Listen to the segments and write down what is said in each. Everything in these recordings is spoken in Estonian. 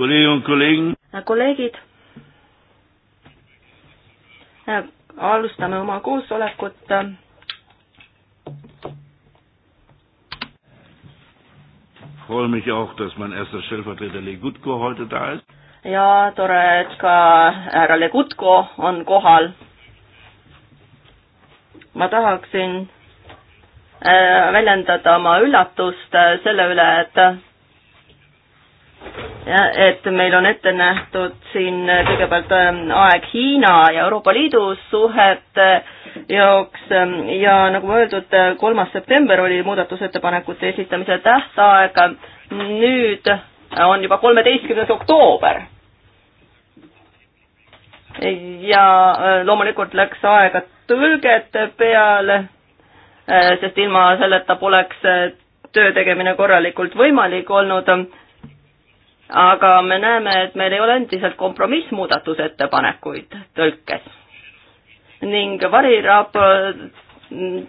Äh, kolleegid, äh, alustame oma koosolekut. ja tore, et ka härra Legutko on kohal. ma tahaksin äh, väljendada oma üllatust selle üle, et et meil on ette nähtud siin kõigepealt ähm, aeg Hiina ja Euroopa Liidu suhete jaoks ähm, ja nagu öeldud, äh, kolmas september oli muudatusettepanekute esitamise tähtaeg, nüüd on juba kolmeteistkümnes oktoober. ja äh, loomulikult läks aega tõlgete peale, äh, sest ilma selleta poleks töö tegemine korralikult võimalik olnud aga me näeme, et meil ei ole endiselt kompromissmuudatusettepanekuid tõlkes. ning varirap-, mm,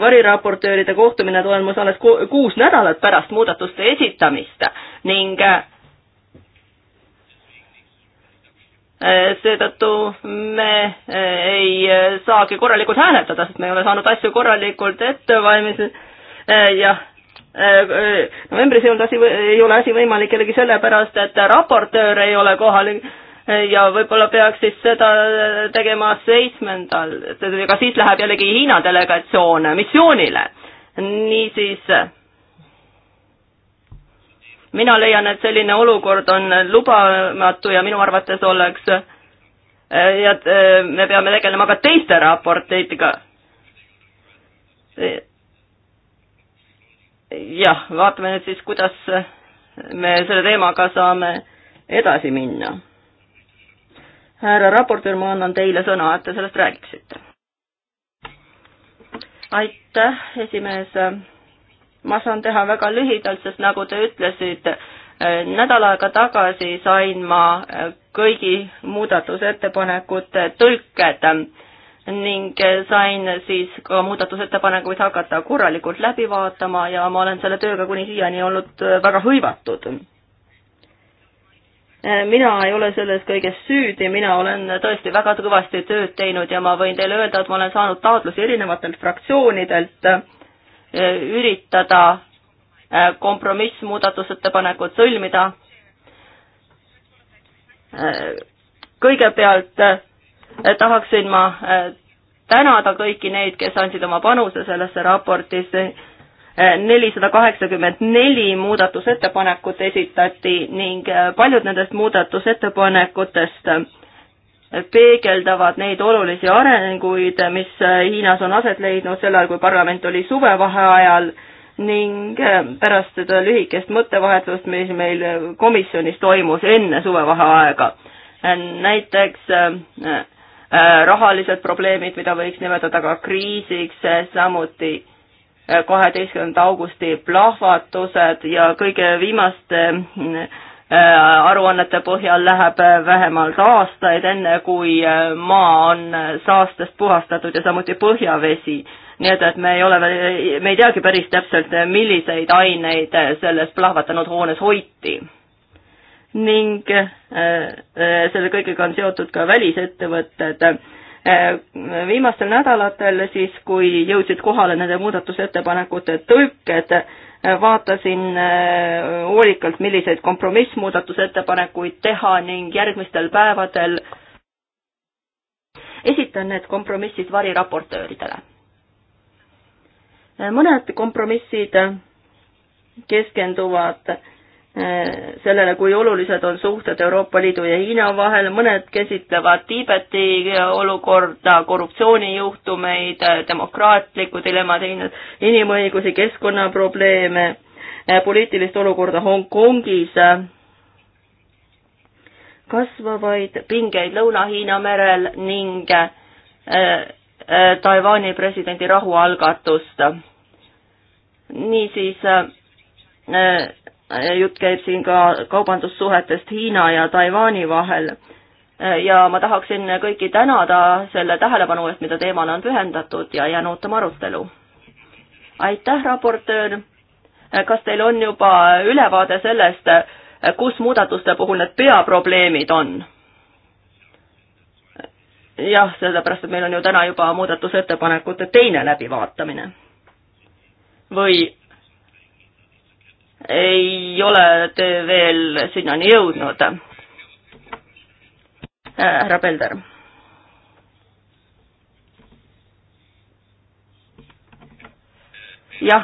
variraportööride kohtumine toimus alles kuus nädalat pärast muudatuste esitamist ning äh, seetõttu me äh, ei äh, saagi korralikult hääletada, sest me ei ole saanud asju korralikult ette valmistada. jah, Äh, äh, novembris ei olnud asi, ei ole asi võimalik jällegi sellepärast, et raportöör ei ole kohal äh, ja võib-olla peaks siis seda tegema seitsmendal, aga siis läheb jällegi Hiina delegatsioon missioonile. niisiis mina leian, et selline olukord on lubamatu ja minu arvates oleks ja me peame tegelema ka teiste raporteidega jah, vaatame nüüd siis, kuidas me selle teemaga saame edasi minna. härra raportöör, ma annan teile sõna, et te sellest räägiksite. aitäh, esimees. ma saan teha väga lühidalt, sest nagu te ütlesite, nädal aega tagasi sain ma kõigi muudatusettepanekute tõlked ning eh, sain siis ka muudatusettepanekuid hakata korralikult läbi vaatama ja ma olen selle tööga kuni siiani olnud eh, väga hõivatud. Eh, mina ei ole selles kõiges süüdi, mina olen tõesti väga kõvasti tööd teinud ja ma võin teile öelda, et ma olen saanud taotlusi erinevatelt fraktsioonidelt üritada kompromissmuudatusettepanekud sõlmida. kõigepealt tahaksin ma äh, tänada kõiki neid, kes andsid oma panuse sellesse raportisse. Äh, nelisada kaheksakümmend neli muudatusettepanekut esitati ning äh, paljud nendest muudatusettepanekutest peegeldavad neid olulisi arenguid, mis Hiinas on aset leidnud sel ajal, kui parlament oli suvevaheajal ning pärast seda lühikest mõttevahetust, mis meil komisjonis toimus enne suvevaheaega. näiteks Äh, rahalised probleemid, mida võiks nimetada ka kriisiks, äh, samuti äh, kaheteistkümnenda augusti plahvatused ja kõige viimaste aruannete põhjal läheb vähemalt aastaid, enne kui maa on saastest puhastatud ja samuti põhjavesi. nii et, et me ei ole veel, me ei teagi päris täpselt, milliseid aineid selles plahvatanud hoones hoiti ning äh, äh, selle kõigega on seotud ka välisettevõtted. Äh, viimastel nädalatel siis, kui jõudsid kohale nende muudatusettepanekute tõlked, vaatasin hoolikalt, milliseid kompromissmuudatusettepanekuid teha ning järgmistel päevadel esitan need kompromissid variraportööridele. mõned kompromissid keskenduvad sellele, kui olulised on suhted Euroopa Liidu ja Hiina vahel, mõned käsitlevad Tiibeti olukorda, korruptsioonijuhtumeid, demokraatlikku dilemmat, inimõigusi, keskkonnaprobleeme, poliitilist olukorda Hongkongis, kasvavaid pingeid Lõuna-Hiina merel ning äh, äh, Taiwan'i presidendi rahualgatust. niisiis äh, jutt käib siin ka kaubandussuhetest Hiina ja Taiwan'i vahel. ja ma tahaksin kõiki tänada selle tähelepanu eest, mida teemale on pühendatud ja jään ootama arutelu. aitäh, raportöör. kas teil on juba ülevaade sellest, kus muudatuste puhul need peaprobleemid on? jah, sellepärast, et meil on ju täna juba muudatusettepanekute teine läbivaatamine. või ei ole te veel sinnani jõudnud. Äh, härra Pelder. jah,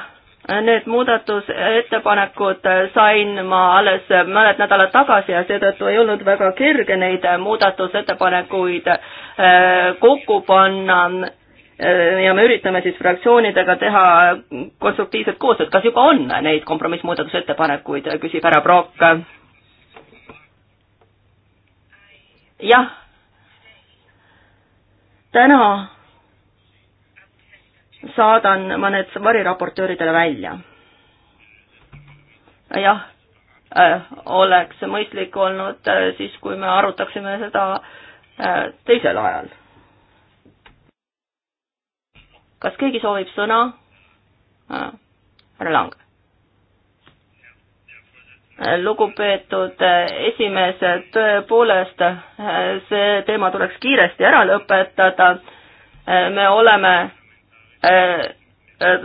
need muudatusettepanekud sain ma alles mõned nädalad tagasi ja seetõttu ei olnud väga kerge neid muudatusettepanekuid äh, kokku panna Äh, ja me üritame siis fraktsioonidega teha konstruktiivset koostööd, kas juba on neid kompromissmuudatusettepanekuid, küsib härra Brock. jah, täna saadan ma need variraportööridele välja. jah äh,, oleks mõistlik olnud äh, siis, kui me arutaksime seda äh, teisel ajal kas keegi soovib sõna? Äh, härra Lang. Äh, lugupeetud äh, esimees, tõepoolest see teema tuleks kiiresti ära lõpetada. me oleme,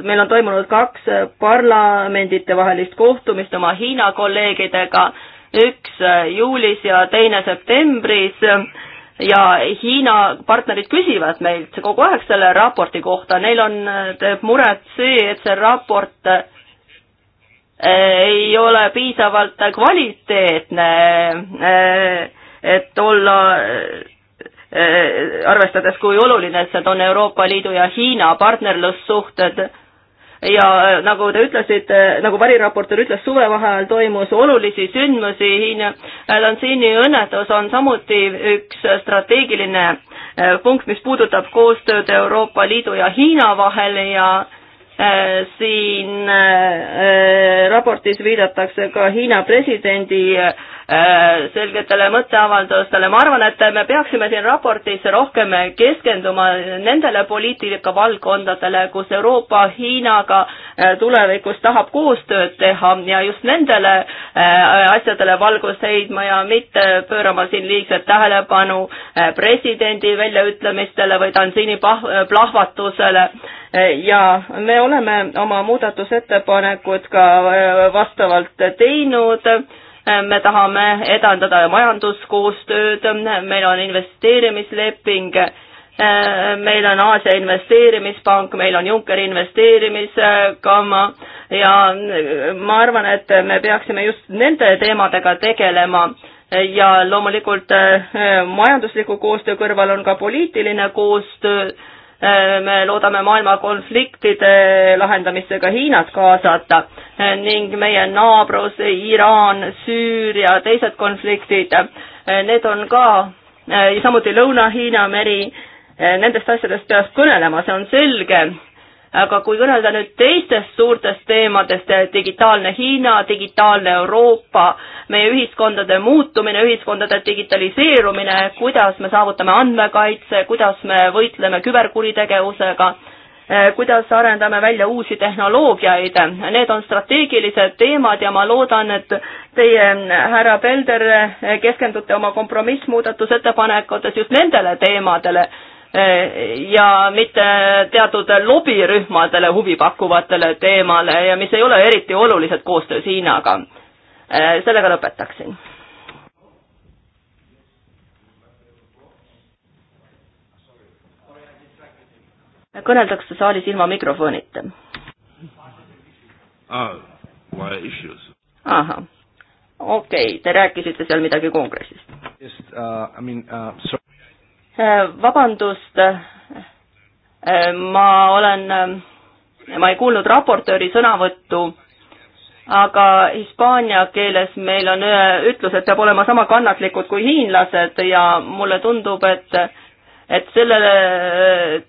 meil on toimunud kaks parlamenditevahelist kohtumist oma Hiina kolleegidega, üks juulis ja teine septembris ja Hiina partnerid küsivad meilt kogu aeg selle raporti kohta, neil on, teeb muret see, et see raport eh, ei ole piisavalt kvaliteetne, eh, et olla eh, arvestades, kui oluline see on Euroopa Liidu ja Hiina partnerlussuhted ja äh, nagu te ütlesite, äh, nagu variraportöör ütles, suvevaheajal toimus olulisi sündmusi, Hiina äh, Lansini õnnetus on samuti üks strateegiline punkt, mis puudutab koostööd Euroopa Liidu ja Hiina vahel ja siin raportis viidatakse ka Hiina presidendi selgetele mõtteavaldustele, ma arvan, et me peaksime siin raportis rohkem keskenduma nendele poliitikavaldkondadele, kus Euroopa Hiinaga äh, tulevikus tahab koostööd teha ja just nendele äh, asjadele valgust heidma ja mitte pöörama siin liigset tähelepanu äh, presidendi väljaütlemistele või Tansiini plahvatusele ja me oleme oma muudatusettepanekud ka vastavalt teinud me tahame edendada majanduskoostööd, meil on investeerimisleping, meil on Aasia Investeerimispank, meil on Junckeri investeerimiskama ja ma arvan, et me peaksime just nende teemadega tegelema ja loomulikult eh, majandusliku koostöö kõrval on ka poliitiline koostöö me loodame maailma konfliktide lahendamisse ka Hiinat kaasata ning meie naabrus Iraan, Süüria, teised konfliktid, need on ka samuti Lõuna-Hiina meri, nendest asjadest peaks kõnelema, see on selge aga kui kõnelda nüüd teistest suurtest teemadest, eh, digitaalne Hiina, digitaalne Euroopa, meie ühiskondade muutumine, ühiskondade digitaliseerumine, kuidas me saavutame andmekaitse, kuidas me võitleme küberkuritegevusega, eh, kuidas arendame välja uusi tehnoloogiaid, need on strateegilised teemad ja ma loodan, et teie, härra Pelder, eh, keskendute oma kompromissmuudatusettepanekutes just nendele teemadele Äh, ja mitte teatud lobirühmadele huvi pakkuvatele teemale ja mis ei ole eriti olulised koostöös Hiinaga. Äh, sellega lõpetaksin. kõneldakse saalis ilma mikrofonita. Ah, ahah, okei okay,, te rääkisite seal midagi kongressist. Just, uh, I mean, uh, sorry Äh, vabandust, äh, ma olen, äh, ma ei kuulnud raportööri sõnavõttu, aga hispaania keeles meil on ütlus, et peab olema sama kannatlikud kui hiinlased ja mulle tundub, et et selle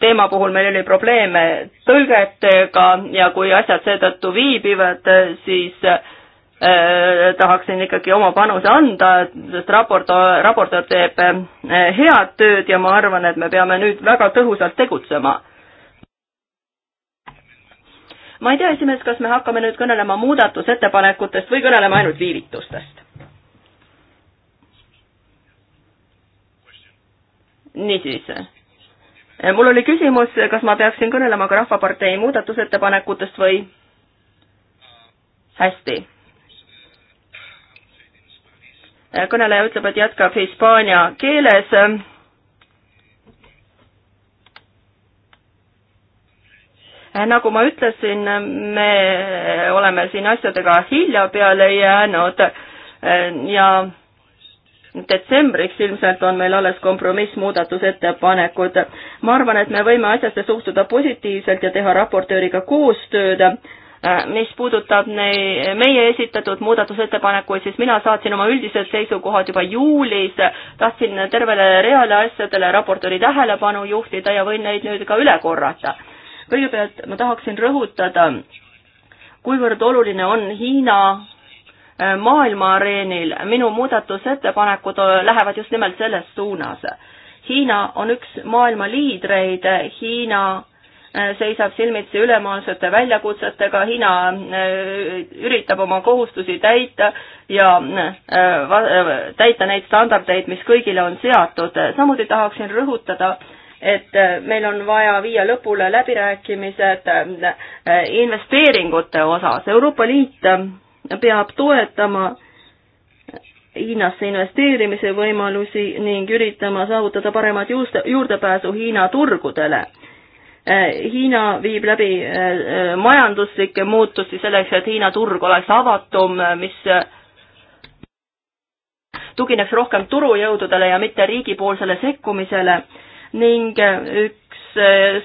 teema puhul meil oli probleeme tõlgetega ja kui asjad seetõttu viibivad, siis äh, Äh, tahaksin ikkagi oma panuse anda, sest raport, raportöör teeb äh, head tööd ja ma arvan, et me peame nüüd väga tõhusalt tegutsema. ma ei tea, esimees, kas me hakkame nüüd kõnelema muudatusettepanekutest või kõnelema ainult viivitustest? niisiis, äh, mul oli küsimus, kas ma peaksin kõnelema ka Rahvapartei muudatusettepanekutest või? hästi kõneleja ütleb, et jätkab hispaania keeles. nagu ma ütlesin, me oleme siin asjadega hilja peale jäänud ja detsembriks ilmselt on meil alles kompromissmuudatusettepanekud. ma arvan, et me võime asjasse suhtuda positiivselt ja teha raportööriga koostööd Äh, mis puudutab nei, meie esitatud muudatusettepanekuid, siis mina saatsin oma üldised seisukohad juba juulis, tahtsin tervele reale asjadele raportööri tähelepanu juhtida ja võin neid nüüd ka üle korrata. kõigepealt ma tahaksin rõhutada, kuivõrd oluline on Hiina äh, maailma areenil, minu muudatusettepanekud äh, lähevad just nimelt selles suunas. Hiina on üks maailma liidreid, Hiina Äh, seisab silmitsi ülemaailmsete väljakutsetega, Hiina äh, üritab oma kohustusi täita ja äh, täita neid standardeid, mis kõigile on seatud. samuti tahaksin rõhutada, et meil on vaja viia lõpule läbirääkimised investeeringute osas. Euroopa Liit peab toetama Hiinasse investeerimise võimalusi ning üritama saavutada paremat juurde, juurdepääsu Hiina turgudele Äh, Hiina viib läbi äh, äh, majanduslikke muutusi selleks, et Hiina turg oleks avatum, mis tugineks rohkem turujõududele ja mitte riigipoolsele sekkumisele ning üks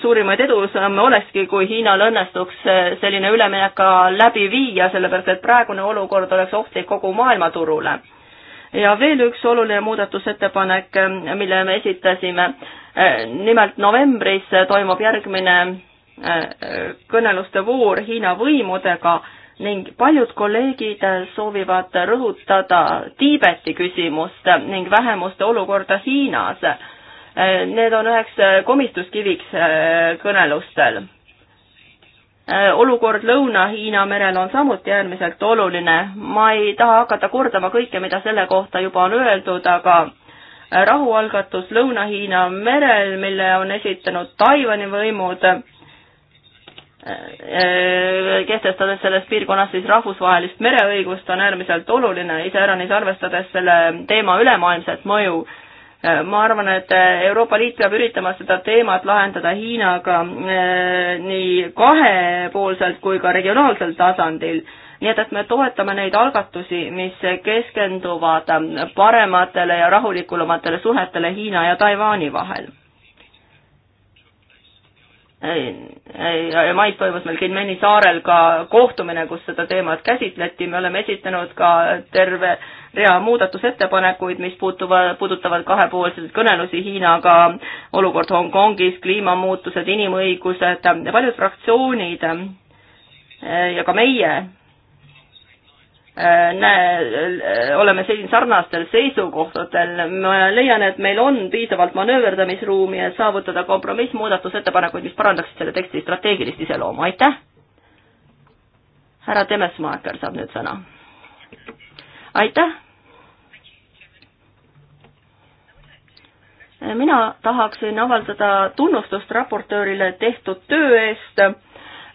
suurimaid edusamme olekski, kui Hiinal õnnestuks selline üleminek ka läbi viia, sellepärast et praegune olukord oleks ohtlik kogu maailmaturule ja veel üks oluline muudatusettepanek, mille me esitasime, Äh, nimelt novembris toimub järgmine äh, kõneluste voor Hiina võimudega ning paljud kolleegid soovivad rõhutada Tiibeti küsimust ning vähemuste olukorda Hiinas. Äh, need on üheks komistuskiviks kõnelustel. olukord Lõuna-Hiina merel on samuti äärmiselt oluline. ma ei taha hakata kordama kõike, mida selle kohta juba on öeldud, aga rahualgatus Lõuna-Hiina merel, mille on esitanud Taiwan'i võimud, äh, äh, kehtestades selles piirkonnas siis rahvusvahelist mereõigust, on äärmiselt oluline, iseäranis arvestades selle teema ülemaailmset mõju. Äh, ma arvan, et Euroopa Liit peab üritama seda teemat lahendada Hiinaga nii kahepoolselt kui ka regionaalsel tasandil nii et, et me toetame neid algatusi, mis keskenduvad parematele ja rahulikumatele suhetele Hiina ja Taiwan'i vahel. mais toimus meil Kinmeni saarel ka kohtumine, kus seda teemat käsitleti, me oleme esitanud ka terve rea muudatusettepanekuid, mis puutuvad, puudutavad kahepoolseid kõnelusi Hiinaga, olukord Hongkongis, kliimamuutused, inimõigused, paljud fraktsioonid ja ka meie Äh, näe, äh, oleme siin sarnastel seisukohtadel, ma leian, et meil on piisavalt manööverdamisruumi, et saavutada kompromiss, muudatusettepanekuid, mis parandaksid selle teksti strateegilist iseloomu, aitäh! härra Temesmaaker saab nüüd sõna. aitäh! mina tahaksin avaldada tunnustust raportöörile tehtud töö eest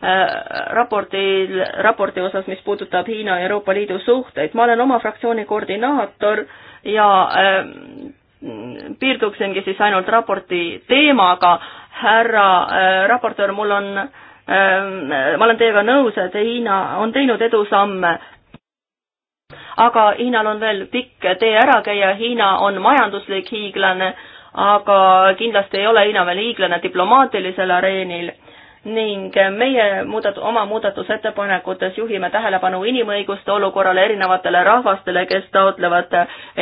Äh, raportil, raporti osas, mis puudutab Hiina ja Euroopa Liidu suhteid. ma olen oma fraktsiooni koordinaator ja äh, piirduksingi siis ainult raporti teemaga. härra äh, raportöör, mul on, ma olen teiega nõus, et Hiina on teinud edusamme aga Hiinal on veel pikk tee ära käia, Hiina on majanduslik hiiglane, aga kindlasti ei ole Hiina veel hiiglane diplomaatilisel areenil ning meie muudat-, oma muudatusettepanekutes juhime tähelepanu inimõiguste olukorrale, erinevatele rahvastele, kes taotlevad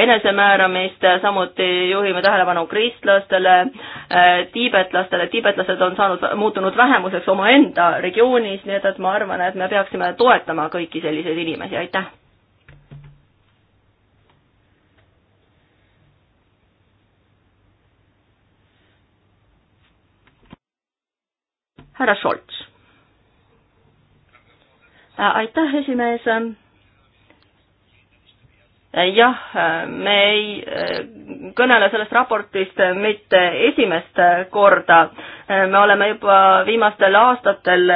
enesemääramist, samuti juhime tähelepanu kristlastele, äh, tiibetlastele, tiibetlased on saanud, muutunud vähemuseks omaenda regioonis, nii et, et ma arvan, et me peaksime toetama kõiki selliseid inimesi, aitäh! härra Šolts. Äh, aitäh, esimees. Äh, jah, me ei äh, kõnele sellest raportist mitte esimest korda. me oleme juba viimastel aastatel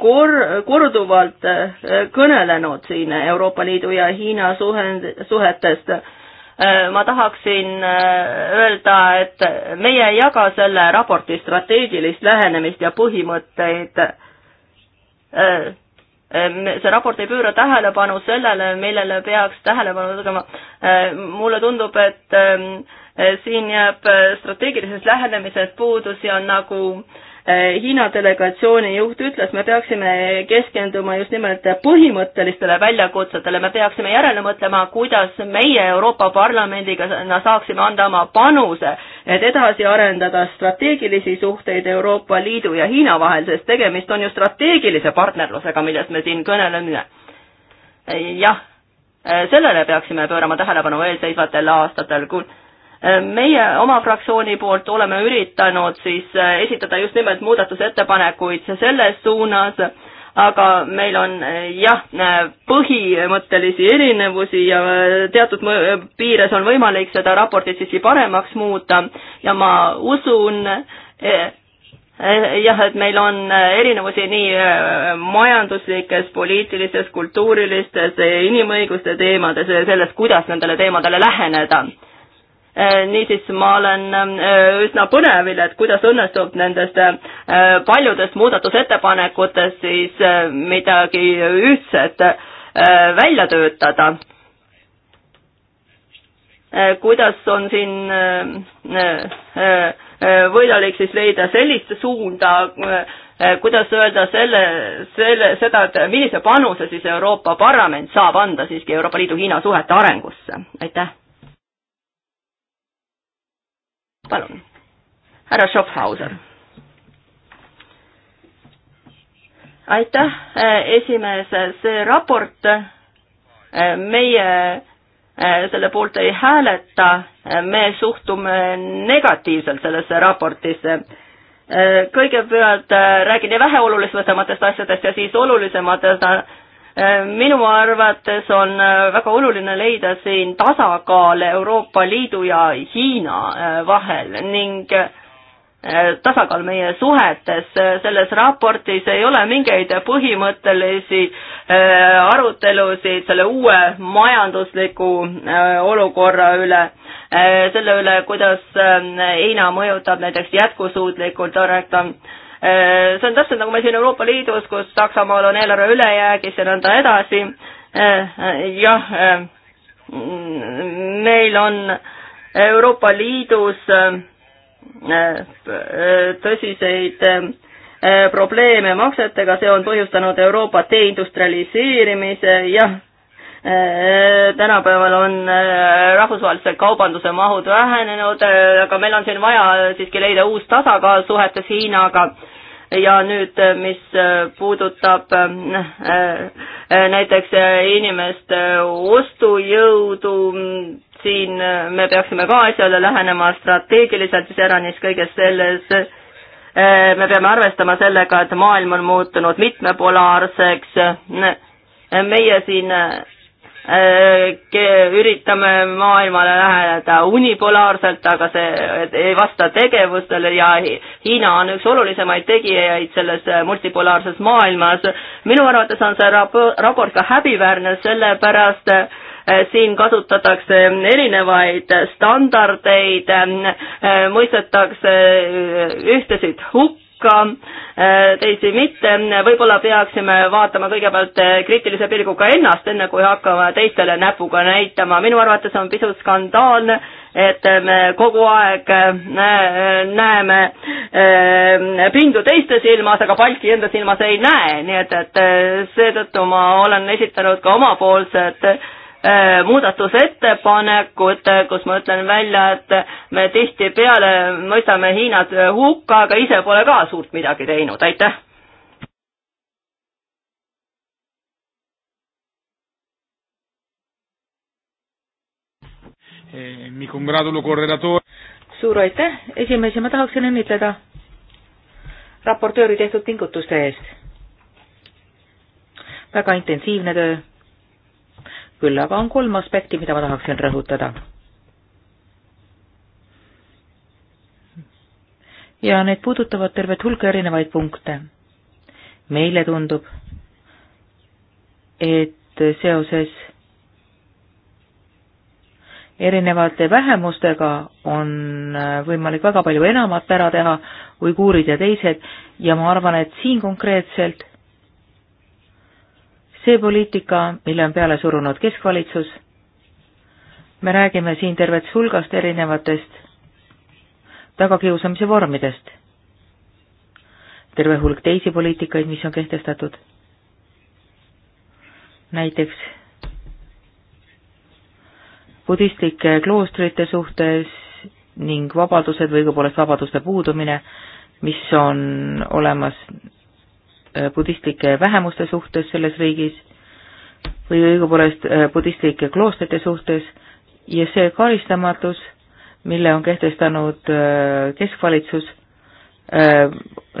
kor-, korduvalt kõnelenud siin Euroopa Liidu ja Hiina suhe, suhetest Äh, ma tahaksin äh, öelda, et meie ei jaga selle raporti strateegilist lähenemist ja põhimõtteid. Äh, see raport ei pööra tähelepanu sellele, millele peaks tähelepanu tegema. mulle tundub, et ähm, siin jääb strateegilisest lähenemisest puudus ja on nagu äh, Eh, Hiina delegatsiooni juht ütles, me peaksime keskenduma just nimelt põhimõttelistele väljakutsetele, me peaksime järele mõtlema, kuidas meie Euroopa Parlamendiga saaksime anda oma panuse, et edasi arendada strateegilisi suhteid Euroopa Liidu ja Hiina vahel, sest tegemist on ju strateegilise partnerlusega, millest me siin kõneleme. Eh, jah, eh, sellele peaksime pöörama tähelepanu eelseisvatel aastatel, kui meie oma fraktsiooni poolt oleme üritanud siis äh, esitada just nimelt muudatusettepanekuid selles suunas, aga meil on äh, jah, äh, põhimõttelisi erinevusi ja teatud piires on võimalik seda raportit siiski paremaks muuta ja ma usun, jah, et meil on erinevusi nii majanduslikes, poliitilistes, kultuurilistes, inimõiguste teemades ja selles, kuidas nendele teemadele läheneda Äh, niisiis ma olen ähm, äh, üsna põnevil, et kuidas õnnestub nendest äh, paljudest muudatusettepanekutest siis midagi ühtset välja töötada. kuidas on siin võimalik siis leida sellist suunda, kuidas öelda selle, selle, seda, et millise panuse siis Euroopa Parlament saab anda siiski Euroopa Liidu-Hiina suhete arengusse, aitäh palun, härra Schaffhauser. aitäh, eh, esimees, see raport eh, meie eh, selle poolt ei hääleta, me suhtume negatiivselt sellesse raportisse. kõigepealt räägin väheolulisematest asjadest ja siis olulisematest minu arvates on äh, väga oluline leida siin tasakaal Euroopa Liidu ja Hiina äh, vahel ning äh, tasakaal meie suhetes, selles raportis ei ole mingeid põhimõttelisi arutelusid selle uue majandusliku olukorra üle, selle üle, kuidas Hiina mõjutab näiteks jätkusuutlikult arendamist Äh, see on täpselt nagu meil siin Euroopa Liidus, kus Saksamaal on eelarve ülejäägis ja nõnda edasi. Äh, äh, jah, meil on Euroopa Liidus tõsiseid probleeme maksetega, see on põhjustanud Euroopa deindustrialiseerimise, jah, tänapäeval on rahvusvahelise kaubanduse mahud vähenenud, aga meil on siin vaja siiski leida uus tasakaal suhetes Hiinaga ja nüüd, äh, mis äh, puudutab äh, näiteks inimeste ostujõudu, mm, siin me peaksime ka asjale lähenema strateegiliselt, siis eranis kõiges selles me peame arvestama sellega, et maailm on muutunud mitmepolaarseks, meie siin Äh, üritame maailmale läheneda unipolaarselt, aga see ei vasta tegevustele ja Hiina on üks olulisemaid tegijaid selles äh, multipolaarses maailmas. minu arvates on see raport ka häbiväärne, sellepärast äh, siin kasutatakse erinevaid standardeid, mõistetakse ühtesid hukka, hukka, äh, teisi mitte, võib-olla peaksime vaatama kõigepealt äh, kriitilise pilguga ennast, enne kui hakkame teistele näpuga näitama, minu arvates on pisut skandaalne, et me kogu aeg äh, näeme pindu teiste silmas, aga palki enda silmas ei näe, nii et, et seetõttu ma olen esitanud ka omapoolsed Äh, muudatusettepanekut, kus ma ütlen välja, et me tihtipeale mõistame Hiinat hukka, aga ise pole ka suurt midagi teinud, aitäh. Eh, suur aitäh, esimees ja ma tahaksin õnnitleda raportööri tehtud pingutuste eest. väga intensiivne töö küll aga on kolm aspekti, mida ma tahaksin rõhutada. ja need puudutavad tervet hulka erinevaid punkte. meile tundub, et seoses erinevate vähemustega on võimalik väga palju enamat ära teha, uiguurid ja teised, ja ma arvan, et siin konkreetselt see poliitika, mille on peale surunud keskvalitsus, me räägime siin tervest hulgast erinevatest tagakiusamise vormidest, terve hulk teisi poliitikaid, mis on kehtestatud, näiteks budistlike kloostrite suhtes ning vabadused või õigupoolest vabaduste puudumine, mis on olemas Äh, budistlike vähemuste suhtes selles riigis või õigupoolest äh, budistlike kloostrite suhtes ja see karistamatus, mille on kehtestanud äh, keskvalitsus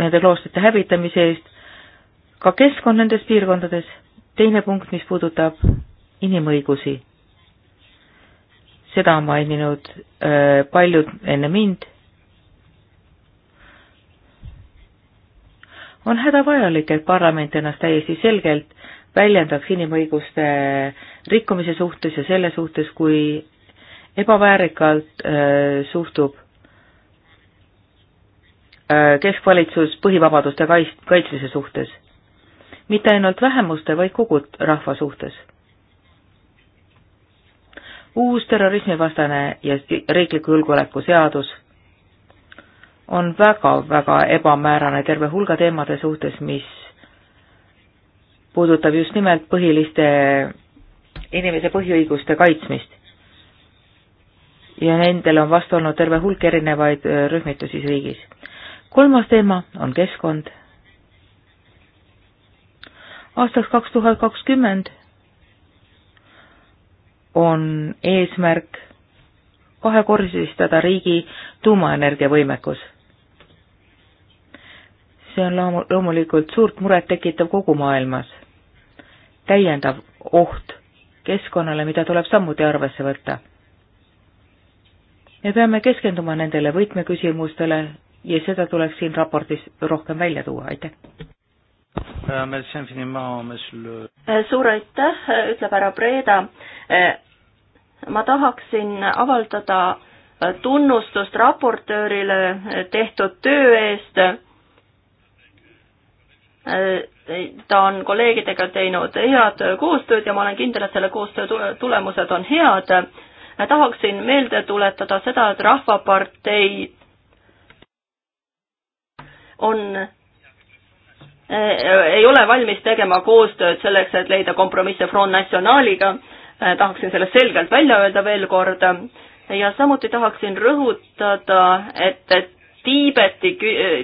nende kloostrite hävitamise eest, ka keskkond nendes piirkondades. teine punkt, mis puudutab inimõigusi. seda on maininud paljud enne mind on hädavajalik, et parlament ennast täiesti selgelt väljendaks inimõiguste rikkumise suhtes ja selle suhtes, kui ebaväärikalt äh, suhtub äh, keskvalitsus põhivabaduste kaits-, kaitsmise suhtes. mitte ainult vähemuste, vaid kogu rahva suhtes. uus terrorismivastane ja riikliku julgeoleku seadus on väga-väga ebamäärane terve hulga teemade suhtes, mis puudutab just nimelt põhiliste inimese põhiõiguste kaitsmist. ja nendel on vastu olnud terve hulk erinevaid äh, rühmitusi riigis. kolmas teema on keskkond. aastaks kaks tuhat kakskümmend on eesmärk kahekordistada riigi tuumaenergia võimekus see on loomulikult suurt muret tekitav kogu maailmas. täiendav oht keskkonnale, mida tuleb samuti arvesse võtta. me peame keskenduma nendele võtmeküsimustele ja seda tuleks siin raportis rohkem välja tuua, aitäh. Äh, äh, suur aitäh, äh, ütleb härra Breda. ma tahaksin avaldada tunnustust raportöörile tehtud töö eest ta on kolleegidega teinud head koostööd ja ma olen kindel, et selle koostöö tulemused on head. tahaksin meelde tuletada seda, et Rahvapartei on eh, ei ole valmis tegema koostööd selleks, et leida kompromisse Front Nationaliga, eh, tahaksin selle selgelt välja öelda veel kord, ja samuti tahaksin rõhutada, et, et Tiibeti,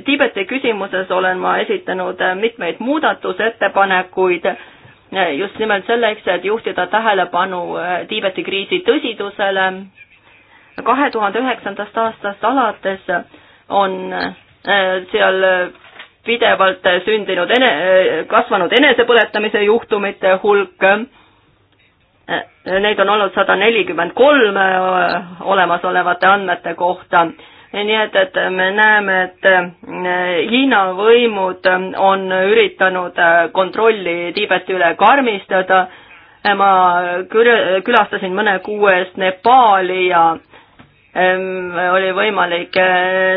Tiibeti küsimuses olen ma esitanud äh, mitmeid muudatusettepanekuid äh, just nimelt selleks, et juhtida tähelepanu äh, Tiibeti kriisi tõsidusele. kahe tuhande üheksandast aastast alates on seal pidevalt sündinud ene-, kasvanud enesepõletamise juhtumite hulk. Neid on olnud sada nelikümmend kolm olemasolevate andmete kohta nii et, et me näeme, et eh, Hiina võimud on üritanud eh, kontrolli Tiibeti üle karmistada. Eh, ma külastasin mõne kuu eest Nepaali ja oli võimalik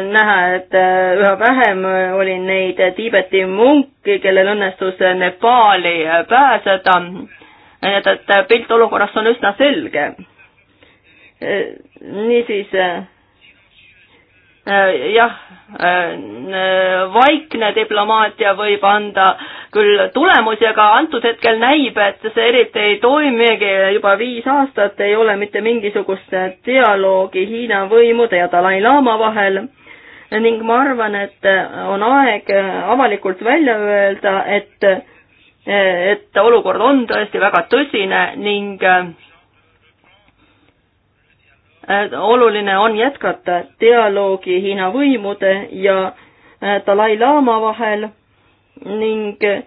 näha, et üha vähem oli neid Tiibeti munki, kellel õnnestus Nepaali pääseda. nii et, et pilt olukorrast on üsna selge. niisiis Äh, jah, äh, vaikne diplomaatia võib anda küll tulemusi, aga antud hetkel näib, et see eriti ei toimigi, juba viis aastat ei ole mitte mingisugust dialoogi Hiina võimude ja Dalai-laama vahel ning ma arvan, et on aeg avalikult välja öelda, et et olukord on tõesti väga tõsine ning äh, Äh, oluline on jätkata dialoogi Hiina võimude ja äh, Dalai-laama vahel ning äh,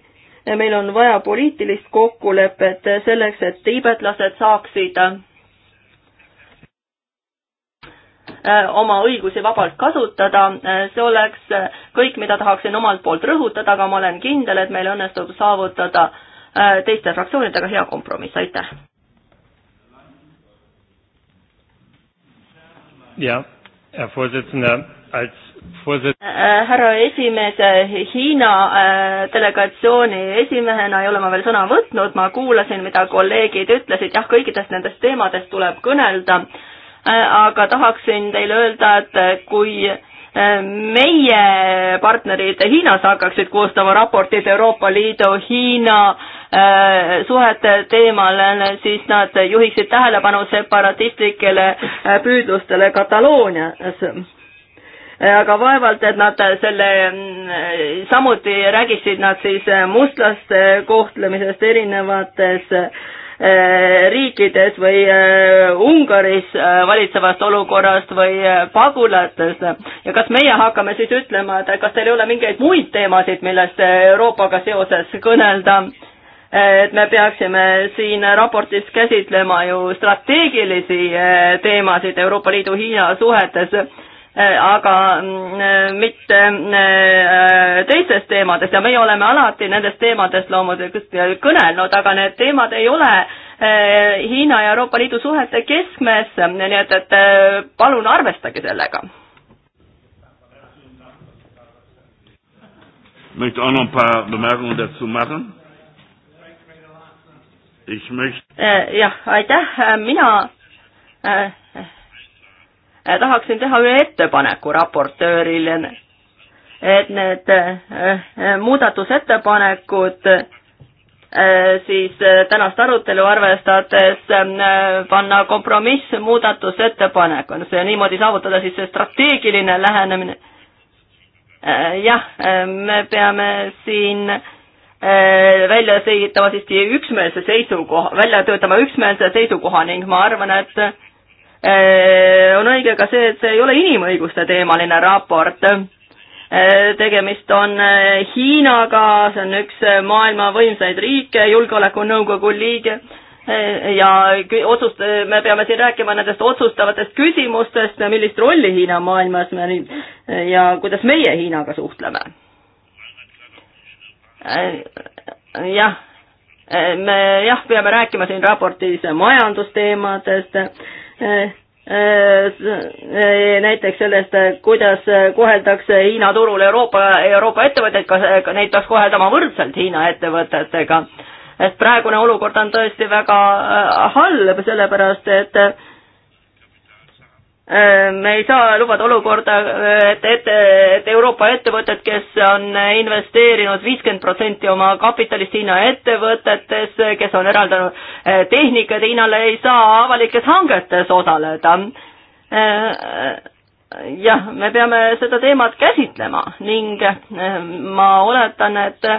meil on vaja poliitilist kokkulepet selleks, et tiibetlased saaksid oma õigusi vabalt kasutada, see oleks kõik, mida tahaksin omalt poolt rõhutada, aga ma olen kindel, et meil õnnestub saavutada teiste fraktsioonidega hea kompromiss, aitäh! ja, Herr Vorsitzender, als Vorsitzender äh,. äh härra esimees, äh, Hiina äh, delegatsiooni esimehena ei ole ma veel sõna võtnud, ma kuulasin, mida kolleegid ütlesid, jah, kõikidest nendest teemadest tuleb kõnelda äh,, aga tahaksin teile öelda, et kui äh, meie partnerid Hiinas hakkaksid koostama raportit Euroopa Liidu Hiina äh, suhete teemal, siis nad juhiksid tähelepanu separatistlikele äh, püüdlustele Kataloonias. aga vaevalt, et nad selle, äh, samuti räägiksid nad siis mustlaste kohtlemisest erinevates Äh, riikides või äh, Ungaris äh, valitsevast olukorrast või pagulatest ja kas meie hakkame siis ütlema, et kas teil ei ole mingeid muid teemasid, millest Euroopaga seoses kõnelda? et me peaksime siin raportis käsitlema ju strateegilisi teemasid Euroopa Liidu-Hiina suhetes aga mm, mitte mm, teistest teemadest ja meie oleme alati nendest teemadest loomulikult kõnelnud, aga need teemad ei ole eh, Hiina ja Euroopa Liidu suhete keskmes, nii et, et eh, palun arvestage sellega. möchte auch noch ein paar Bemerkungen dazu machen. Ich möchte. Eh, jah, aitäh, mina Eh, tahaksin teha ühe ettepaneku raportöörile, et need eh, muudatusettepanekud eh, siis tänast arutelu arvestades panna kompromiss muudatusettepaneku, see niimoodi saavutada siis see strateegiline lähenemine. jah, me peame siin välja selgitama siiski üksmeelse seisukoha, välja töötama üksmeelse seisukoha ning ma arvan, et Äh, on õige ka see, et see ei ole inimõiguste teemaline raport. Äh, tegemist on äh, Hiinaga, see on üks maailma võimsaid riike, julgeolekunõukogu liige ja otsust, me peame siin rääkima nendest otsustavatest küsimustest, millist rolli Hiina maailmas me nii ja kuidas meie Hiinaga suhtleme. jah, me jah, peame rääkima siin raportis majandusteemadest näiteks sellest, kuidas koheldakse Hiina turul Euroopa, Euroopa ettevõtteid, kas neid peaks koheldama võrdselt Hiina ettevõtetega. et praegune olukord on tõesti väga äh, halb, sellepärast et äh, Äh, me ei saa lubada olukorda, et, et, et Euroopa ettevõtted, kes on investeerinud viiskümmend protsenti oma kapitalist Hiina ettevõtetes, kes on eraldanud äh, tehnikad Hiinale, ei saa avalikes hangetes osaleda. Äh, jah, me peame seda teemat käsitlema ning ma oletan, et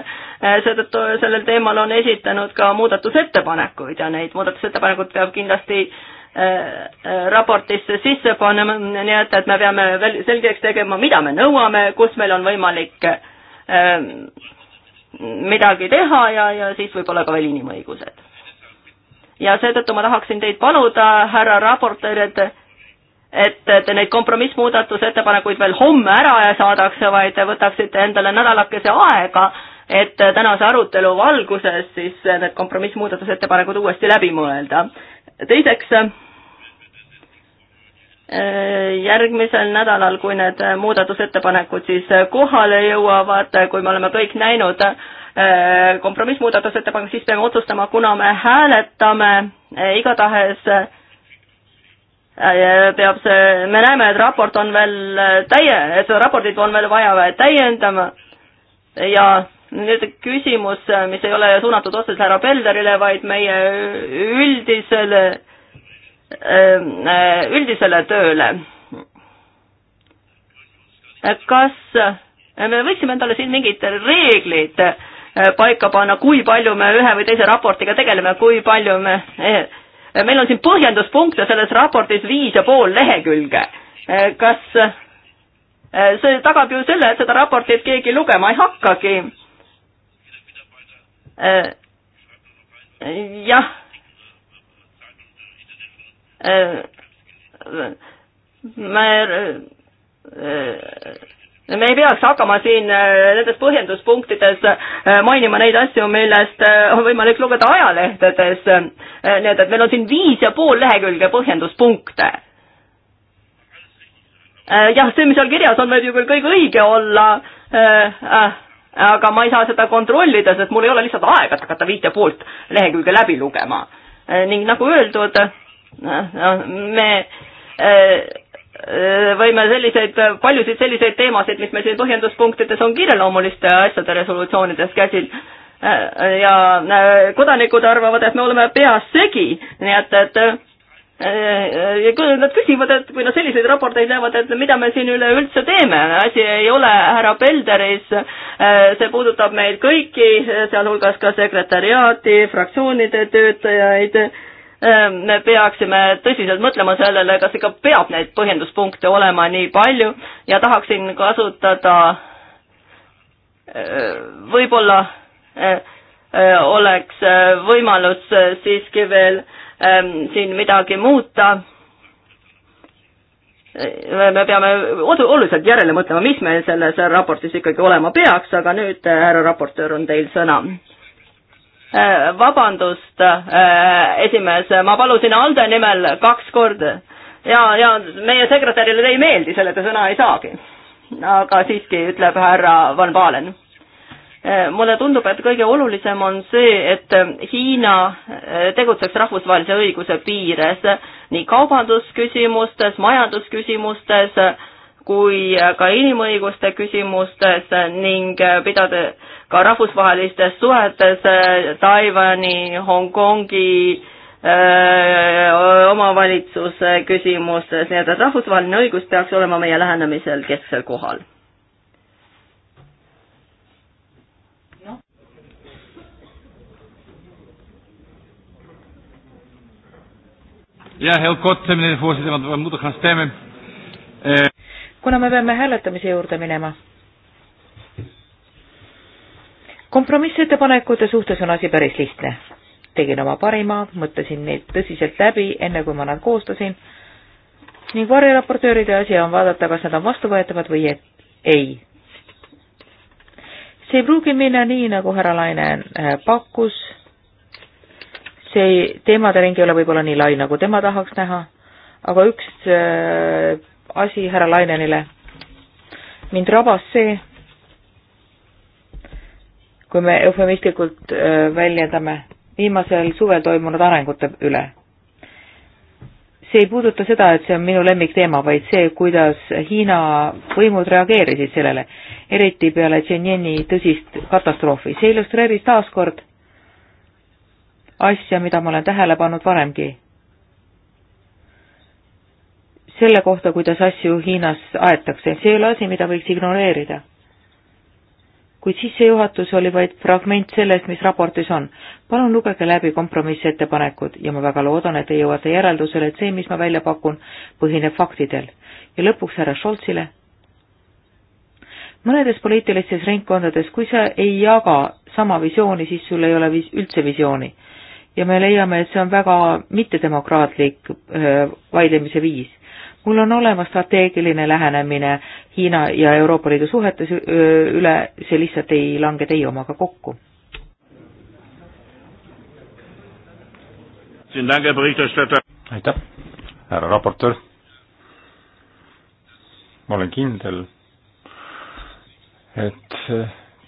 seetõttu sellel teemal on esitanud ka muudatusettepanekuid ja neid muudatusettepanekud peab kindlasti äh, raportisse sisse panema, nii et, et me peame selgeks tegema, mida me nõuame, kus meil on võimalik ähm, midagi teha ja, ja siis võib-olla ka veel inimõigused. ja seetõttu ma tahaksin teid paluda, härra raportöör, et et te neid kompromissmuudatusettepanekuid veel homme ära ei saadaks, vaid võtaksite endale nädalakese aega, et tänase arutelu valguses siis need kompromissmuudatusettepanekud uuesti läbi mõelda teiseks, äh, järgmisel nädalal, kui need muudatusettepanekud siis kohale jõuavad, kui me oleme kõik näinud äh, kompromissmuudatusettepanek, siis peame otsustama, kuna me hääletame, äh, igatahes peab see, me näeme, et raport on veel täie, et seda raportit on veel vaja täiendama ja nüüd küsimus, mis ei ole suunatud otseselt härra Pelderile, vaid meie üldisele, ähm, äh, üldisele tööle. kas me võiksime endale siin mingid reeglid äh, paika panna, kui palju me ühe või teise raportiga tegeleme, kui palju me, äh, meil on siin põhjenduspunkte selles raportis viis ja pool lehekülge. kas see tagab ju selle, et seda raportit keegi lugema ei hakkagi Äh, jah. Äh, me, äh, me ei peaks hakkama siin nendes põhjenduspunktides mainima neid asju, millest on võimalik lugeda ajalehtedes. nii et, et meil on siin viis ja pool lehekülge põhjenduspunkte jah, see, mis seal kirjas on, võib ju küll kõige õige olla äh,. Äh, aga ma ei saa seda kontrollida, sest mul ei ole lihtsalt aega, et hakata viite poolt lehekülge läbi lugema. Äh, ning nagu öeldud, äh, me äh, võime selliseid, paljusid selliseid teemasid, mis meil siin põhjenduspunktides on kiireloomuliste asjade resolutsioonides käsil, ja kodanikud arvavad, et me oleme peas segi, nii et, et ja eh, eh, kui nad küsivad, et kui nad selliseid raporteid näevad, et mida me siin üleüldse teeme, asi ei ole härra Pelderis, eh, see puudutab meid kõiki, sealhulgas ka sekretäriaati, fraktsioonide töötajaid, me peaksime tõsiselt mõtlema sellele, kas ikka peab neid põhjenduspunkte olema nii palju ja tahaksin kasutada võib-olla oleks võimalus siiski veel äh, Ähm, siin midagi muuta. me peame oluliselt järele mõtlema, mis meil selles raportis ikkagi olema peaks, aga nüüd, äh, härra raportöör, on teil sõna äh, vabandust, äh, esimees, ma palusin Alde nimel kaks korda ja, ja meie sekretärile ei meeldi, selle ta sõna ei saagi. aga siiski, ütleb härra Van Valen Eh, mulle tundub, et kõige olulisem on see, et Hiina eh, tegutseks rahvusvahelise õiguse piires nii kaubandusküsimustes, majandusküsimustes kui ka inimõiguste küsimustes ning pidada ka rahvusvahelistes suhetes eh, Taiwan'i, Hongkongi omavalitsuse küsimustes, nii et rahvusvaheline õigus peaks olema meie lähenemisel kesksel kohal ja heel kort, eh, meneer de voorzitter, want we moeten gaan stemmen. Eh, kuna me peame hääletamise juurde minema. kompromissettepanekute suhtes on asi päris lihtne. tegin oma parima, mõtlesin neid tõsiselt läbi, enne kui ma nad koostasin ning variraportööride asi on vaadata, kas nad on vastuvõetavad või et, ei. see ei pruugi minna nii, nagu härra Laine eh, pakkus see teemade ring ei ole võib-olla nii lai, nagu tema tahaks näha, aga üks äh, asi härra Lainenile. mind rabas see, kui me eufemistlikult äh, väljendame viimasel suvel toimunud arengute üle. see ei puuduta seda, et see on minu lemmikteema, vaid see, kuidas Hiina võimud reageerisid sellele, eriti peale Tšenjeni tõsist katastroofi. see illustreeris taaskord asja, mida ma olen tähele pannud varemgi. selle kohta, kuidas asju Hiinas aetakse, see ei ole asi, mida võiks ignoreerida. kuid sissejuhatus oli vaid fragment sellest, mis raportis on. palun lugege läbi kompromissettepanekud ja ma väga loodan, et te jõuate järeldusele, et see, mis ma välja pakun, põhineb faktidel. ja lõpuks härra Scholzile mõnedes poliitilistes ringkondades, kui sa ei jaga sama visiooni, siis sul ei ole vis-, üldse visiooni ja me leiame, et see on väga mittedemokraatlik vaidlemise viis. mul on olemas strateegiline lähenemine Hiina ja Euroopa Liidu suhetes üle, see lihtsalt ei lange teie omaga kokku. aitäh, härra raportöör. ma olen kindel, et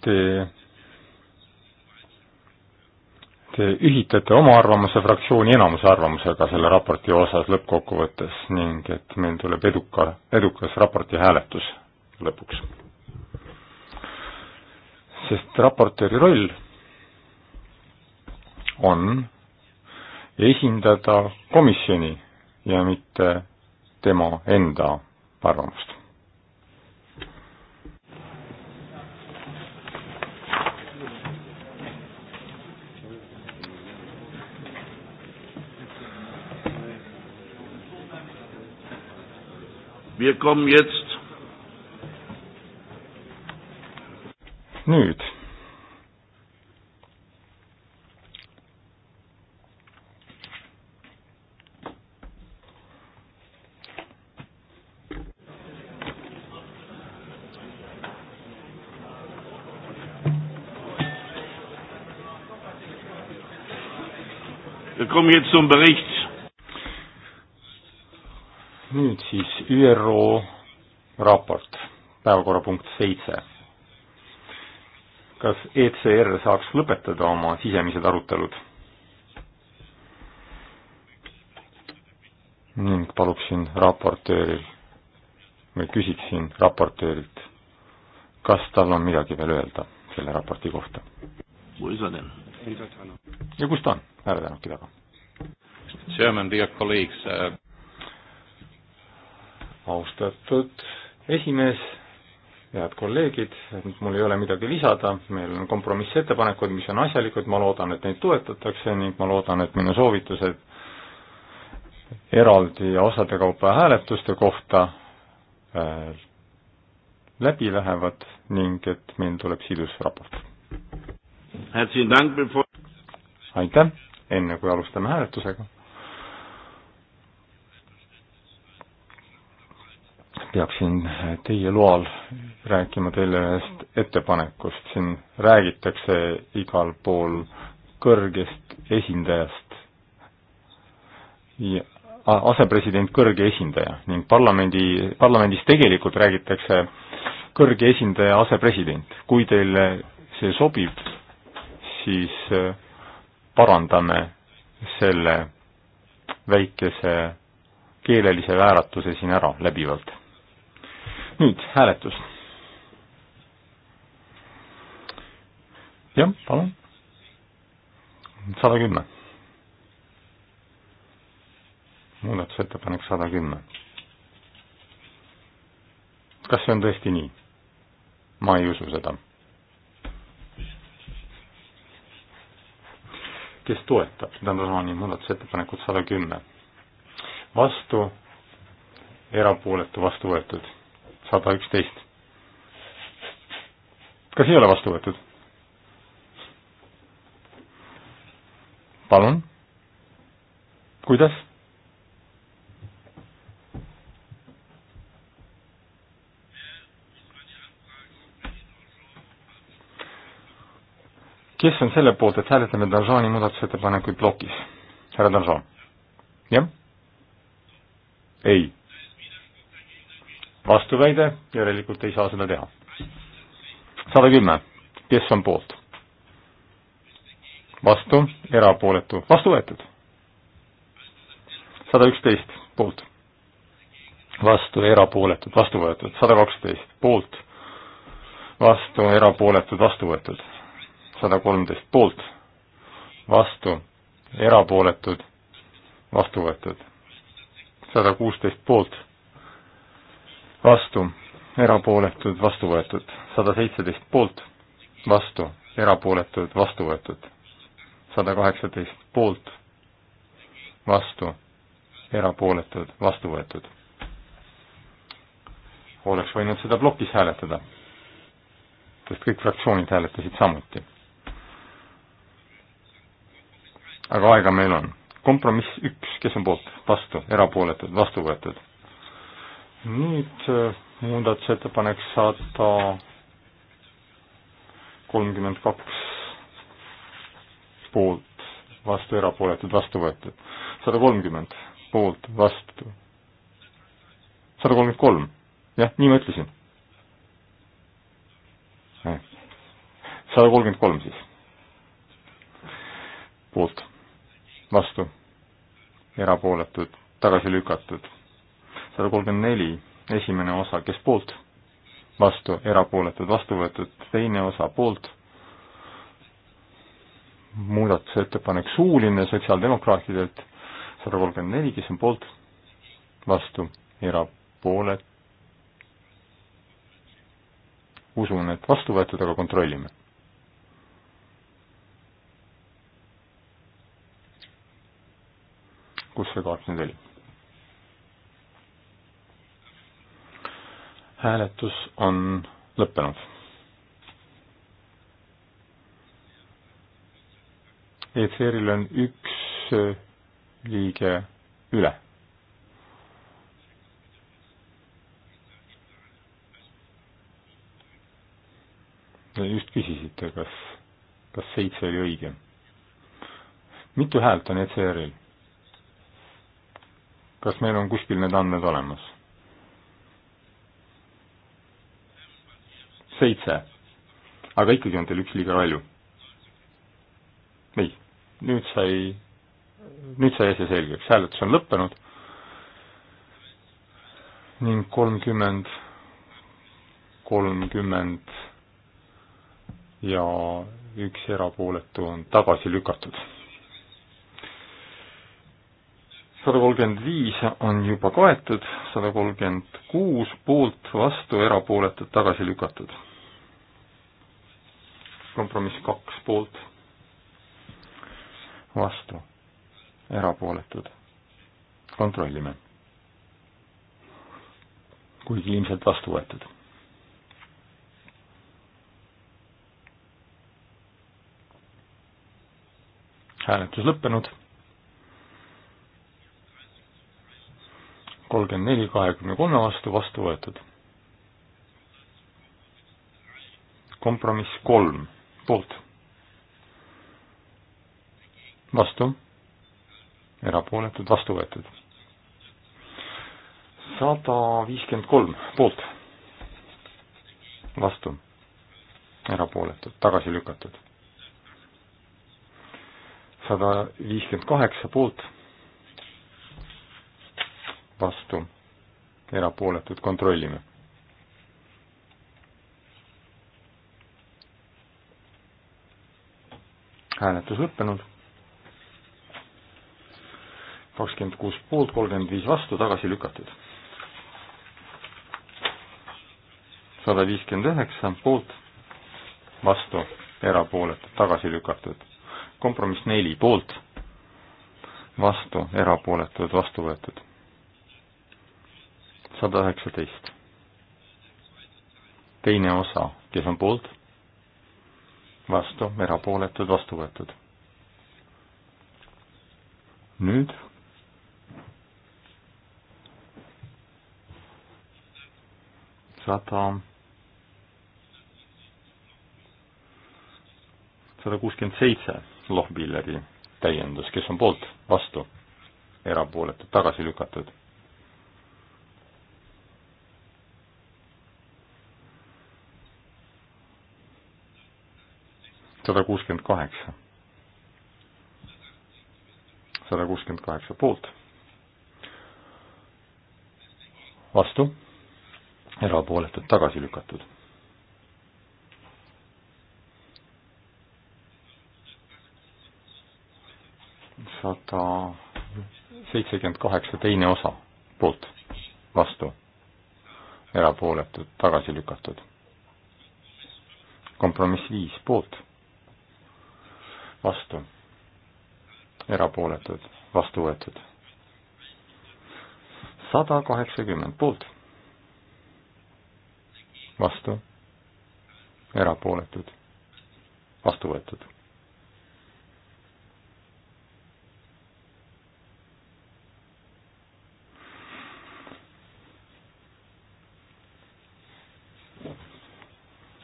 te Te ühitate oma arvamuse fraktsiooni enamuse arvamusega selle raporti osas lõppkokkuvõttes ning et meil tuleb eduka, edukas raporti hääletus lõpuks. sest raportööri roll on esindada komisjoni ja mitte tema enda arvamust Wir kommen jetzt nüüd Wir kommen jetzt zum Bericht nüüd siis ÜRO raport, päevakorrapunkt seitse. kas ECR saaks lõpetada oma sisemised arutelud? ning paluksin raportööril või küsiksin raportöörilt, kas tal on midagi veel öelda selle raporti kohta? Er ja kus ta on, härra Tänuki taga? German, dear colleagues uh austatud esimees, head kolleegid, mul ei ole midagi lisada, meil on kompromissettepanekud, mis on asjalikud, ma loodan, et neid toetatakse ning ma loodan, et minu soovitused eraldi osade kaupa hääletuste kohta äh, läbi lähevad ning et meil tuleb sidus raport. aitäh, enne kui alustame hääletusega peaksin teie loal rääkima teile ühest ettepanekust, siin räägitakse igal pool kõrgest esindajast, asepresident kõrge esindaja ning parlamendi, parlamendis tegelikult räägitakse kõrge esindaja asepresident. kui teile see sobib, siis äh, parandame selle väikese keelelise vääratuse siin ära läbivalt nüüd hääletus. jah, palun. sada kümme. muudatusettepanek sada kümme. kas see on tõesti nii? ma ei usu seda. kes toetab Dandrani muudatusettepanekut sada kümme? vastu, erapooletu vastu võetud sada üksteist. kas ei ole vastu võetud? palun? kuidas? kes on selle poolt, et hääletame Danjani muudatusettepanekuid plokis? härra Danjan? jah? ei vastuväide, järelikult ei saa seda teha. sada kümme, kes on poolt? vastu, erapooletu, vastu võetud. sada üksteist, poolt. vastu, erapooletud, vastu võetud, sada kaksteist, poolt. vastu, erapooletud, vastu võetud, sada kolmteist, poolt. vastu, erapooletud, vastu võetud, sada kuusteist, poolt vastu, erapooletud, vastu võetud, sada seitseteist poolt, vastu, erapooletud, vastu võetud, sada kaheksateist poolt, vastu, erapooletud, vastu võetud. oleks võinud seda plokis hääletada, sest kõik fraktsioonid hääletasid samuti. aga aega meil on. kompromiss üks, kes on poolt, vastu, erapooletud, vastu võetud nüüd äh, muudatusettepanek sada kolmkümmend kaks poolt, vastu erapooletud, vastu võetud. sada kolmkümmend poolt, vastu. sada kolmkümmend kolm, jah, nii ma ütlesin. sada kolmkümmend kolm siis. poolt, vastu, erapooletud, tagasi lükatud sada kolmkümmend neli, esimene osa, kes poolt, vastu, erapooletud, vastu võetud, teine osa poolt, muudatusettepanek suuline sotsiaaldemokraatidelt, sada kolmkümmend neli, kes on poolt, vastu, erapoolet-, usun, et vastu võetud, aga kontrollime. kus see kaart nüüd oli? hääletus on lõppenud. ECR-il on üks äh, liige üle. Te just küsisite, kas, kas seitse oli õige. mitu häält on ECR-il? kas meil on kuskil need andmed olemas? seitse. aga ikkagi on teil üks liiga palju. nii, nüüd sai, nüüd sai asi selgeks, hääletus on lõppenud ning kolmkümmend, kolmkümmend ja üks erapooletu on tagasi lükatud. sada kolmkümmend viis on juba kaetud, sada kolmkümmend kuus poolt, vastu, erapooletud, tagasi lükatud kompromiss kaks poolt, vastu, erapooletud. kontrollime. kuigi ilmselt vastu võetud. hääletus lõppenud. kolmkümmend neli kahekümne kolme vastu, vastu võetud. kompromiss kolm poolt, vastu, erapooletud, vastu võetud. sada viiskümmend kolm poolt, vastu, erapooletud, tagasi lükatud. sada viiskümmend kaheksa poolt, vastu, erapooletud, kontrollime hääletus lõppenud. kakskümmend kuus poolt, kolmkümmend viis vastu, tagasi lükatud. sada viiskümmend üheksa poolt, vastu, erapooletud, tagasi lükatud. kompromiss neli poolt, vastu, erapooletud, vastu võetud. sada üheksateist. teine osa, kes on poolt vastu, erapooletud, vastu võetud. nüüd sada, sada kuuskümmend seitse Lohbilleri täiendus, kes on poolt, vastu, erapooletud, tagasi lükatud sada kuuskümmend kaheksa. sada kuuskümmend kaheksa poolt. vastu, erapooletud, tagasi lükatud. sada seitsekümmend kaheksa teine osa poolt, vastu, erapooletud, tagasi lükatud. kompromiss viis poolt vastu, erapooletud, vastu võetud. sada kaheksakümmend poolt, vastu, erapooletud, vastu võetud.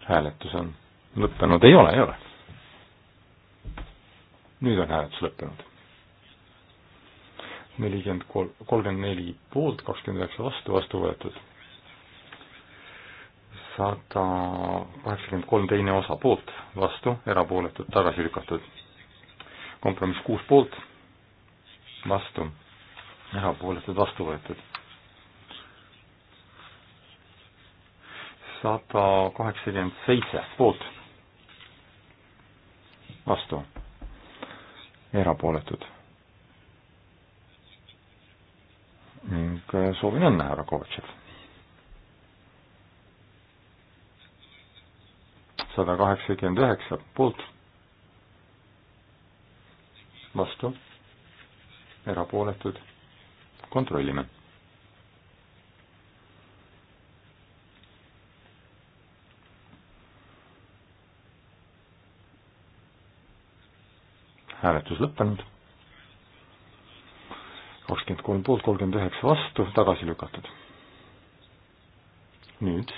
hääletus on lõppenud, ei ole, ei ole nüüd on hääletus lõppenud. nelikümmend kolm, kolmkümmend neli poolt, kakskümmend üheksa vastu, vastu võetud. sada kaheksakümmend kolm teine osa poolt, vastu, erapooletud, tagasi lükatud. kompromiss kuus poolt, vastu, erapooletud, vastu võetud. sada kaheksakümmend seitse poolt, vastu erapooletud. ning äh, soovin õnne, härra Kovatšev. sada kaheksakümmend üheksa poolt, vastu, erapooletud, kontrollime hääletus lõppenud. kakskümmend kolm poolt, kolmkümmend üheksa vastu, tagasi lükatud. nüüd.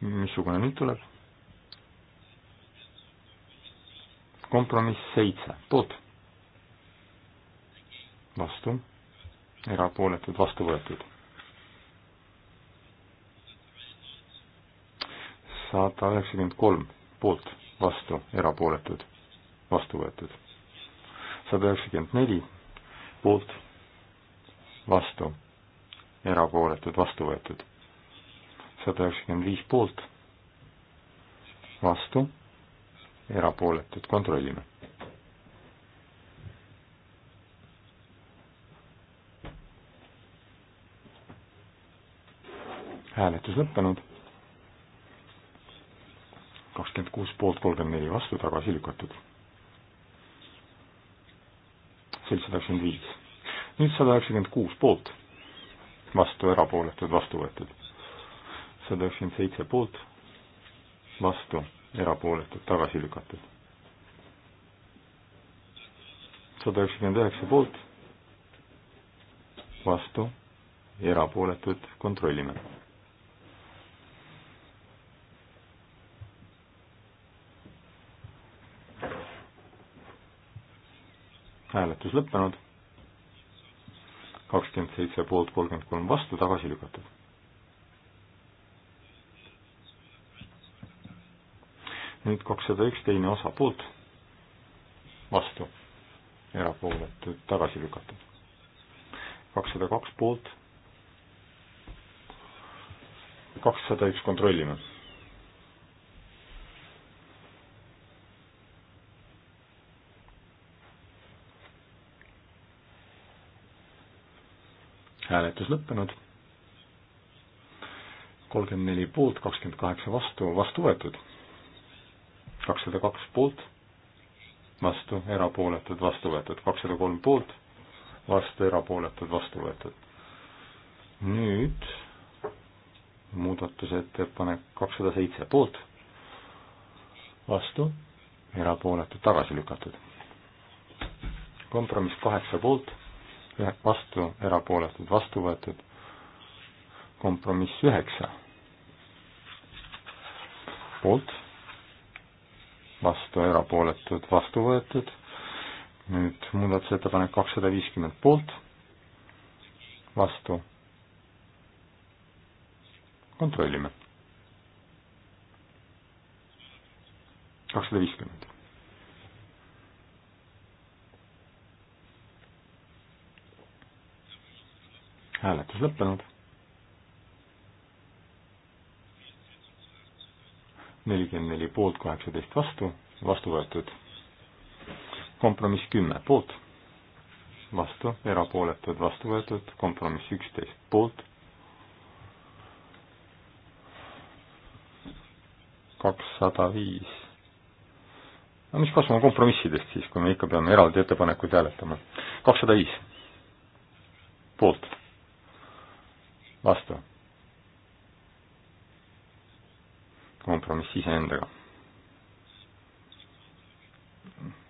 missugune nüüd tuleb? kompromiss seitse, poolt. vastu, erapooletud, vastu võetud. sada üheksakümmend kolm, poolt vastu, erapooletud, vastu võetud. sada üheksakümmend neli poolt, vastu, erapooletud, vastu võetud. sada üheksakümmend viis poolt, vastu, erapooletud, kontrollime. hääletus lõppenud kakskümmend kuus poolt, kolmkümmend neli vastu, tagasi lükatud. seitsesada üheksakümmend viis. nüüd sada üheksakümmend kuus poolt, vastu erapooletud, vastu võetud. sada üheksakümmend seitse poolt, vastu erapooletud, tagasi lükatud. sada üheksakümmend üheksa poolt, vastu erapooletud, kontrollime hääletus lõppenud, kakskümmend seitse poolt, kolmkümmend kolm vastu, tagasi lükatud. nüüd kakssada üks teine osa poolt, vastu, erapooletud, tagasi lükatud. kakssada kaks poolt, kakssada üks kontrollime hääletus lõppenud. kolmkümmend neli poolt, kakskümmend kaheksa vastu, vastu võetud. kakssada kaks poolt, vastu, erapooletud, vastu võetud, kakssada kolm poolt, vastu, erapooletud, vastu võetud. nüüd muudatusettepanek kakssada seitse poolt, vastu, erapooletud, tagasi lükatud. kompromiss kaheksa poolt vastu, erapooletud, vastu võetud. kompromiss üheksa. poolt, vastu, erapooletud, vastu võetud. nüüd muudatusettepanek kakssada viiskümmend poolt, vastu. kontrollime. kakssada viiskümmend. hääletus lõppenud. nelikümmend neli poolt, kaheksateist vastu, vastu võetud. kompromiss kümme poolt, vastu, erapooletud, vastu võetud, kompromiss üksteist poolt, kakssada viis. no mis kasu on kompromissidest siis, kui me ikka peame eraldi ettepanekuid hääletama? kakssada viis poolt vastu. kompromiss iseendaga.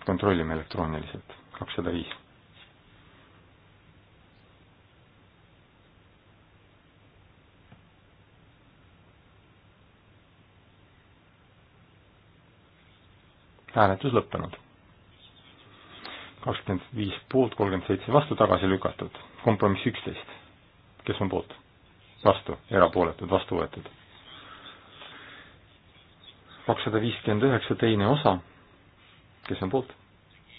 kontrollime elektrooniliselt, kakssada viis. hääletus lõppenud. kakskümmend viis poolt, kolmkümmend seitse vastu, tagasi lükatud. kompromiss üksteist, kes on poolt? vastu, erapooletud, vastu võetud. kakssada viiskümmend üheksa teine osa, kes on poolt,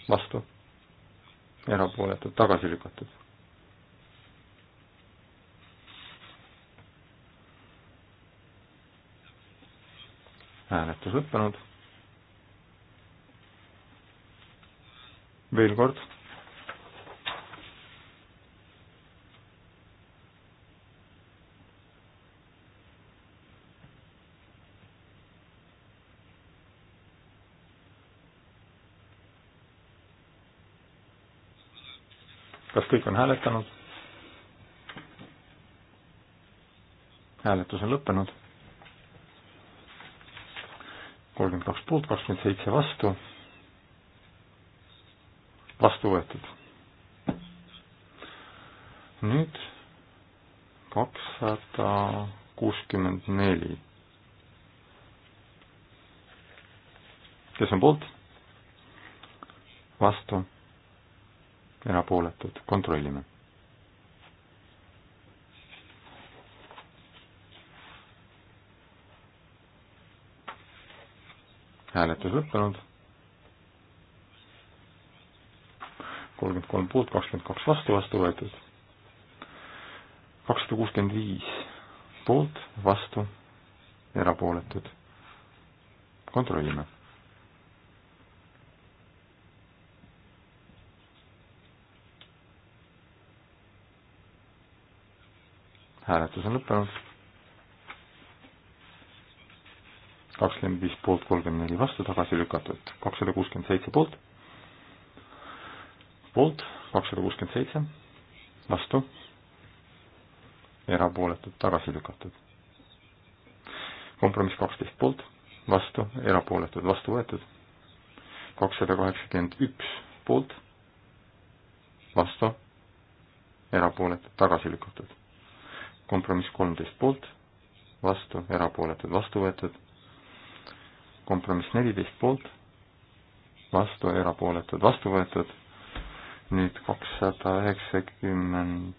vastu, erapooletud, tagasi lükatud. hääletus lõppenud. veel kord kas kõik on hääletanud? hääletus on lõppenud. kolmkümmend kaks poolt, kakskümmend seitse vastu. vastu võetud. nüüd kakssada kuuskümmend neli. kes on poolt? vastu erapooletud, kontrollime. hääletus lõppenud. kolmkümmend kolm poolt, kakskümmend kaks vastu, vastu võetud. kakssada kuuskümmend viis poolt, vastu, erapooletud. kontrollime hääletus on lõppenud. kakskümmend viis poolt, kolmkümmend neli vastu, tagasi lükatud, kakssada kuuskümmend seitse poolt. poolt kakssada kuuskümmend seitse, vastu, erapooletud, tagasi lükatud. kompromiss kaksteist poolt, vastu, erapooletud, vastu võetud. kakssada kaheksakümmend üks poolt, vastu, erapooletud, tagasi lükatud kompromiss kolmteist poolt, vastu, erapooletud, vastu võetud, kompromiss neliteist poolt, vastu, erapooletud, vastu võetud, nüüd kakssada üheksakümmend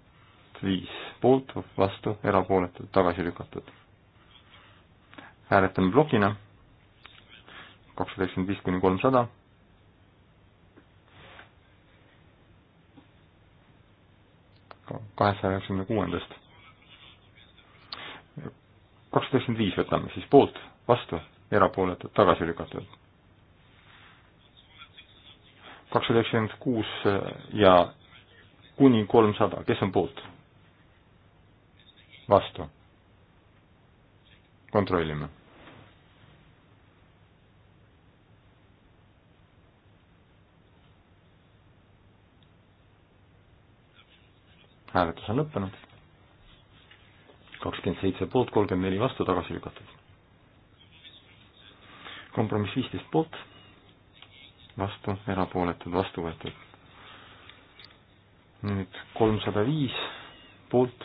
viis poolt, vastu, erapooletud, tagasi lükatud. hääletame plokina, kakssada üheksakümmend viis kuni kolmsada kahesaja üheksakümne kuuendast kakssada üheksakümmend viis võtame siis poolt, vastu, erapooletud, tagasi lükatud. kakssada üheksakümmend kuus äh, ja kuni kolmsada, kes on poolt? vastu. kontrollime. hääletus on lõppenud kakskümmend seitse poolt, kolmkümmend neli vastu, tagasi lükatud. kompromiss viisteist poolt, vastu, erapooletud, vastu võetud. nüüd kolmsada viis poolt,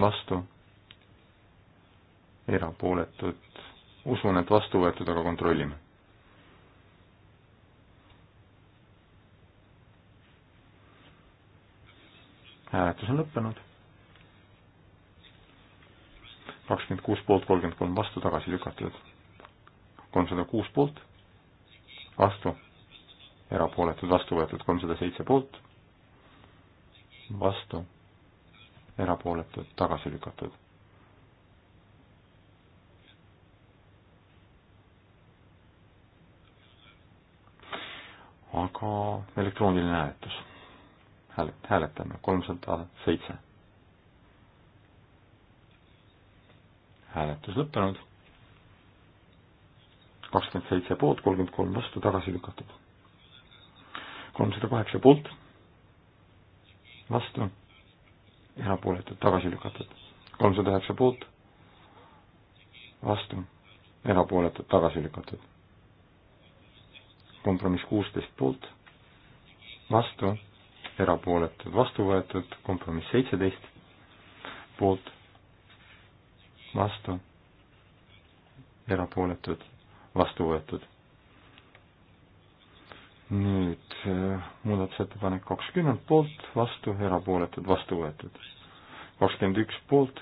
vastu, erapooletud, usun, et vastu võetud, aga kontrollime. hääletus on lõppenud kakskümmend kuus poolt, kolmkümmend kolm vastu, tagasi lükatud. kolmsada kuus poolt, vastu, erapooletud, vastu võetud, kolmsada seitse poolt, vastu, erapooletud, tagasi lükatud. aga elektrooniline hääletus. hääle, hääletame kolmsada seitse hääletus lõppenud. kakskümmend seitse poolt, kolmkümmend kolm vastu, tagasi lükatud. kolmsada kaheksa poolt, vastu, erapooletud, tagasi lükatud. kolmsada üheksa poolt, vastu, erapooletud, tagasi lükatud. kompromiss kuusteist poolt, vastu, erapooletud, vastu võetud, kompromiss seitseteist poolt vastu, erapooletud, vastu võetud. nüüd äh, muudatusettepanek kakskümmend poolt, vastu, erapooletud, vastu võetud. kakskümmend üks poolt,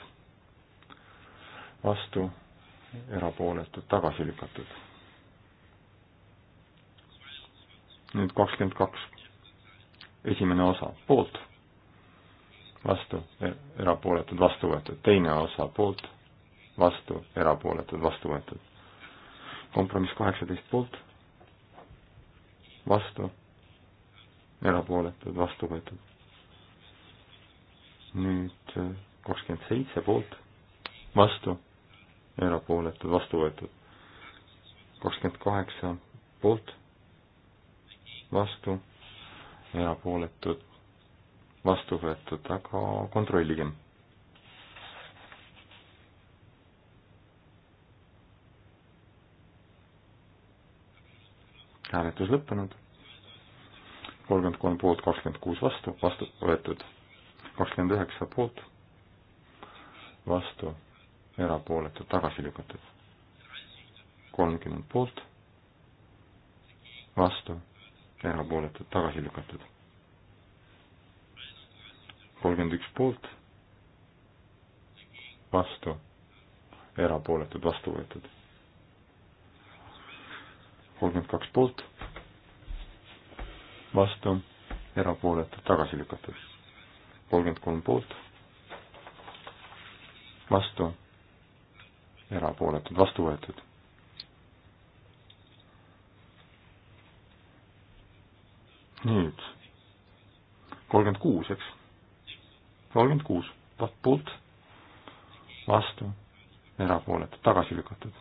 vastu, erapooletud, tagasi lükatud. nüüd kakskümmend kaks, esimene osa, poolt, vastu, e-, erapooletud, vastu võetud, teine osa, poolt vastu, erapooletud, vastu võetud. kompromiss kaheksateist poolt, vastu, erapooletud, vastu võetud. nüüd äh, kakskümmend seitse poolt, vastu, erapooletud, vastu võetud. kakskümmend kaheksa poolt, vastu, erapooletud, vastu võetud, aga kontrollige hääletus lõppenud, kolmkümmend kolm poolt, kakskümmend kuus vastu, vastu võetud, kakskümmend üheksa poolt, vastu, erapooletud, tagasi lükatud, kolmkümmend poolt, vastu, erapooletud, tagasi lükatud, kolmkümmend üks poolt, vastu, erapooletud, vastu võetud kolmkümmend kaks poolt, vastu, erapooletud, tagasi lükatud. kolmkümmend kolm poolt, vastu, erapooletud, vastu võetud. nüüd kolmkümmend kuus, eks? kolmkümmend kuus, poolt, vastu, erapooletud, tagasi lükatud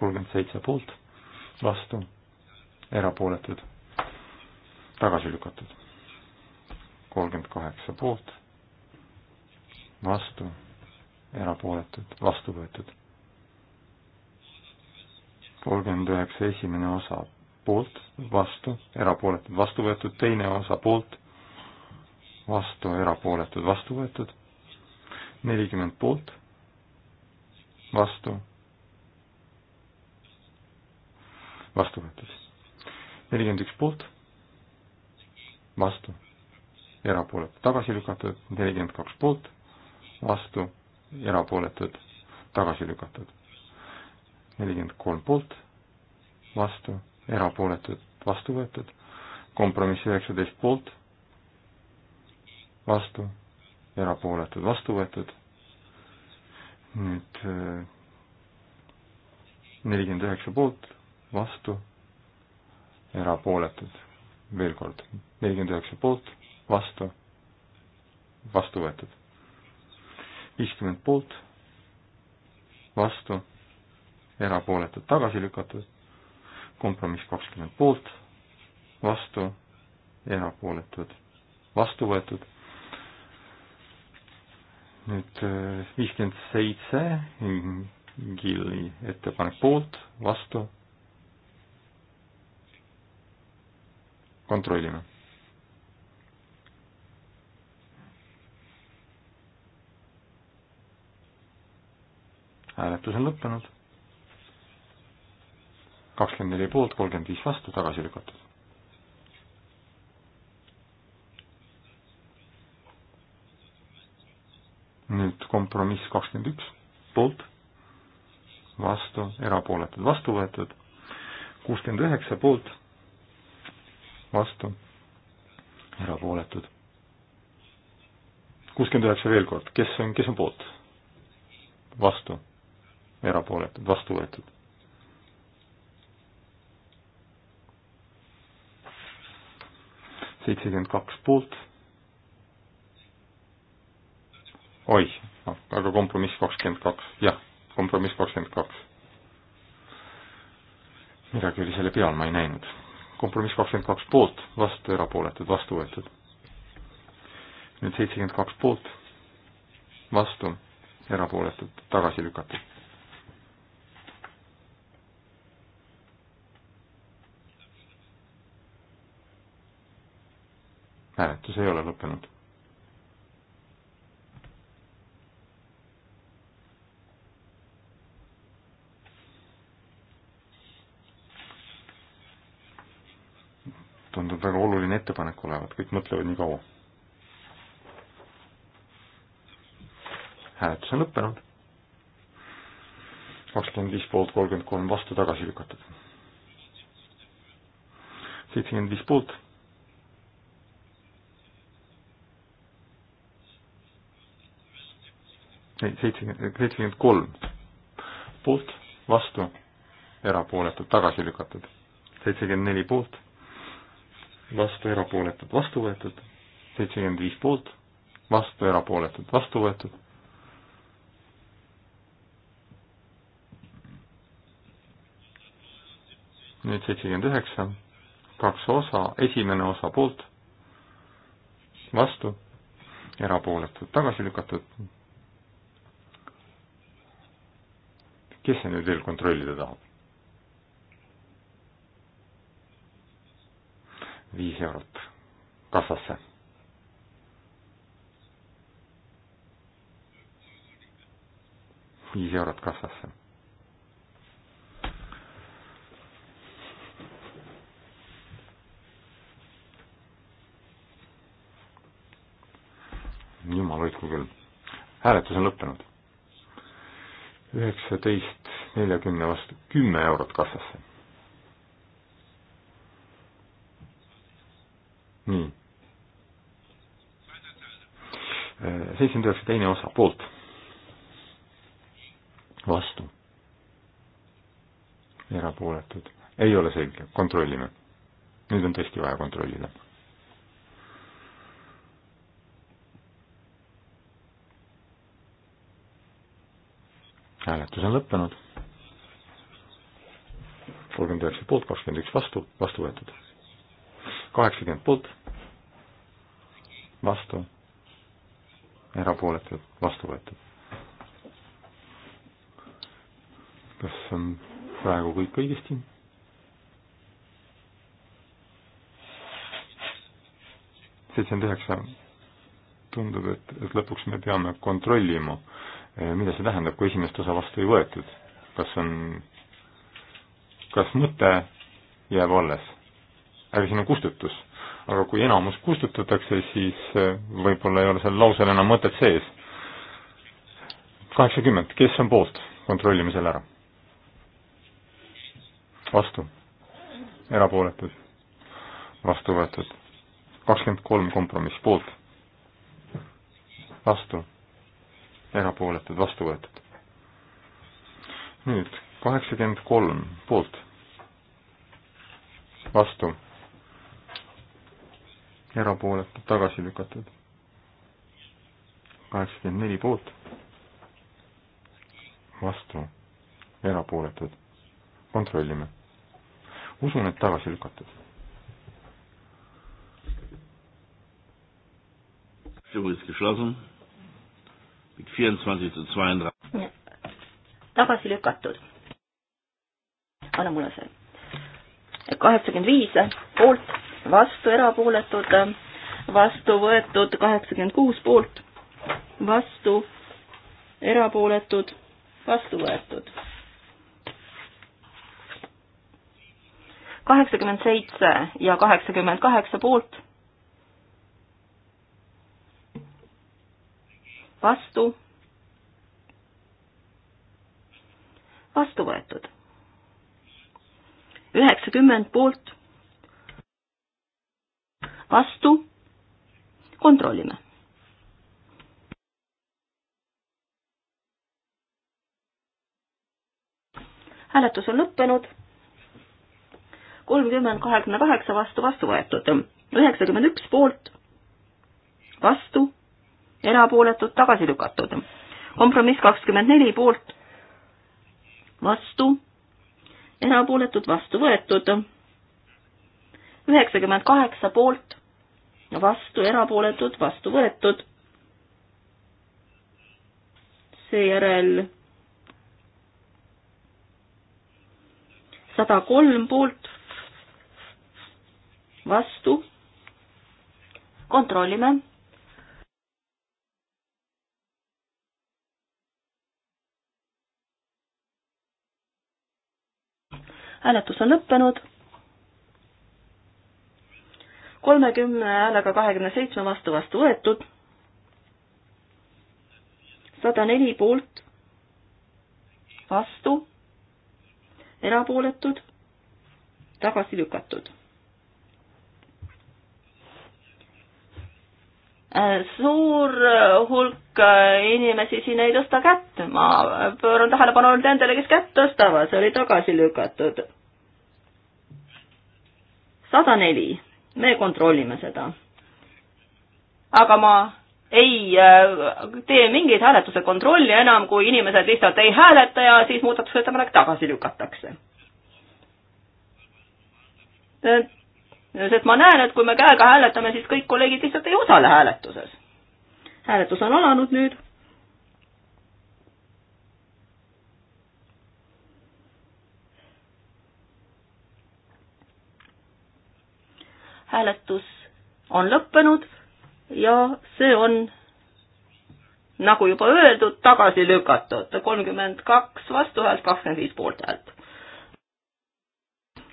kolmkümmend seitse poolt, vastu, erapooletud, tagasi lükatud. kolmkümmend kaheksa poolt, vastu, erapooletud, vastu võetud. kolmkümmend üheksa esimene osa poolt, vastu, erapooletud, vastu võetud, teine osa poolt, vastu, erapooletud, vastu võetud, nelikümmend poolt, vastu vastu võetud. nelikümmend üks poolt, vastu, erapooletud, tagasi lükatud, nelikümmend kaks poolt, vastu, erapooletud, tagasi lükatud. nelikümmend kolm poolt, vastu, erapooletud, vastu võetud, kompromiss üheksateist poolt, vastu, erapooletud, vastu võetud, nüüd äh, nelikümmend üheksa poolt vastu, erapooletud, veel kord, nelikümmend üheksa poolt, vastu, vastu võetud. viiskümmend poolt, vastu, erapooletud, tagasi lükatud, kompromiss kakskümmend poolt, vastu, erapooletud, vastu võetud nüüd äh, viiskümmend seitse Gilli ettepanek poolt, vastu, kontrollime. hääletus on lõppenud. kakskümmend neli poolt, kolmkümmend viis vastu, tagasi lükatud. nüüd kompromiss kakskümmend üks, poolt, vastu, erapooletud, vastu võetud, kuuskümmend üheksa poolt vastu, erapooletud. kuuskümmend üheksa veel kord, kes on, kes on poolt? vastu, erapooletud, vastu võetud. seitsekümmend kaks poolt. oih, aga kompromiss kakskümmend kaks, jah, kompromiss kakskümmend kaks. midagi oli selle peal, ma ei näinud kompromiss kakskümmend kaks poolt, vastu erapooletud, vastu võetud. nüüd seitsekümmend kaks poolt, vastu erapooletud, tagasi lükatud. hääletus ei ole lõppenud ettepanek olevat, kõik mõtlevad nii kaua. hääletus on lõppenud. kakskümmend viis poolt, kolmkümmend kolm vastu, tagasi lükatud. seitsekümmend viis poolt. ei, seitsekümmend, seitsekümmend kolm poolt, vastu, erapooletud, tagasi lükatud. seitsekümmend neli poolt vastu erapooletud, vastu võetud, seitsekümmend viis poolt, vastu erapooletud, vastu võetud. nüüd seitsekümmend üheksa, kaks osa, esimene osa poolt, vastu, erapooletud, tagasi lükatud. kes see nüüd veel kontrollida tahab? viis eurot kassasse. viis eurot kassasse. jumal hoidku küll. hääletus on lõppenud. üheksateist neljakümne vastu kümme eurot kassasse nii. Äh, seitsekümmend üheksa teine osa, poolt. vastu. erapooletud, ei ole selge, kontrollime. nüüd on tõesti vaja kontrollida hääletus on lõppenud. kolmkümmend üheksa poolt, kakskümmend üks vastu, vastu võetud kaheksakümmend poolt, vastu, erapooletud, vastu võetud. kas on praegu kõik õigesti? seitsekümmend üheksa, tundub, et, et lõpuks me peame kontrollima, eh, mida see tähendab, kui esimest osa vastu ei võetud. kas on, kas mõte jääb alles? aga siin on kustutus. aga kui enamus kustutatakse, siis eh, võib-olla ei ole sellel lausel enam mõtet sees. kaheksakümmend, kes on poolt, kontrollime selle ära. vastu, erapooletud, vastu võetud. kakskümmend kolm kompromiss poolt, vastu, erapooletud, vastu võetud. nüüd kaheksakümmend kolm poolt, vastu erapooletud, tagasi lükatud. kaheksakümmend neli poolt, vastu, erapooletud, kontrollime. usun, et tagasi lükatud. tagasi lükatud. anna mulle see. kaheksakümmend viis poolt vastu, erapooletud, vastu võetud kaheksakümmend kuus poolt, vastu, erapooletud, vastu võetud. kaheksakümmend seitse ja kaheksakümmend kaheksa poolt, vastu, vastu võetud. üheksakümmend poolt vastu, kontrollime. hääletus on lõppenud. kolmkümmend kahekümne kaheksa vastu vastu võetud, üheksakümmend üks poolt, vastu, erapooletud, tagasi lükatud. kompromiss kakskümmend neli poolt, vastu, erapooletud, vastu võetud üheksakümmend kaheksa poolt, vastu erapooletud, vastu võetud. seejärel sada kolm poolt, vastu. kontrollime. hääletus on lõppenud kolmekümne häälega kahekümne seitsme vastu vastu võetud. sada neli poolt, vastu, erapooletud, tagasi lükatud. suur hulk inimesi siin ei tõsta kätt, ma pööran tähelepanu ainult nendele, kes kätt tõstavad, see oli tagasi lükatud. sada neli me kontrollime seda. aga ma ei äh, tee mingeid hääletuse kontrolli enam, kui inimesed lihtsalt ei hääleta ja siis muudatusettepanek tagasi lükatakse. sest ma näen, et kui me käega hääletame, siis kõik kolleegid lihtsalt ei osale hääletuses. hääletus on alanud nüüd hääletus on lõppenud ja see on, nagu juba öeldud, tagasi lükatud. kolmkümmend kaks vastuhäält, kakskümmend viis poolthäält.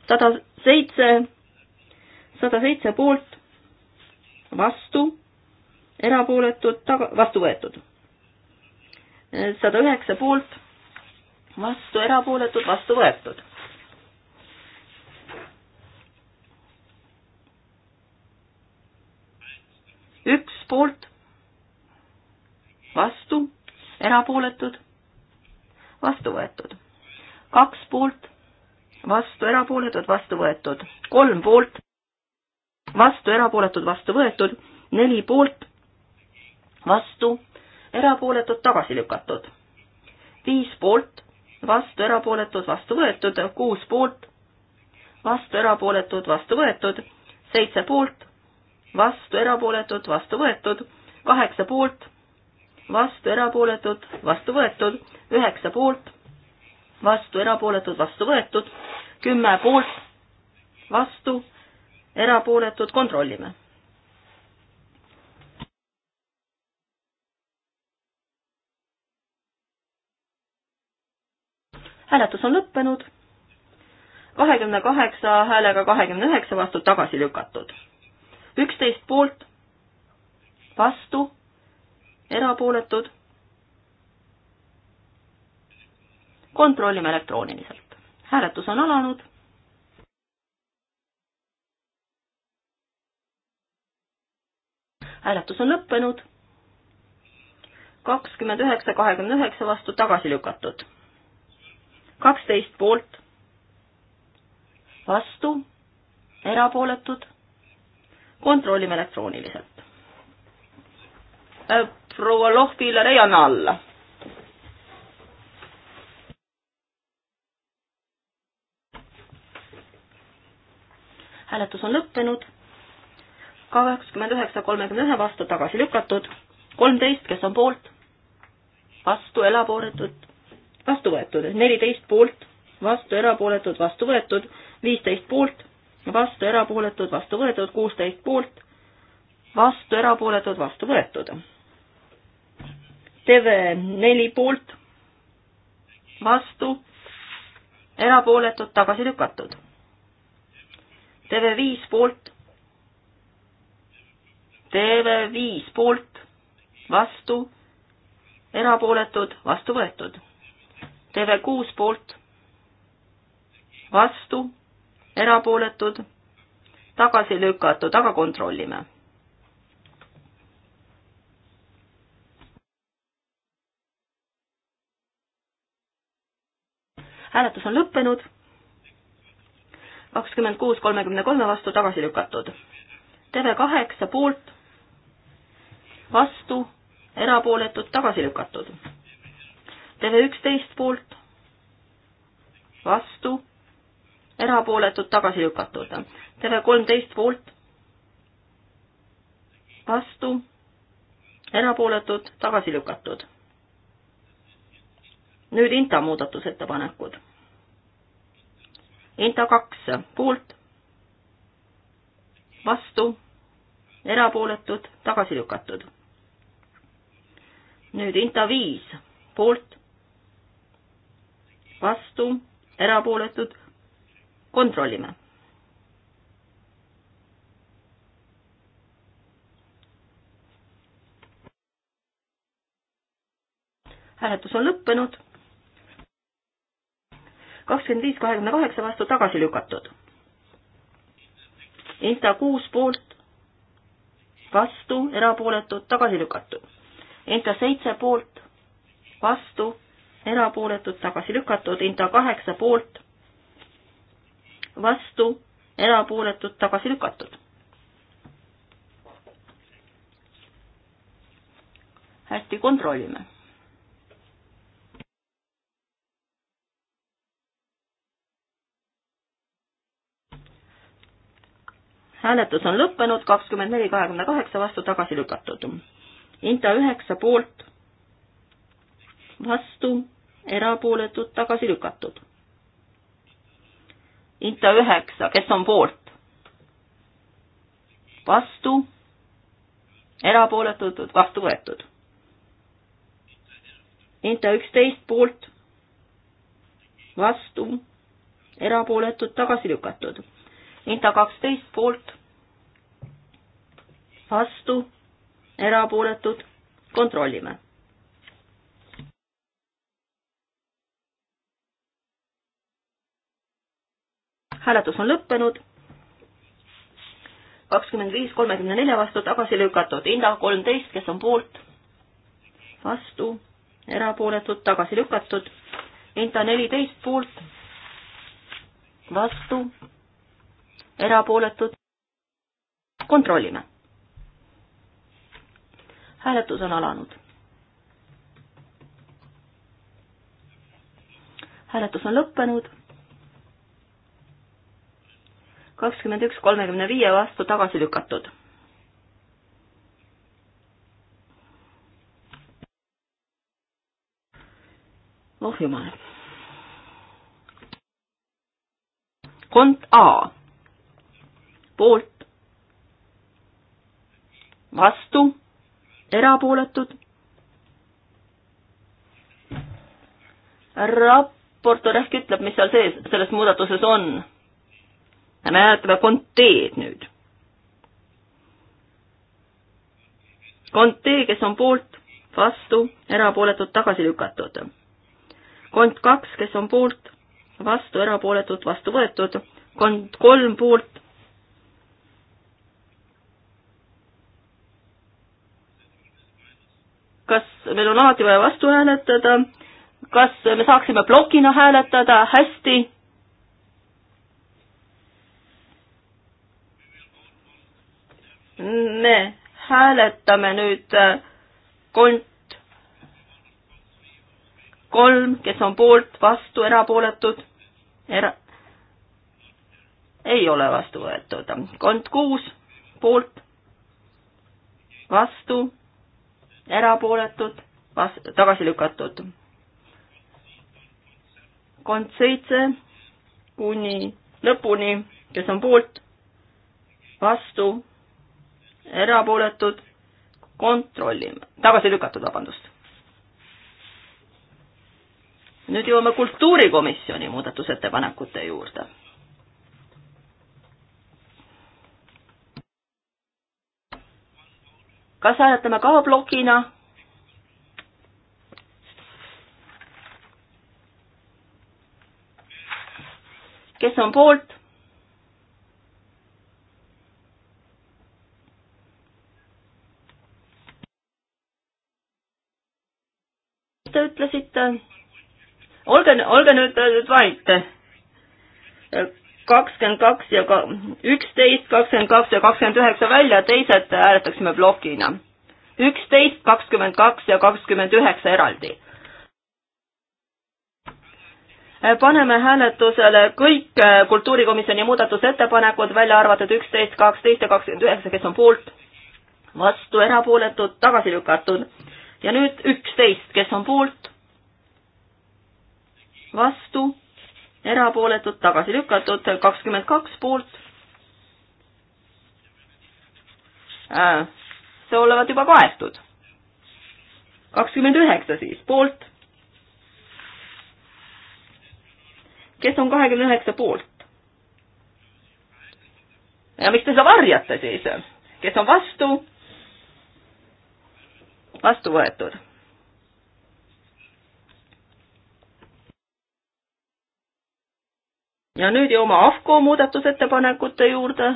sada seitse, sada seitse poolt, vastu, erapooletud, taga, vastu võetud. sada üheksa poolt, vastu, erapooletud, vastu võetud üks poolt, vastu, erapooletud, vastu võetud. kaks poolt, vastu, erapooletud, vastu võetud. kolm poolt, vastu, erapooletud, vastu võetud. neli poolt, vastu, erapooletud, tagasi lükatud. viis poolt, vastu, erapooletud, vastu võetud. kuus poolt, vastu, erapooletud, vastu võetud. seitse poolt, vastu erapooletud, vastu võetud, kaheksa poolt, vastu erapooletud, vastu võetud, üheksa poolt, vastu erapooletud, vastu võetud, kümme poolt, vastu, erapooletud, kontrollime hääletus on lõppenud, kahekümne kaheksa häälega kahekümne üheksa vastu tagasi lükatud üksteist poolt, vastu, erapooletud. kontrollime elektrooniliselt. hääletus on alanud. hääletus on lõppenud. kakskümmend üheksa, kahekümne üheksa vastu tagasi lükatud. kaksteist poolt, vastu, erapooletud kontrollime elektrooniliselt. Äh, proua Lohviller ei anna alla. hääletus on lõppenud. kaheksakümmend üheksa, kolmekümne ühe vastu tagasi lükatud. kolmteist, kes on poolt, vastu elapooletud, vastu võetud. neliteist poolt, vastu erapooletud, vastu võetud. viisteist poolt vastu erapooletud, vastu võetud, kuusteist poolt, vastu erapooletud, vastu võetud. TV4 poolt, vastu, erapooletud, tagasi lükatud. TV5 poolt, TV5 poolt, vastu, erapooletud, vastu võetud. TV6 poolt, vastu erapooletud, tagasi lükatud, aga kontrollime. hääletus on lõppenud, kakskümmend kuus kolmekümne kolme vastu tagasi lükatud. TV kaheksa poolt, vastu, erapooletud, tagasi lükatud. TV üksteist poolt, vastu erapooletud, tagasi lükatud. terve kolmteist poolt, vastu, erapooletud, tagasi lükatud. nüüd INTA muudatusettepanekud. INTA kaks poolt, vastu, erapooletud, tagasi lükatud. nüüd INTA viis poolt, vastu, erapooletud kontrollime. hääletus on lõppenud. kakskümmend viis, kahekümne kaheksa vastu tagasi lükatud. Inta kuus poolt, vastu, erapooletud, tagasi lükatud. Inta seitse poolt, vastu, erapooletud, tagasi lükatud, Inta kaheksa poolt, vastu, erapooletud, tagasi lükatud. hästi, kontrollime hääletus on lõppenud, kakskümmend neli, kahekümne kaheksa vastu tagasi lükatud. Inta üheksa poolt, vastu, erapooletud, tagasi lükatud. Inta üheksa, kes on poolt? vastu, erapooletud, vastu võetud. Inta üksteist poolt, vastu, erapooletud, tagasi lükatud. Inta kaksteist poolt, vastu, erapooletud, kontrollime hääletus on lõppenud. kakskümmend viis, kolmekümne nelja vastu tagasi lükatud, Inda kolmteist, kes on poolt, vastu, erapooletud, tagasi lükatud, Inta neliteist poolt, vastu, erapooletud, kontrollime. hääletus on alanud hääletus on lõppenud kakskümmend üks kolmekümne viie vastu tagasi lükatud. oh jumal. kont A poolt, vastu, erapooletud. raportöör ehk ütleb, mis seal sees, selles muudatuses on me hääletame Conte'd nüüd. Conte, kes on poolt, vastu, erapooletud, tagasi lükatud. Cont kaks, kes on poolt, vastu, erapooletud, vastu võetud. Cont kolm poolt. kas meil on alati vaja vastu hääletada? kas me saaksime plokina hääletada? hästi me hääletame nüüd äh, kont kolm, kes on poolt, vastu, erapooletud, era-, ei ole vastu võetud. kont kuus, poolt, vastu, erapooletud, vas-, tagasi lükatud. kont seitse kuni lõpuni, kes on poolt, vastu erapooletud, kontrollime, tagasi lükatud, vabandust. nüüd jõuame kultuurikomisjoni muudatusettepanekute juurde. kas hääletame ka plokina? kes on poolt? te ütlesite? olge, olge nüüd, nüüd vait. kakskümmend kaks ja üksteist, kakskümmend kaks ja kakskümmend üheksa välja, teised hääletaksime plokina. üksteist, kakskümmend kaks ja kakskümmend üheksa eraldi. paneme hääletusele kõik kultuurikomisjoni muudatusettepanekud, välja arvatud üksteist, kaksteist ja kakskümmend üheksa, kes on poolt, vastu, erapooletud, tagasi lükatud ja nüüd üksteist, kes on poolt, vastu, erapooletud, tagasi lükatud, kakskümmend kaks poolt äh,. see olevat juba kaetud. kakskümmend üheksa siis, poolt. kes on kahekümne üheksa poolt? ja miks te seda varjate siis? kes on vastu? vastu võetud. ja nüüd jõuame AFCO muudatusettepanekute juurde.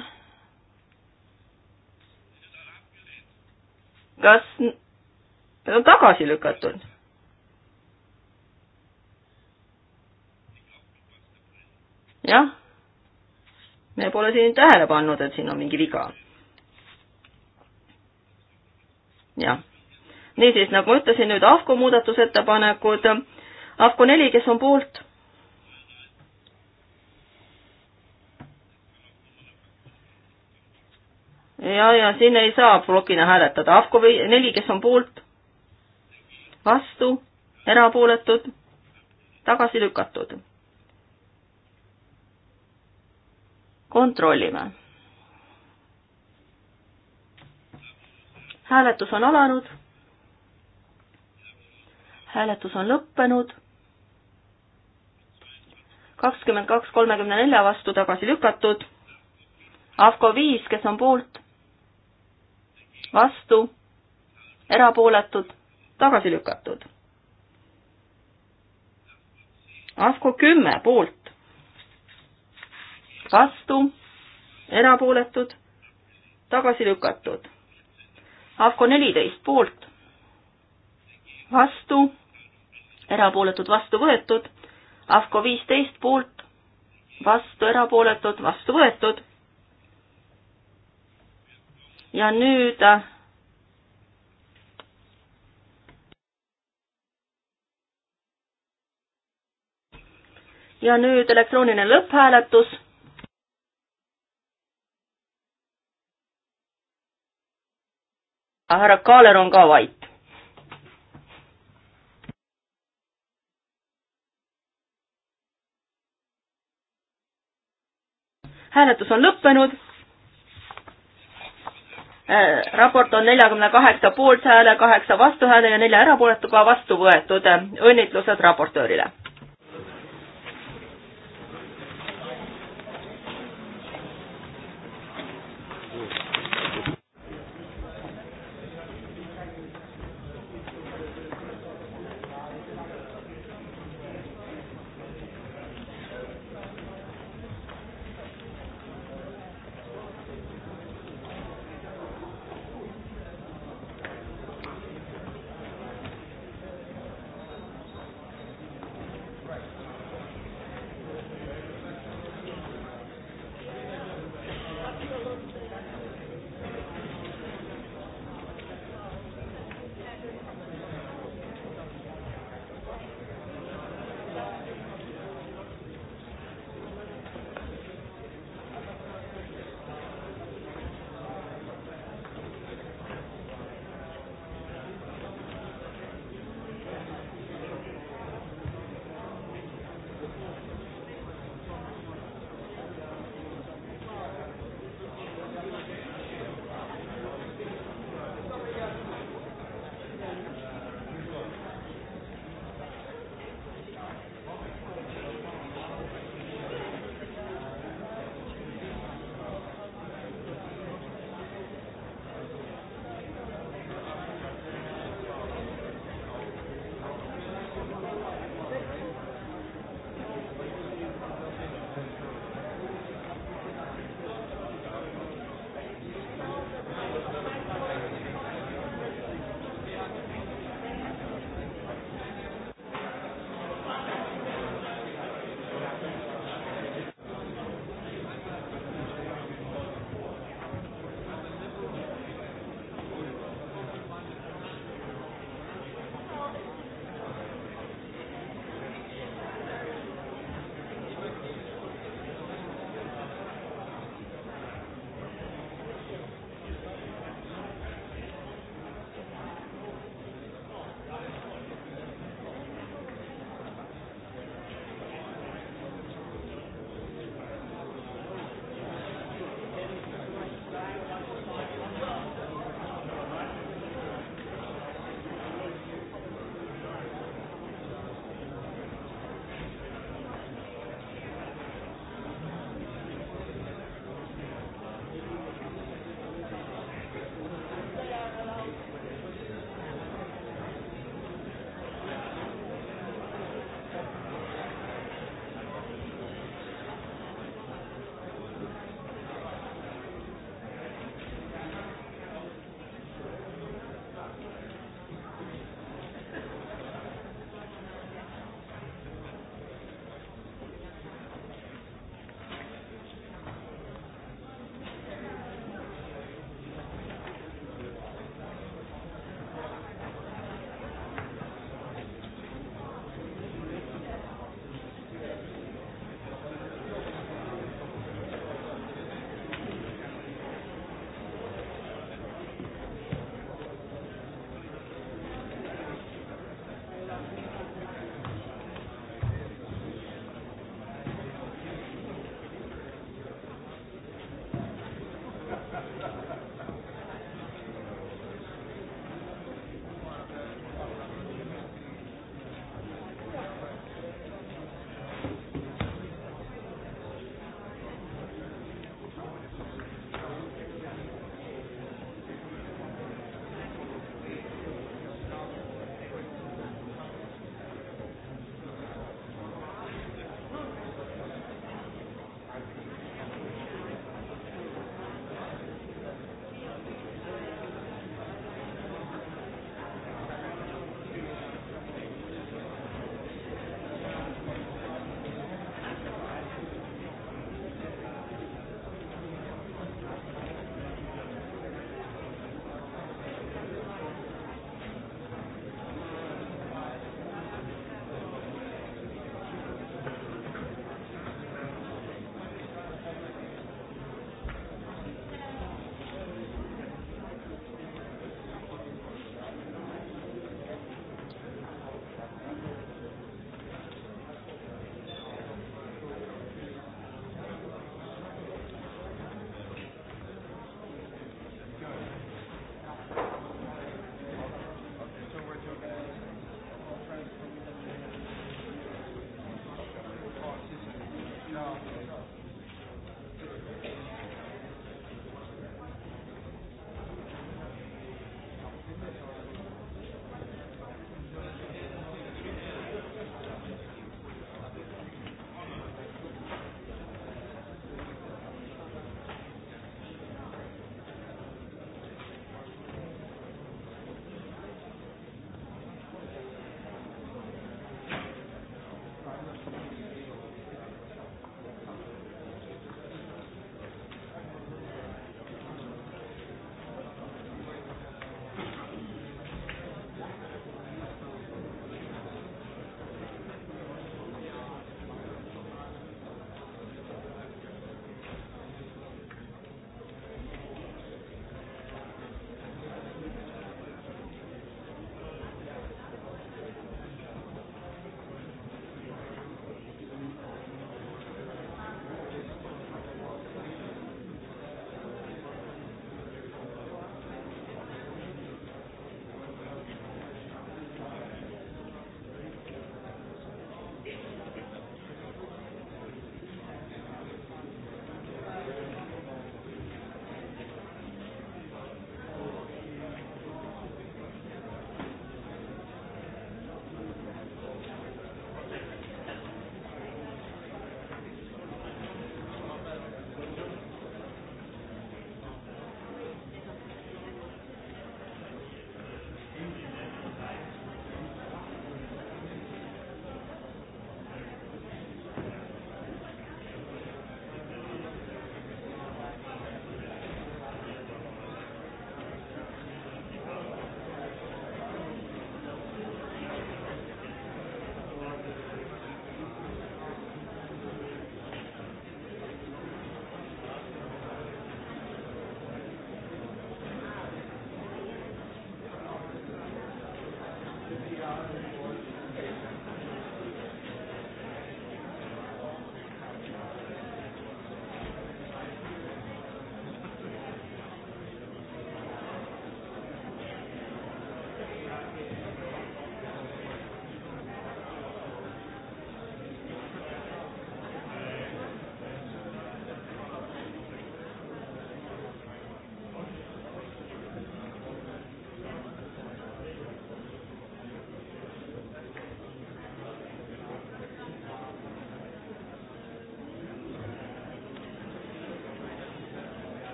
kas on tagasi lükatud? jah, me pole siin tähele pannud, et siin on mingi viga. jah niisiis, nagu ma ütlesin, nüüd AFCO muudatusettepanekud. AFCO neli, kes on poolt? ja, ja siin ei saa plokina hääletada. AFCO neli, kes on poolt? vastu, erapooletud, tagasi lükatud. kontrollime hääletus on alanud hääletus on lõppenud. kakskümmend kaks kolmekümne nelja vastu tagasi lükatud. AFCO viis, kes on poolt, vastu, erapooletud, tagasi lükatud. AFCO kümme poolt, vastu, erapooletud, tagasi lükatud. AFCO neliteist poolt, vastu erapooletud, vastu võetud. AFCO viisteist poolt, vastu, erapooletud, vastu võetud. ja nüüd ja nüüd elektrooniline lõpphääletus. härra Kaaler on ka vait. hääletus on lõppenud. Äh, raport on neljakümne kaheksa poolthääle, kaheksa vastuhääle ja nelja erapooletuga vastu võetud. õnnitlused raportöörile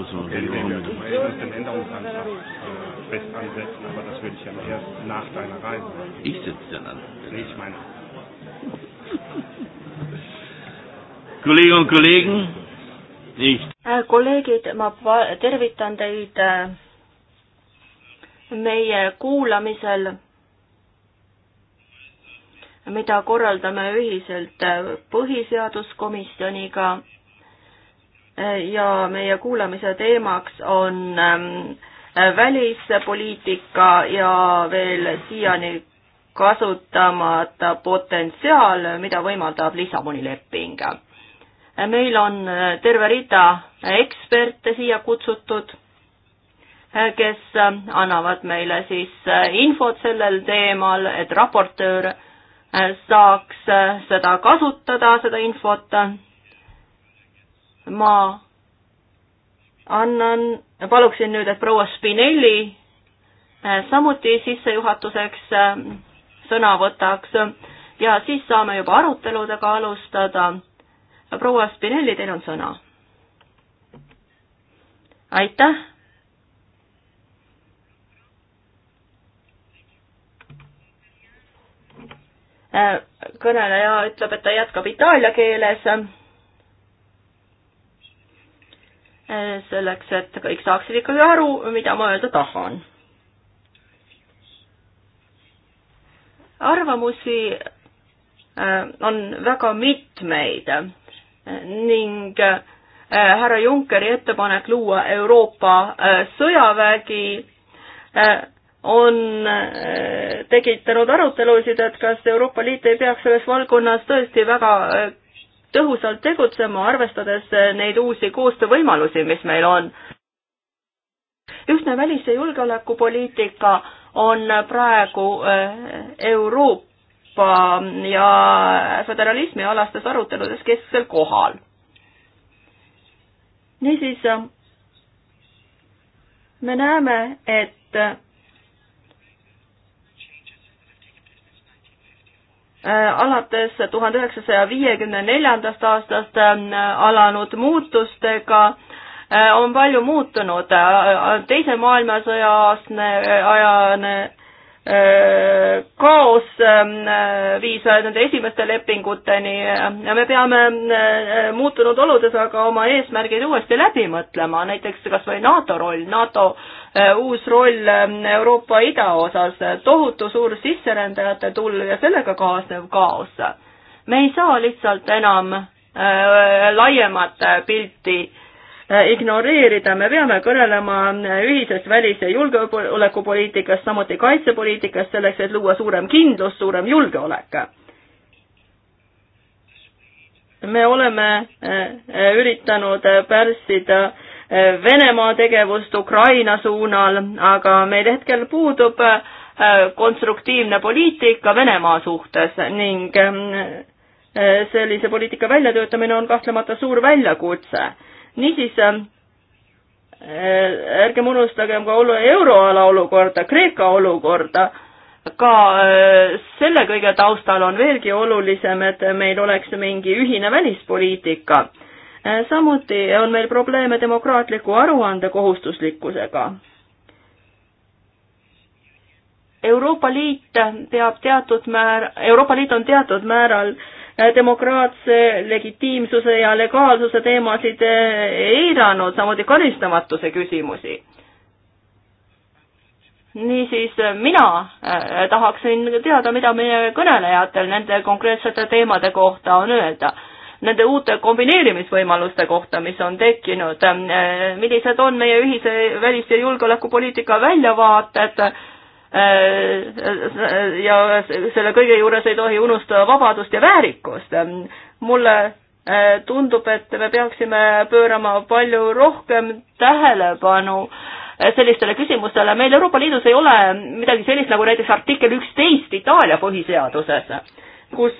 müssen wir okay, nee, wir müssen den Änderungsantrag äh, fest ansetzen, aber das würde ich dann erst nach deiner Reise. Ich sitze dann an. Nee, ich meine. Kolleginnen und Kollegen, ich. Äh, kolleegid, ma tervitan teid äh, meie kuulamisel, mida korraldame ühiselt äh, põhiseaduskomisjoniga ja meie kuulamise teemaks on ähm, välispoliitika ja veel siiani kasutamata potentsiaal, mida võimaldab Lissaboni leping. meil on äh, terve rida eksperte siia kutsutud, äh, kes äh, annavad meile siis infot sellel teemal, et raportöör saaks seda kasutada, seda infot ma annan, paluksin nüüd, et proua Spinelli äh, samuti sissejuhatuseks äh, sõna võtaks ja siis saame juba aruteludega alustada. proua Spinelli, teil on sõna. aitäh. Äh, kõneleja ütleb, et ta jätkab itaalia keeles selleks, et kõik saaksid ikkagi aru, mida ma öelda tahan. arvamusi äh, on väga mitmeid ning äh, härra Junckeri ettepanek luua Euroopa äh, sõjavägi on tekitanud arutelusid, et kas Euroopa Liit ei peaks selles valdkonnas tõesti väga tõhusalt tegutsema, arvestades eh, neid uusi koostöövõimalusi, mis meil on. ühtne välis- ja julgeolekupoliitika on praegu eh, Euroopa ja föderalismi alastes aruteludes kesksel kohal. niisiis, eh, me näeme, et Äh, alates tuhande üheksasaja viiekümne neljandast aastast äh, alanud muutustega äh, on palju muutunud. teise maailmasõja aastane, ajane kaos ähm, viis nende esimeste lepinguteni ja me peame äh, muutunud oludes aga oma eesmärgid uuesti läbi mõtlema, näiteks kas või NATO roll, NATO äh, uus roll ähm, Euroopa idaosas, tohutu suur sisserändajate tulv ja sellega kaasnev kaos. me ei saa lihtsalt enam äh, laiemat pilti äh, Äh, ignoreerida, me peame kõnelema äh, ühisest välis- ja julgeolekupoliitikast, samuti kaitsepoliitikast, selleks et luua suurem kindlus, suurem julgeolek. me oleme äh, üritanud pärssida Venemaa tegevust Ukraina suunal, aga meil hetkel puudub konstruktiivne poliitika Venemaa suhtes ning sellise poliitika väljatöötamine on kahtlemata suur väljakutse niisiis äh, äh, ärgem unustagem ka olu-, euroala olukorda, Kreeka olukorda, ka äh, selle kõige taustal on veelgi olulisem, et meil oleks mingi ühine välispoliitika. samuti on meil probleeme demokraatliku aruande kohustuslikkusega. Euroopa Liit peab teatud määr, Euroopa Liit on teatud määral äh, Äh, demokraatse legitiimsuse ja legaalsuse teemasid äh, eiranud, samuti karistamatuse küsimusi. niisiis äh, mina tahaksin teada, mida meie kõnelejatel nende konkreetsete teemade kohta on öelda nende uute kombineerimisvõimaluste kohta, mis on tekkinud, millised on meie ühise välis- ja julgeolekupoliitika väljavaated, Äh, äh, ja selle kõige juures ei tohi unustada vabadust ja väärikust. mulle äh, tundub, et me peaksime pöörama palju rohkem tähelepanu sellistele küsimustele. meil Euroopa Liidus ei ole midagi sellist nagu näiteks artikkel üksteist Itaalia põhiseaduses, kus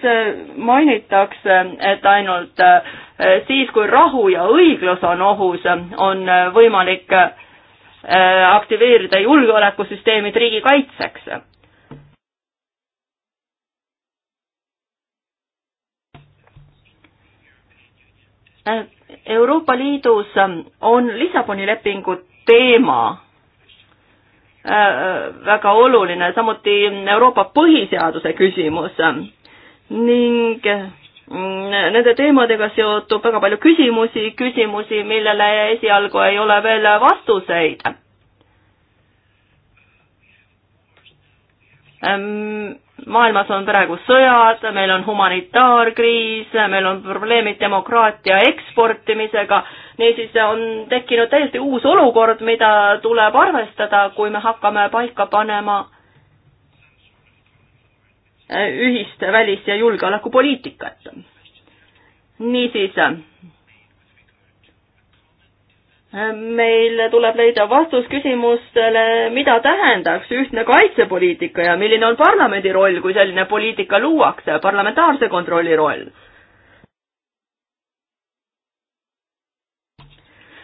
mainitakse, et ainult siis, kui rahu ja õiglus on ohus, on võimalik Äh, aktiveerida julgeolekusüsteemid riigi kaitseks. Äh, Euroopa Liidus ähm, on Lissaboni lepingu teema äh, väga oluline, samuti Euroopa põhiseaduse küsimus ähm, ning Mm, nende teemadega seotub väga palju küsimusi, küsimusi, millele esialgu ei ole veel vastuseid. Mm, maailmas on praegu sõjad, meil on humanitaarkriis, meil on probleemid demokraatia eksportimisega, niisiis on tekkinud täiesti uus olukord, mida tuleb arvestada, kui me hakkame paika panema Äh, ühist välis- ja julgeolekupoliitikat. niisiis, äh, meil tuleb leida vastus küsimustele, mida tähendaks ühtne kaitsepoliitika ja milline on parlamendi roll, kui selline poliitika luuakse, parlamentaarse kontrolli roll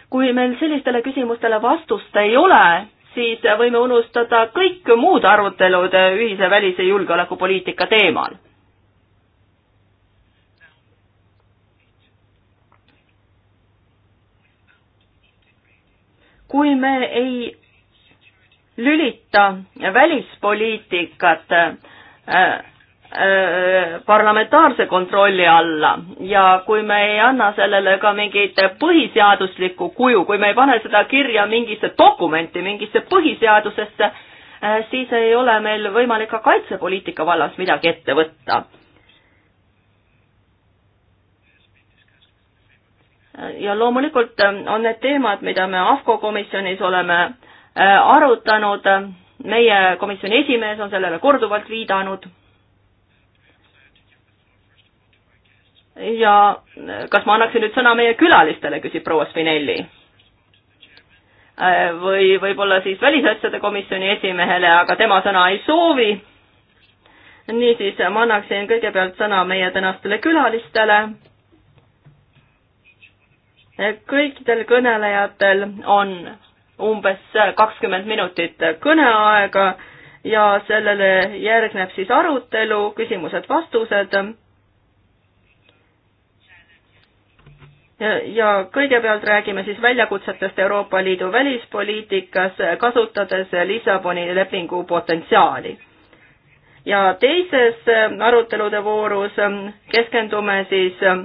kui meil sellistele küsimustele vastust ei ole, siis võime unustada kõik muud arutelud ühise välis- ja julgeolekupoliitika teemal. kui me ei lülita välispoliitikat äh, parlamentaarse kontrolli alla ja kui me ei anna sellele ka mingit põhiseaduslikku kuju, kui me ei pane seda kirja mingisse dokumenti, mingisse põhiseadusesse, äh, siis ei ole meil võimalik ka kaitsepoliitika vallas midagi ette võtta. ja loomulikult äh, on need teemad, mida me AFCO komisjonis oleme äh, arutanud, meie komisjoni esimees on sellele korduvalt viidanud ja kas ma annaksin nüüd sõna meie külalistele, küsib proua Spinelli. Äh, või võib-olla siis välisasjade komisjoni esimehele, aga tema sõna ei soovi. niisiis, ma annaksin kõigepealt sõna meie tänastele külalistele. kõikidel kõnelejatel on umbes kakskümmend minutit kõneaega ja sellele järgneb siis arutelu, küsimused-vastused ja kõigepealt räägime siis väljakutsetest Euroopa Liidu välispoliitikas, kasutades Lissaboni lepingu potentsiaali. ja teises ähm, arutelude voorus ähm, keskendume siis ähm,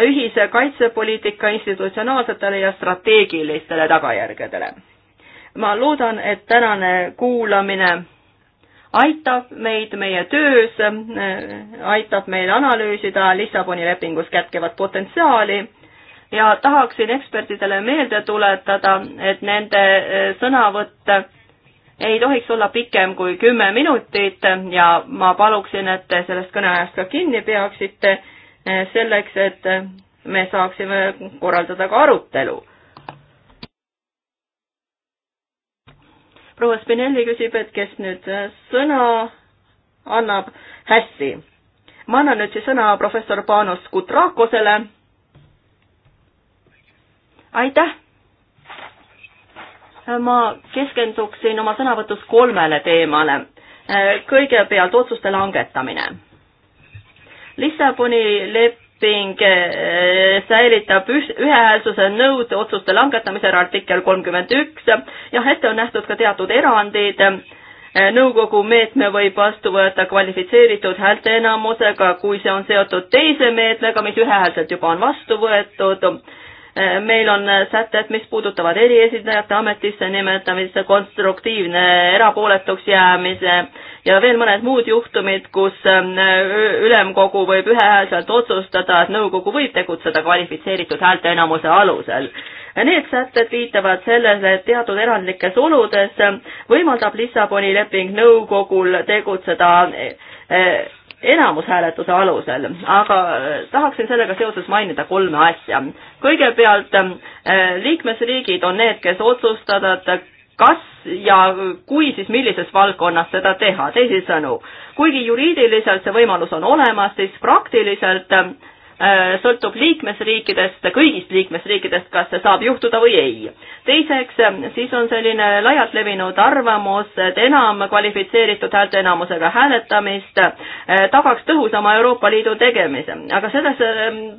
ühise kaitsepoliitika institutsionaalsetele ja strateegilistele tagajärgedele. ma loodan, et tänane kuulamine aitab meid meie töös, aitab meil analüüsida Lissaboni lepingus kätkevat potentsiaali ja tahaksin ekspertidele meelde tuletada, et nende eh, sõnavõtt ei tohiks olla pikem kui kümme minutit ja ma paluksin, et te sellest kõneajast ka kinni peaksite, eh, selleks et me saaksime korraldada ka arutelu proua Spinelli küsib, et kes nüüd äh, sõna annab. hästi, ma annan nüüd siis sõna professor Panos Kutrakosele. aitäh. ma keskenduksin oma sõnavõtus kolmele teemale. Äh, kõigepealt otsuste langetamine. Lissaboni lepp leping eh, säilitab ühehäälsuse nõude otsuste langetamisel artikkel kolmkümmend üks. jah, ette on nähtud ka teatud erandid. Eh, nõukogu meetme võib vastu võtta kvalifitseeritud häälteenamusega, kui see on seotud teise meetmega, mis ühehäälselt juba on vastu võetud Eh, meil on eh, sätted, mis puudutavad eriesindajate ametisse nimetamist, konstruktiivne erapooletuks jäämise ja veel mõned muud juhtumid, kus eh, ülemkogu võib ühehäälselt otsustada, et nõukogu võib tegutseda kvalifitseeritud häälteenamuse alusel. Need sätted viitavad sellele, et teatud erandlikes oludes võimaldab Lissaboni leping nõukogul tegutseda enamushääletuse alusel, aga äh, tahaksin sellega seoses mainida kolme asja. kõigepealt äh, liikmesriigid on need, kes otsustavad, kas ja kui, siis millises valdkonnas seda teha, teisisõnu, kuigi juriidiliselt see võimalus on olemas, siis praktiliselt äh, Äh, sõltub liikmesriikidest, kõigist liikmesriikidest, kas see saab juhtuda või ei. teiseks, äh, siis on selline laialt levinud arvamus, et enam kvalifitseeritud häälteenamusega hääletamist äh, tagaks tõhusama Euroopa Liidu tegemise, aga sellesse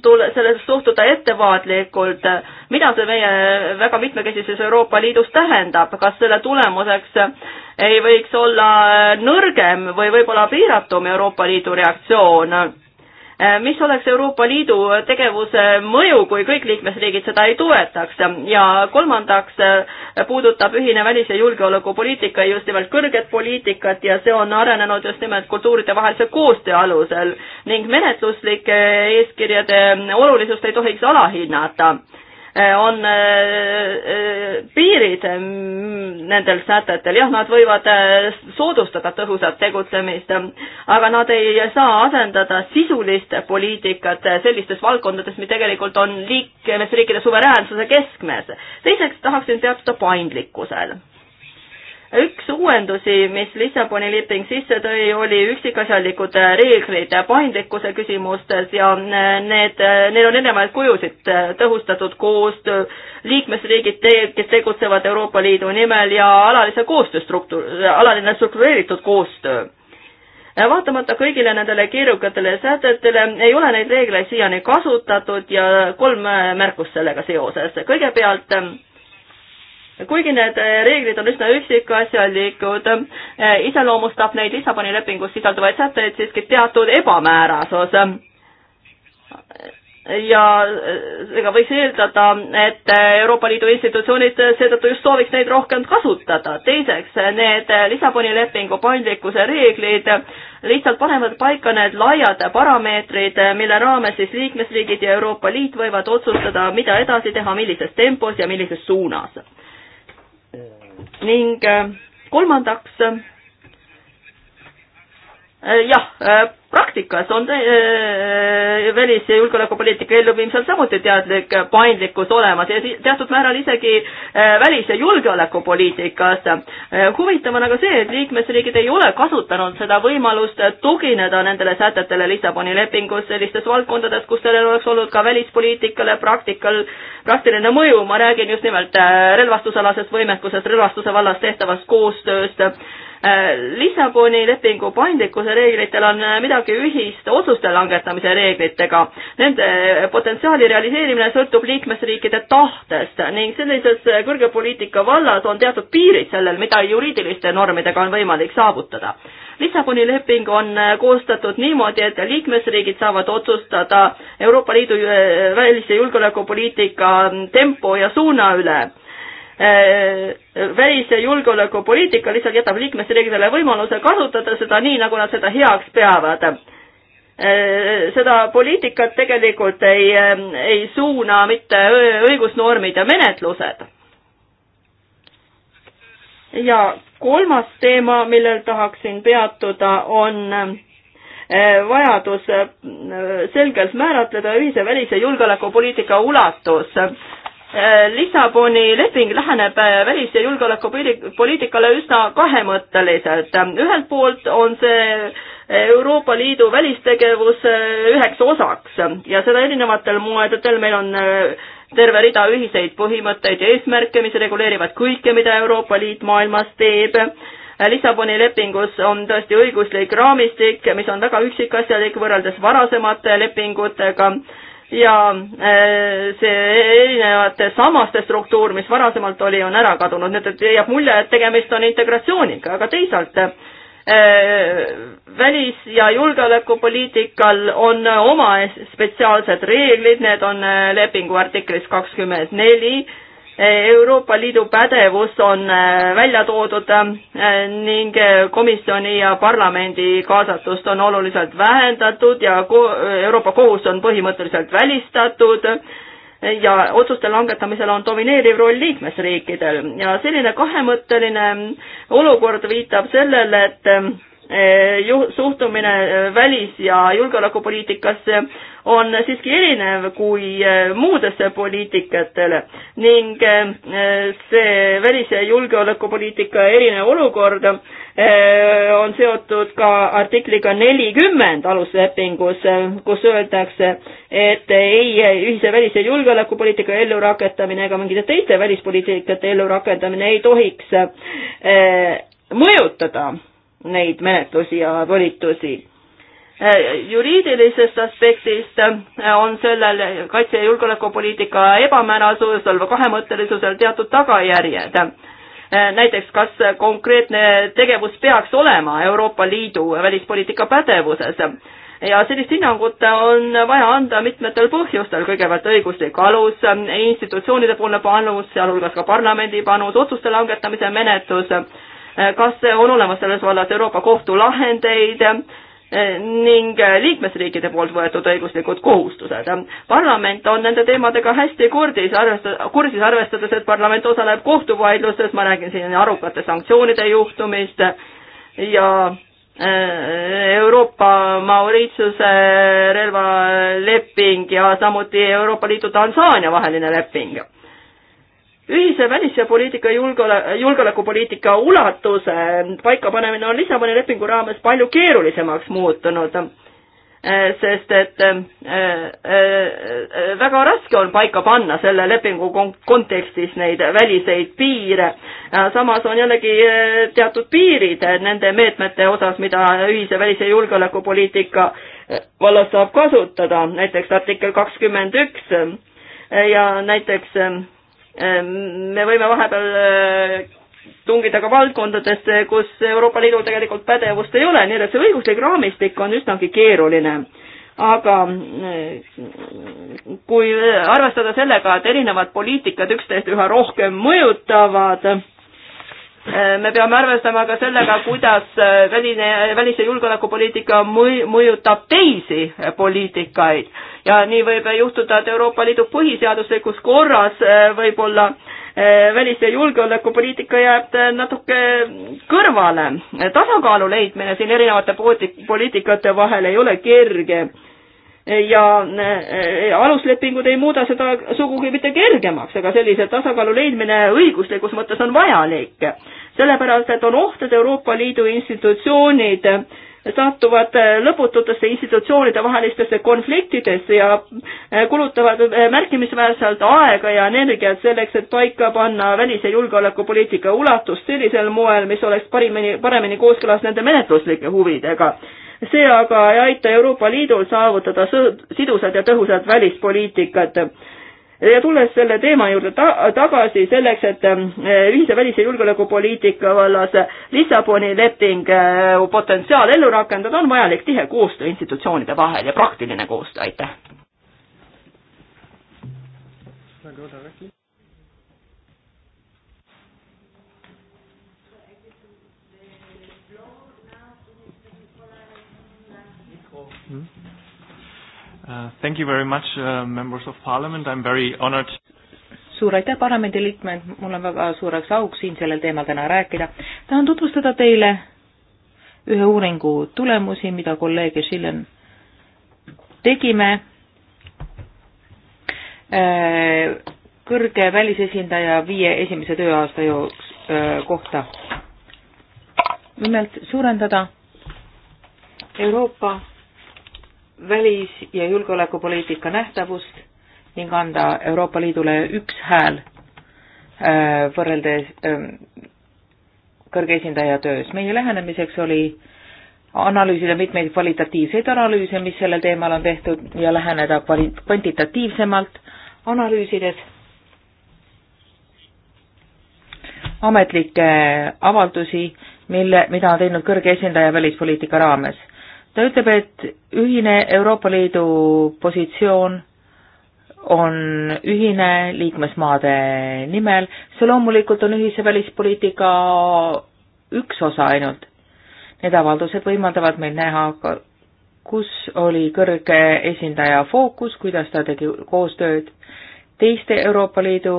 tule, sellesse suhtuda ettevaatlikult, mida see meie väga mitmekesises Euroopa Liidus tähendab, kas selle tulemuseks ei võiks olla nõrgem või võib-olla piiratum Euroopa Liidu reaktsioon Äh, mis oleks Euroopa Liidu tegevuse mõju, kui kõik liikmesriigid seda ei toetaks ja kolmandaks äh, puudutab ühine välis- ja julgeolekupoliitika just nimelt kõrget poliitikat ja see on arenenud just nimelt kultuuridevahelise koostöö alusel ning menetluslike eeskirjade olulisust ei tohiks alahinnata Eh, on eh, eh, piirid mm, nendel sätetel, jah, nad võivad soodustada tõhusat tegutsemist, aga nad ei saa asendada sisulist poliitikat sellistes valdkondades, mis tegelikult on liikmesriikide suveräänsuse keskmes. teiseks tahaksin peatuda paindlikkusel üks uuendusi, mis Lissaboni leping sisse tõi, oli üksikasjalikud äh, reeglid paindlikkuse küsimustes ja äh, need, äh, neil on erinevaid kujusid, tõhustatud koostöö, liikmesriigid te,, kes tegutsevad Euroopa Liidu nimel ja alalise koostööstruktuur, alaline struktureeritud koostöö vaatamata kõigile nendele keerukatele sätetele ei ole neid reegleid siiani kasutatud ja kolm märkust sellega seoses. kõigepealt kuigi need äh, reeglid on üsna üksikasjalikud, äh, iseloomustab neid Lissaboni lepingus sisalduvaid sätteid siiski teatud ebamäärasus. ja äh, ega võiks eeldada, et Euroopa Liidu institutsioonid seetõttu just sooviks neid rohkem kasutada. teiseks, need Lissaboni lepingu paindlikkuse reeglid lihtsalt panevad paika need laiad parameetrid, mille raames siis liikmesriigid ja Euroopa Liit võivad otsustada, mida edasi teha, millises tempos ja millises suunas ning äh, kolmandaks Äh, jah, äh, praktikas on äh, välis- ja julgeolekupoliitika elluviimisel samuti teadlik paindlikkus olemas ja teatud määral isegi välis- ja julgeolekupoliitikas. huvitav on aga see, et liikmesriigid ei ole kasutanud seda võimalust tugineda nendele sätetele Lissaboni lepingus sellistes valdkondades, kus sellel oleks olnud ka välispoliitikale praktikal praktiline mõju, ma räägin just nimelt relvastusalasest võimekusest, relvastuse vallas tehtavast koostööst Äh, Lissaboni lepingu paindlikkuse reeglitel on äh, midagi ühist otsuste langetamise reeglitega. Nende äh, potentsiaali realiseerimine sõltub liikmesriikide tahtest ning sellises kõrge poliitika vallas on teatud piirid sellel, mida juriidiliste normidega on võimalik saavutada. Lissaboni leping on koostatud niimoodi, et liikmesriigid saavad otsustada Euroopa Liidu välis- ja julgeolekupoliitika mm, tempo ja suuna üle Äh, välis- ja julgeolekupoliitika lihtsalt jätab liikmesriigidele võimaluse kasutada seda nii, nagu nad seda heaks peavad. Äh, seda poliitikat tegelikult ei, äh, ei suuna mitte õigusnormid ja menetlused. ja kolmas teema, millel tahaksin peatuda, on vajadus selgelt määratleda ühise välis- ja julgeolekupoliitika ulatus Äh, Lissaboni leping läheneb äh, välis- ja julgeolekupoliitikale üsna kahemõtteliselt. ühelt poolt on see äh, Euroopa Liidu välistegevuse üheks osaks ja seda erinevatel moedadel, meil on terve rida ühiseid põhimõtteid ja eesmärke, mis reguleerivad kõike, mida Euroopa Liit maailmas teeb Lissaboni lepingus on tõesti õiguslik raamistik, mis on väga üksikasjalik võrreldes varasemate lepingutega ja äh, see erinevate sammaste struktuur, mis varasemalt oli, on ära kadunud, nii et jääb mulje, et tegemist on integratsiooniga, aga teisalt äh, välis- ja julgeolekupoliitikal on oma spetsiaalsed reeglid, need on äh, lepingu artiklis kakskümmend neli Euroopa Liidu pädevus on äh, välja toodud äh, ning äh, komisjoni ja parlamendi kaasatust on oluliselt vähendatud ja Euroopa Kohus on põhimõtteliselt välistatud ja otsuste langetamisel on domineeriv roll liikmesriikidel ja selline kahemõtteline olukord viitab sellele, et Eh, ju-, suhtumine eh, välis- ja julgeolekupoliitikasse eh, on siiski erinev kui muudesse poliitikatele ning see välis- ja julgeolekupoliitika erinev olukord on seotud ka artikliga nelikümmend aluslepingus, kus öeldakse, et ei ühise välis- ja julgeolekupoliitika ellurakendamine ega mingite teiste välispoliitikate ellurakendamine ei tohiks mõjutada neid menetlusi ja volitusi äh, juriidilisest aspektist äh, on sellel kaitse- ja julgeolekupoliitika ebamäärasusel või kahemõttelisusel teatud tagajärjed. Äh, näiteks, kas konkreetne tegevus peaks olema Euroopa Liidu välispoliitika pädevuses ja sellist hinnangut on vaja anda mitmetel põhjustel, kõigepealt õiguslik alus, institutsioonide poolne panus, sealhulgas ka parlamendi panus, otsuste langetamise menetlus Eh, kas on olemas selles vallas Euroopa Kohtu lahendeid eh, ning eh, liikmesriikide poolt võetud õiguslikud kohustused. parlament on nende teemadega hästi kurdis, arvestada, kursis, arvestades, et parlament osaleb kohtuvaidlustes, ma räägin siin arukate sanktsioonide juhtumist ja Euroopa Mauritsuse relvaleping ja samuti Euroopa Liidu Tansaania vaheline leping ühise välis- ja poliitika julgeole-, julgeolekupoliitika ulatuse paikapanemine on Lissaboni lepingu raames palju keerulisemaks muutunud, eh, sest et eh, eh, väga raske on paika panna selle lepingu kontekstis neid väliseid piire. samas on jällegi teatud piirid nende meetmete osas, mida ühise välis- ja julgeolekupoliitika vallas saab kasutada, näiteks artikkel kakskümmend üks ja näiteks Ehm, me võime vahepeal äh, tungida ka valdkondadesse, kus Euroopa Liidul tegelikult pädevust ei ole, nii et see õiguslik raamistik on üsnagi keeruline aga äh, kui arvestada sellega, et erinevad poliitikad üksteist üha rohkem mõjutavad, Äh, me peame arvestama ka sellega, kuidas äh, väline, välis- ja julgeolekupoliitika mõj-, mõjutab teisi äh, poliitikaid. ja nii võib juhtuda, et Euroopa Liidu põhiseaduslikus korras võib-olla välis- ja julgeolekupoliitika jääb natuke kõrvale. tasakaalu leidmine siin erinevate poliitikate vahel ei ole kerge ja aluslepingud ei muuda seda sugugi mitte kergemaks, aga sellise tasakaalu leidmine õiguslikus mõttes on vajalik sellepärast et on oht, et Euroopa Liidu institutsioonid satuvad lõpututesse institutsioonide vahelistesse konfliktidesse ja eh, kulutavad eh, märkimisväärselt aega ja energiat selleks, et paika panna välis- ja julgeolekupoliitika ulatust sellisel moel, mis oleks parimini, paremini kooskõlas nende menetluslike huvidega. see aga ei aita Euroopa Liidul saavutada sidusat ja tõhusat välispoliitikat ja tulles selle teema juurde ta tagasi, selleks, et ähm, ühise välis- ja julgeolekupoliitika vallas Lissaboni leping äh, potentsiaal ellu rakendada, on vajalik tihe koostöö institutsioonide vahel ja praktiline koostöö, aitäh! Uh, thank you very much uh,, members of parliament, I am very honored. suur aitäh, parlamendiliikmed, mul on väga suureks auks siin sellel teemal täna rääkida. tahan tutvustada teile ühe uuringu tulemusi, mida kolleeg Ešiljan tegime äh, kõrge välisesindaja viie esimese tööaasta jooks, äh, kohta. nimelt suurendada Euroopa välis- ja julgeolekupoliitika nähtavust ning anda Euroopa Liidule üks hääl äh, võrreldes ähm, kõrge esindaja töös. meie lähenemiseks oli analüüsida mitmeid kvalitatiivseid analüüse, mis sellel teemal on tehtud ja läheneda kvali-, kvantitatiivsemalt, analüüsides ametlikke avaldusi, mille, mida on teinud kõrge esindaja välispoliitika raames ta ütleb, et ühine Euroopa Liidu positsioon on ühine liikmesmaade nimel, see loomulikult on ühise välispoliitika üks osa ainult. Need avaldused võimaldavad meil näha ka, kus oli kõrge esindaja fookus, kuidas ta tegi koostööd teiste Euroopa Liidu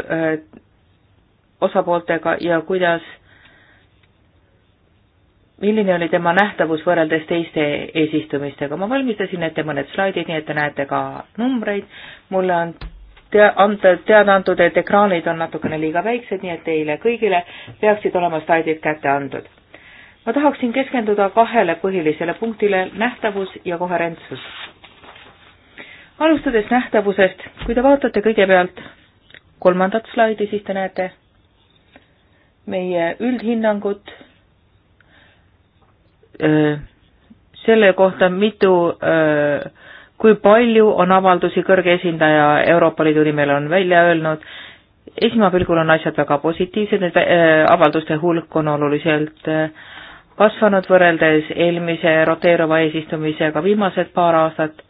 äh, osapooltega ja kuidas milline oli tema nähtavus võrreldes teiste eesistumistega. ma valmistasin ette mõned slaidid, nii et te näete ka numbreid. mulle on tea-, anda, teada antud, et ekraanid on natukene liiga väiksed, nii et teile kõigile peaksid olema slaidid kätte antud. ma tahaksin keskenduda kahele põhilisele punktile, nähtavus ja koherentsus. alustades nähtavusest, kui te vaatate kõigepealt kolmandat slaidi, siis te näete meie üldhinnangut Äh, selle kohta, mitu, äh, kui palju on avaldusi kõrge esindaja Euroopa Liidu nimel on välja öelnud, esmapilgul on asjad väga positiivsed, need äh, avalduste hulk on oluliselt kasvanud võrreldes eelmise roteeruva eesistumisega viimased paar aastat.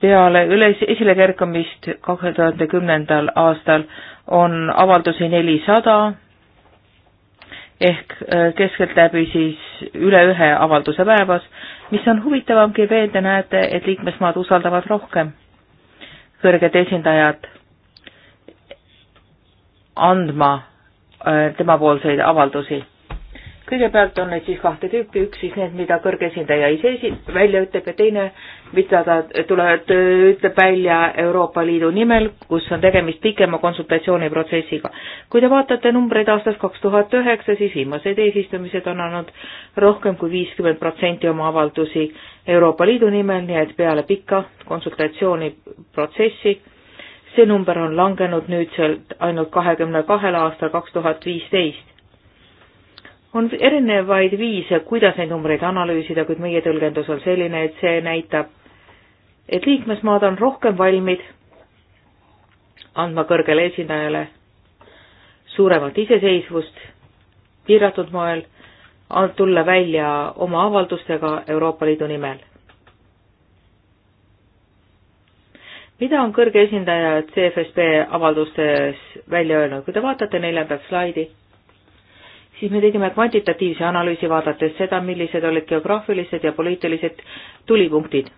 peale üles, esilekerkamist kahe tuhande kümnendal aastal on avaldusi nelisada ehk äh, keskeltläbi siis üle ühe avalduse päevas. mis on huvitavamgi veel, te näete, et liikmesmaad usaldavad rohkem kõrged esindajad andma äh, temapoolseid avaldusi kõigepealt on neid siis kahte tüüpi, üks siis need, mida kõrge esindaja ise esi-, välja ütleb ja teine, mida ta tuleb, ütleb välja Euroopa Liidu nimel, kus on tegemist pikema konsultatsiooniprotsessiga. kui te vaatate numbreid aastast kaks tuhat üheksa, siis viimased eesistumised on andnud rohkem kui viiskümmend protsenti oma avaldusi Euroopa Liidu nimel, nii et peale pikka konsultatsiooniprotsessi see number on langenud nüüd sealt ainult kahekümne kahele aastal kaks tuhat viisteist on erinevaid viise, kuidas neid numbreid analüüsida, kuid meie tõlgendus on selline, et see näitab, et liikmesmaad on rohkem valmid andma kõrgele esindajale suuremat iseseisvust piiratud moel, tulla välja oma avaldustega Euroopa Liidu nimel. mida on kõrge esindaja CFSB avaldustes välja öelnud, kui te vaatate neljandat slaidi siis me tegime kvantitatiivse analüüsi, vaadates seda, millised olid geograafilised ja poliitilised tulipunktid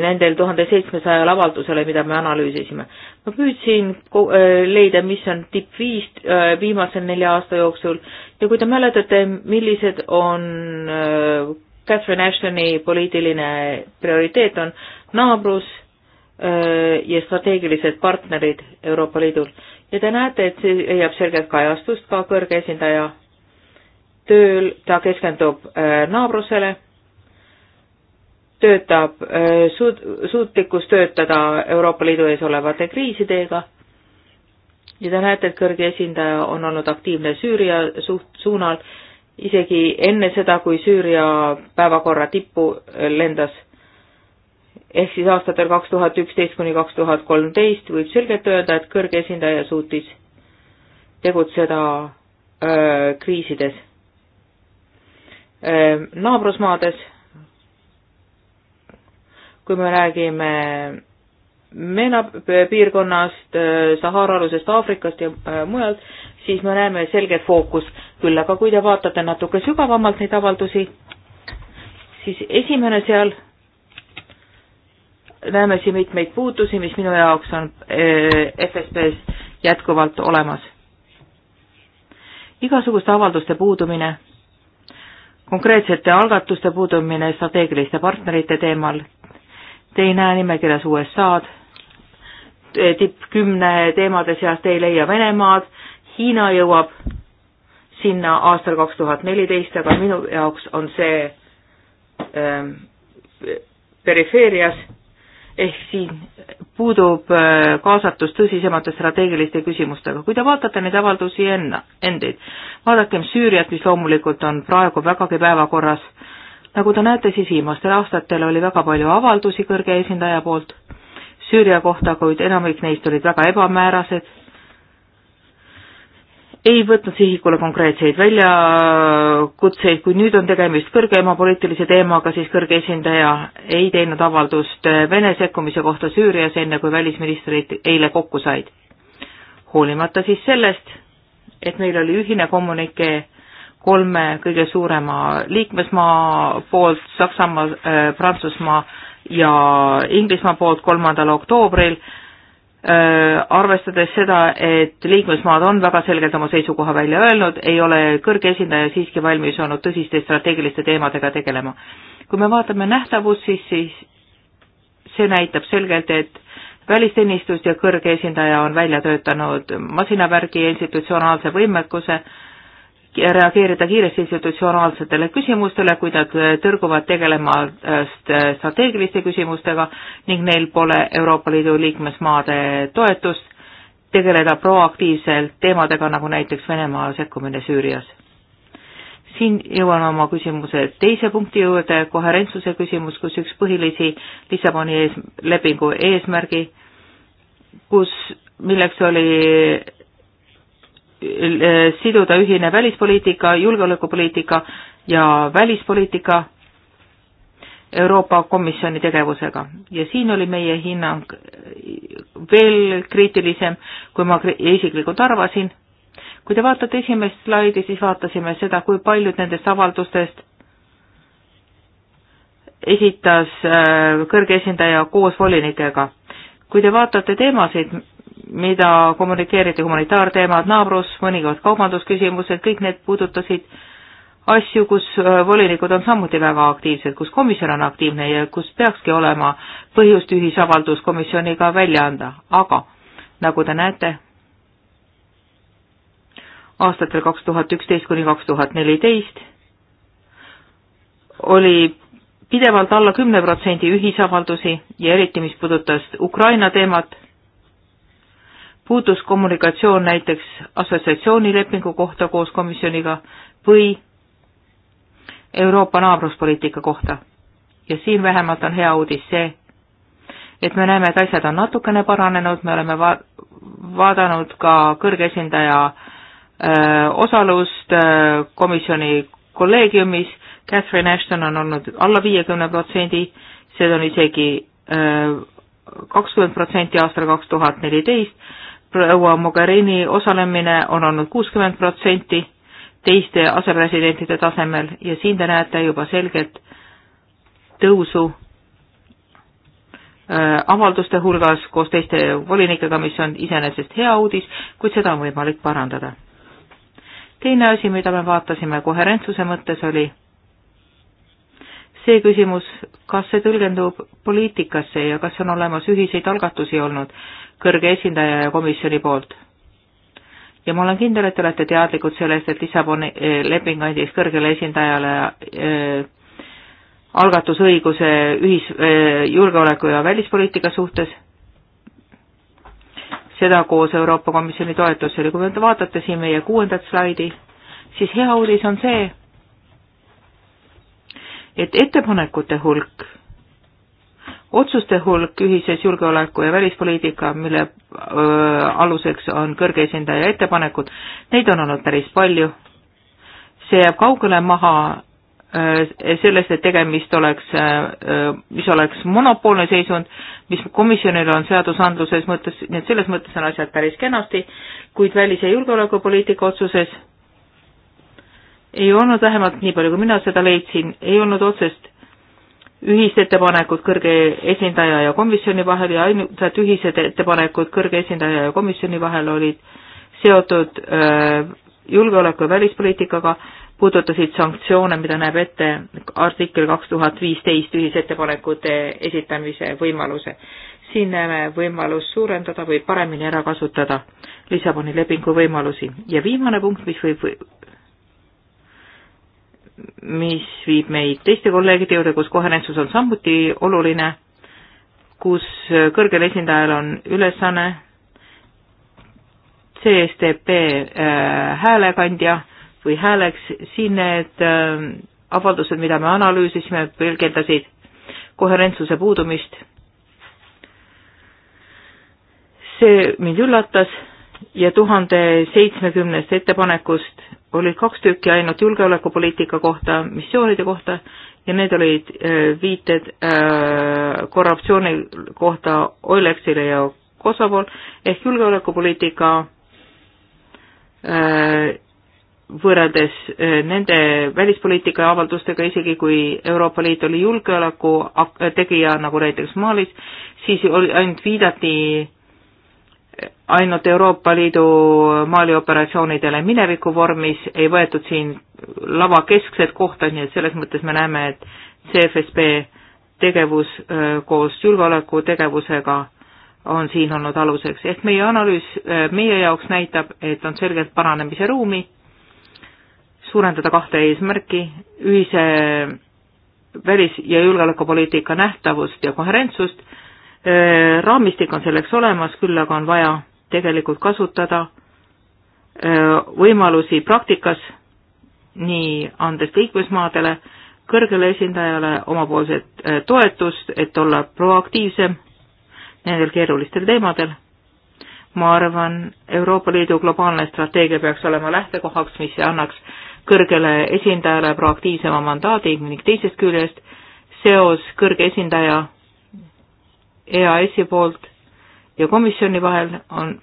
nendel tuhande seitsmesajal avaldusele, mida me analüüsisime. ma püüdsin leida, mis on tipp viis viimase nelja aasta jooksul ja kui te mäletate, millised on Catherine Ashtoni poliitiline prioriteet, on naabrus ja strateegilised partnerid Euroopa Liidul ja te näete, et see leiab selget kajastust ka kõrge esindaja tööl, ta keskendub äh, naabrusele, töötab äh, suut-, suutlikkus töötada Euroopa Liidu ees olevate kriisidega ja te näete, et kõrge esindaja on olnud aktiivne Süüria suht-, suunal isegi enne seda, kui Süüria päevakorra tippu lendas ehk siis aastatel kaks tuhat üksteist kuni kaks tuhat kolmteist võib selgelt öelda, et kõrge esindaja suutis tegutseda öö, kriisides öö, naabrusmaades. kui me räägime Meena piirkonnast, Sahara-alusest Aafrikast ja öö, mujalt, siis me näeme selget fookus. küll aga kui te vaatate natuke sügavamalt neid avaldusi, siis esimene seal näeme siin mitmeid puudusi, mis minu jaoks on eh, FSB-s jätkuvalt olemas. igasuguste avalduste puudumine, konkreetsete algatuste puudumine strateegiliste partnerite teemal, te ei näe nimekirjas USA-d, tipp kümne teemade seas te ei leia Venemaad, Hiina jõuab sinna aastal kaks tuhat neliteist, aga minu jaoks on see ähm, perifeerias ehk siin puudub äh, kaasatus tõsisemate strateegiliste küsimustega. kui te vaatate neid avaldusi enna, endid, vaadakem Süüriat, mis loomulikult on praegu vägagi päevakorras, nagu te näete, siis viimastel aastatel oli väga palju avaldusi kõrge esindaja poolt Süüria kohta, kuid enamik neist olid väga ebamäärased ei võtnud sihikule konkreetseid väljakutseid, kui nüüd on tegemist kõrgema poliitilise teemaga, siis kõrge esindaja ei teinud avaldust Vene sekkumise kohta Süürias, enne kui välisministrid eile kokku said. hoolimata siis sellest, et meil oli ühine kommünike kolme kõige suurema liikmesmaa poolt, Saksamaa, Prantsusmaa ja Inglismaa poolt kolmandal oktoobril, arvestades seda, et liikmesmaad on väga selgelt oma seisukoha välja öelnud, ei ole kõrge esindaja siiski valmis olnud tõsiste strateegiliste teemadega tegelema. kui me vaatame nähtavust, siis, siis see näitab selgelt, et välisteenistus ja kõrge esindaja on välja töötanud masinavärgi institutsionaalse võimekuse äh, reageerida kiiresti institutsionaalsetele küsimustele, kui nad tõrguvad tegelema äh, äh, strateegiliste küsimustega ning neil pole Euroopa Liidu liikmesmaade toetust tegeleda proaktiivselt teemadega, nagu näiteks Venemaa sekkumine Süürias. siin jõuan oma küsimuse teise punkti juurde, koherentsuse küsimus, kus üks põhilisi Lissaboni ees, lepingu eesmärgi, kus, milleks oli Äh, siduda ühine välispoliitika, julgeolekupoliitika ja välispoliitika Euroopa Komisjoni tegevusega ja siin oli meie hinnang veel kriitilisem, kui ma isiklikult arvasin. kui te vaatate esimest slaidi, siis vaatasime seda, kui paljud nendest avaldustest esitas äh, kõrge esindaja koos volinikega. kui te vaatate teemasid, mida kommunikeeriti humanitaarteemad, naabrus, mõnikord kaubandusküsimused, kõik need puudutasid asju, kus äh, volinikud on samuti väga aktiivsed, kus komisjon on aktiivne ja kus peakski olema põhjust ühisavaldus komisjoniga välja anda, aga nagu te näete, aastatel kaks tuhat üksteist kuni kaks tuhat neliteist oli pidevalt alla kümne protsendi ühisavaldusi ja eriti, mis puudutas Ukraina teemat puudus kommunikatsioon näiteks assotsiatsioonilepingu kohta koos komisjoniga või Euroopa naabruspoliitika kohta. ja siin vähemalt on hea uudis see, et me näeme, et asjad on natukene paranenud, me oleme va-, vaadanud ka kõrge esindaja öö, äh, osalust öö, äh, komisjoni kolleegiumis, Catherine Ashton on olnud alla viiekümne protsendi, see on isegi äh, kakskümmend protsenti aastal kaks tuhat neliteist proua Mogherini osalemine on olnud kuuskümmend protsenti teiste aseresidentide tasemel ja siin te näete juba selget tõusu äh, avalduste hulgas koos teiste volinikega, mis on iseenesest hea uudis, kuid seda on võimalik parandada. teine asi, mida me vaatasime koherentsuse mõttes, oli see küsimus, kas see tõlgendub poliitikasse ja kas on olemas ühiseid algatusi olnud, kõrge esindaja ja komisjoni poolt. ja ma olen kindel, et te olete teadlikud sellest, et Lissaboni eh, leping andis kõrgele esindajale äh, algatusõiguse ühis- äh,, julgeoleku ja välispoliitika suhtes, seda koos Euroopa Komisjoni toetusele, kui te vaatate siin meie kuuendat slaidi, siis hea uudis on see, et ettepanekute hulk otsuste hulk ühises julgeoleku- ja välispoliitika, mille öö, aluseks on kõrge esindaja ettepanekud, neid on olnud päris palju. see jääb kaugele maha öö, sellest, et tegemist oleks, mis oleks monopoolne seisund, mis komisjonil on seadusandluses mõttes, nii et selles mõttes on asjad päris kenasti, kuid välis- ja julgeolekupoliitika otsuses ei olnud vähemalt nii palju, kui mina seda leidsin, ei olnud otsest ühisettepanekud kõrge esindaja ja komisjoni vahel ja ainsad ühised ettepanekud kõrge esindaja ja komisjoni vahel olid seotud äh, julgeoleku ja välispoliitikaga, puudutasid sanktsioone, mida näeb ette artikkel kaks tuhat viisteist ühisettepanekute esitamise võimaluse. siin näeme võimalust suurendada või paremini ära kasutada Lissaboni lepingu võimalusi. ja viimane punkt, mis võib mis viib meid teiste kolleegide juurde, kus koherentsus on samuti oluline, kus kõrgel esindajal on ülesanne CSTP äh, häälekandja või hääleks, siin need äh, avaldused, mida me analüüsisime, tõlgendasid koherentsuse puudumist. see mind üllatas ja tuhande seitsmekümnest ettepanekust oli kaks tükki ainult julgeolekupoliitika kohta, missioonide kohta ja need olid äh, viited äh, korruptsiooni kohta Oilexile ja Kosovol ehk julgeolekupoliitika äh, võrreldes nende välispoliitika avaldustega, isegi kui Euroopa Liit oli julgeoleku tegija, nagu näiteks Malis, siis oli, ainult viidati ainult Euroopa Liidu Mali operatsioonidele mineviku vormis, ei võetud siin lava keskset kohta, nii et selles mõttes me näeme, et CFSB tegevus äh, koos julgeolekutegevusega on siin olnud aluseks, ehk meie analüüs äh, meie jaoks näitab, et on selgelt paranemise ruumi, suurendada kahte eesmärki, ühise välis- ja julgeolekupoliitika nähtavust ja koherentsust raamistik on selleks olemas, küll aga on vaja tegelikult kasutada võimalusi praktikas, nii andes liikmesmaadele, kõrgele esindajale omapoolset toetust, et olla proaktiivsem nendel keerulistel teemadel. ma arvan, Euroopa Liidu globaalne strateegia peaks olema lähtekohaks, mis annaks kõrgele esindajale proaktiivsema mandaadi ning teisest küljest seos kõrge esindaja EAS-i poolt ja komisjoni vahel on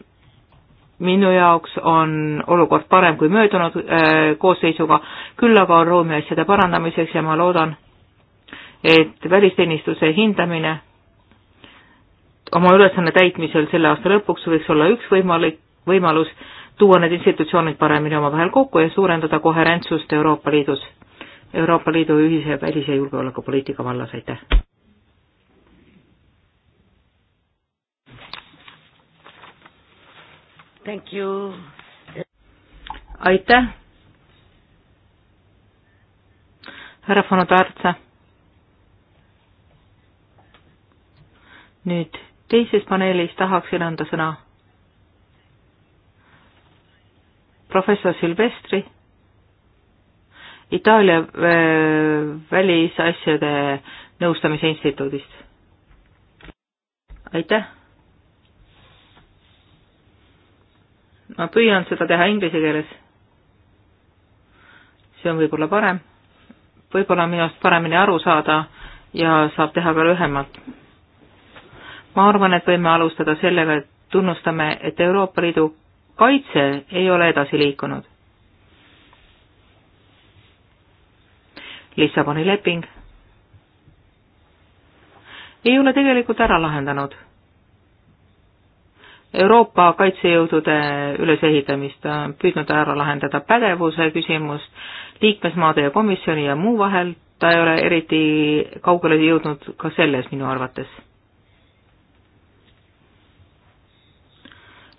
minu jaoks on olukord parem kui möödunud äh, koosseisuga, küll aga on ruumi asjade parandamiseks ja ma loodan, et välisteenistuse hindamine oma ülesanne täitmisel selle aasta lõpuks võiks olla üks võimalik, võimalus tuua need institutsioonid paremini omavahel kokku ja suurendada koherentsust Euroopa Liidus, Euroopa Liidu ühise välis- ja julgeolekupoliitika vallas, aitäh! Thank you. aitäh. härra Fonotartsa. nüüd teises paneelis tahaksin anda sõna professor Silvestri, Itaalia äh, välisasjade nõustamise instituudist. aitäh ma püüan seda teha inglise keeles. see on võib-olla parem, võib-olla on minust paremini aru saada ja saab teha ka lühemalt. ma arvan, et võime alustada sellega, et tunnustame, et Euroopa Liidu kaitse ei ole edasi liikunud. Lissaboni leping ei ole tegelikult ära lahendanud Euroopa kaitsejõudude ülesehitamist, ta on püüdnud ära lahendada pädevuse küsimust liikmesmaade ja komisjoni ja muu vahel, ta ei ole eriti kaugele jõudnud ka selles minu arvates.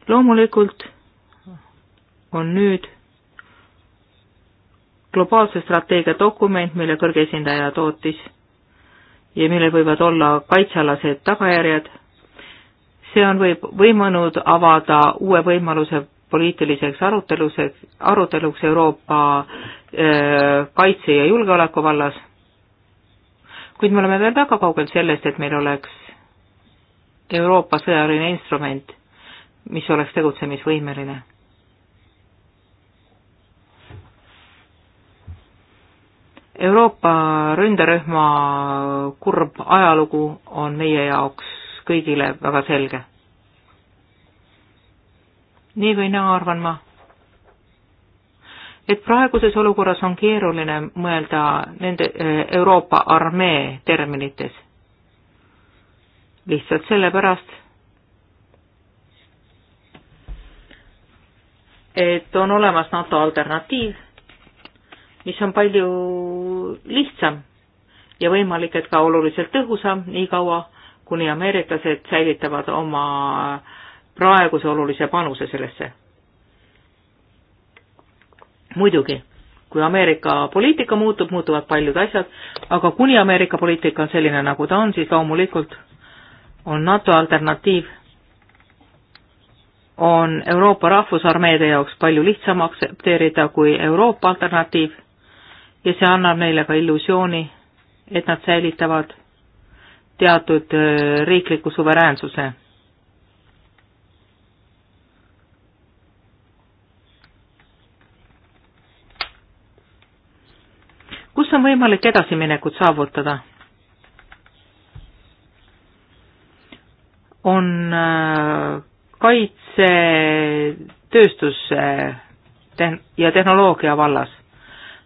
loomulikult on nüüd globaalse strateegia dokument, mille kõrge esindaja tootis ja millel võivad olla kaitsealased tagajärjed see on võib, võimanud avada uue võimaluse poliitiliseks aruteluseks, aruteluks Euroopa öö, äh, kaitse ja julgeoleku vallas, kuid me oleme veel väga kaugel sellest, et meil oleks Euroopa sõjaline instrument, mis oleks tegutsemisvõimeline. Euroopa ründerühma kurb ajalugu on meie jaoks kõigile väga selge. nii või naa arvan ma, et praeguses olukorras on keeruline mõelda nende eh, Euroopa armee terminites. lihtsalt sellepärast, et on olemas NATO alternatiiv, mis on palju lihtsam ja võimalik, et ka oluliselt tõhusam, niikaua kuni ameeriklased säilitavad oma praeguse olulise panuse sellesse. muidugi, kui Ameerika poliitika muutub, muutuvad paljud asjad, aga kuni Ameerika poliitika on selline, nagu ta on, siis loomulikult on NATO alternatiiv, on Euroopa rahvusarmeede jaoks palju lihtsam aktsepteerida kui Euroopa alternatiiv ja see annab neile ka illusiooni, et nad säilitavad teatud äh, riikliku suveräänsuse. kus on võimalik edasiminekut saavutada? on äh, kaitsetööstus ja tehnoloogia vallas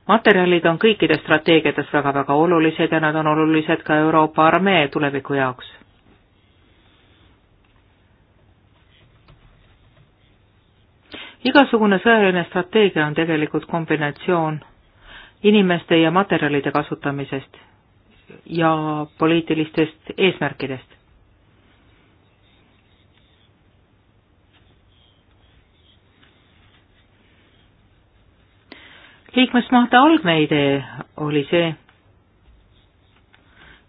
materjalid on kõikides strateegiates väga-väga olulised ja nad on olulised ka Euroopa armee tuleviku jaoks. igasugune sõjaline strateegia on tegelikult kombinatsioon inimeste ja materjalide kasutamisest ja poliitilistest eesmärkidest liikmesmaade algne idee oli see,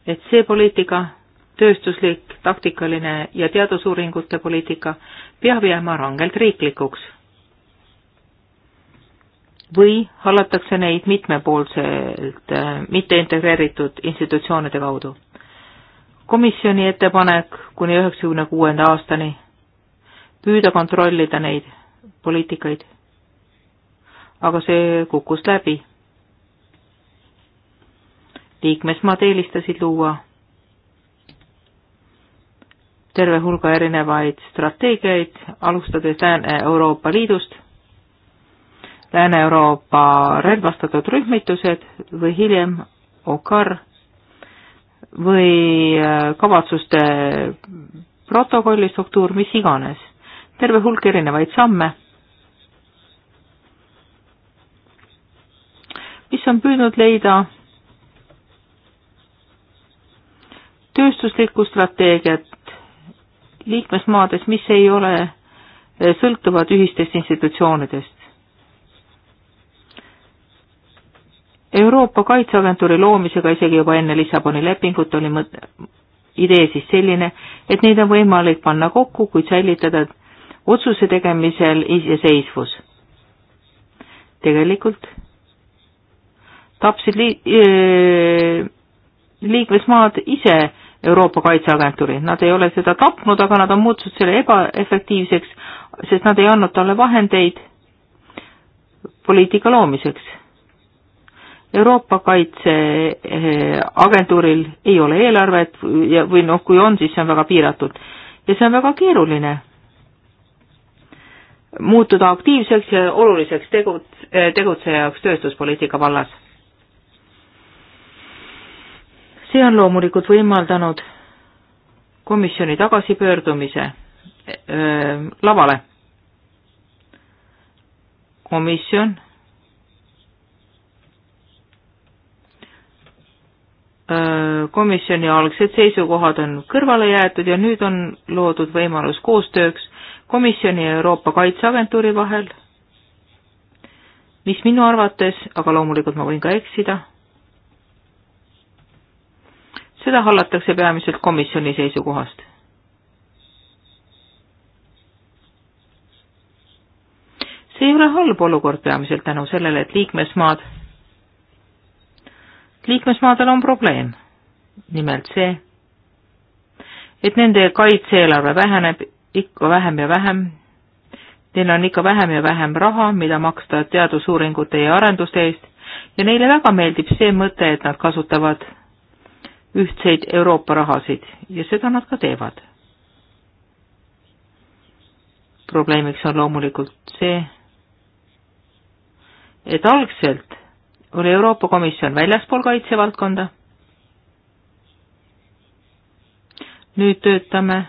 et see poliitika, tööstuslik, taktikaline ja teadusuuringute poliitika peab jääma rangelt riiklikuks. või hallatakse neid mitmepoolselt äh, mitteintegreeritud institutsioonide kaudu. komisjoni ettepanek kuni üheksakümne kuuenda aastani püüda kontrollida neid poliitikaid aga see kukkus läbi. liikmesmaad eelistasid luua terve hulga erinevaid strateegiaid, alustades Lääne-Euroopa Liidust, Lääne-Euroopa relvastatud rühmitused või hiljem OCCAR või äh, kavatsuste protokolli struktuur, mis iganes, terve hulk erinevaid samme mis on püüdnud leida tööstuslikku strateegiat liikmesmaades, mis ei ole eh, sõltuvad ühistest institutsioonidest. Euroopa Kaitseagentuuri loomisega isegi juba enne Lissaboni lepingut oli mõt-, idee siis selline, et neid on võimalik panna kokku, kuid säilitada otsuse tegemisel iseseisvus. tegelikult tapsid li äh, liikmesmaad ise Euroopa Kaitseagentuuri, nad ei ole seda tapnud, aga nad on muutunud selle ebaefektiivseks, sest nad ei andnud talle vahendeid poliitika loomiseks. Euroopa Kaitseagentuuril ei ole eelarvet ja, või noh, kui on, siis see on väga piiratud ja see on väga keeruline muutuda aktiivseks ja oluliseks tegut-, tegutsejaks tööstuspoliitika vallas see on loomulikult võimaldanud komisjoni tagasipöördumise eh, öö, lavale. komisjon komisjoni algsed seisukohad on kõrvale jäetud ja nüüd on loodud võimalus koostööks komisjoni ja Euroopa Kaitseagentuuri vahel, mis minu arvates, aga loomulikult ma võin ka eksida seda hallatakse peamiselt komisjoni seisukohast. see ei ole halb olukord peamiselt tänu sellele, et liikmesmaad, liikmesmaadel on probleem. nimelt see, et nende kaitse-eelarve väheneb ikka vähem ja vähem. Neil on ikka vähem ja vähem raha, mida maksta teadusuuringute ja arenduste eest ja neile väga meeldib see mõte, et nad kasutavad ühtseid Euroopa rahasid ja seda nad ka teevad. probleemiks on loomulikult see, et algselt oli Euroopa Komisjon väljaspool kaitsevaldkonda, nüüd töötame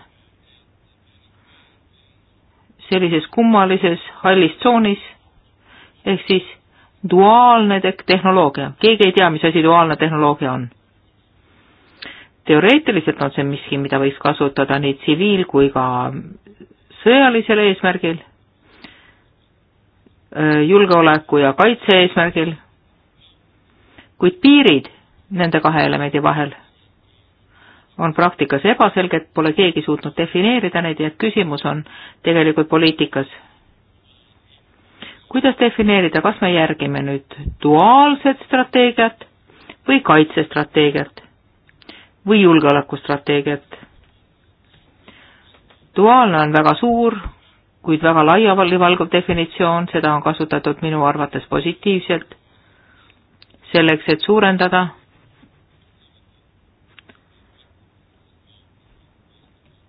sellises kummalises hallis tsoonis, ehk siis duaalne tehnoloogia, keegi ei tea, mis asi duaalne tehnoloogia on teoreetiliselt on see miski, mida võiks kasutada nii tsiviil kui ka sõjalisel eesmärgil, julgeoleku ja kaitse eesmärgil, kuid piirid nende kahe elemendi vahel on praktikas ebaselged, pole keegi suutnud defineerida neid ja et küsimus on tegelikult poliitikas. kuidas defineerida, kas me järgime nüüd duaalset strateegiat või kaitsestrateegiat? või julgeolekustrateegiat. duaalne on väga suur, kuid väga laialivalguv definitsioon, seda on kasutatud minu arvates positiivselt, selleks, et suurendada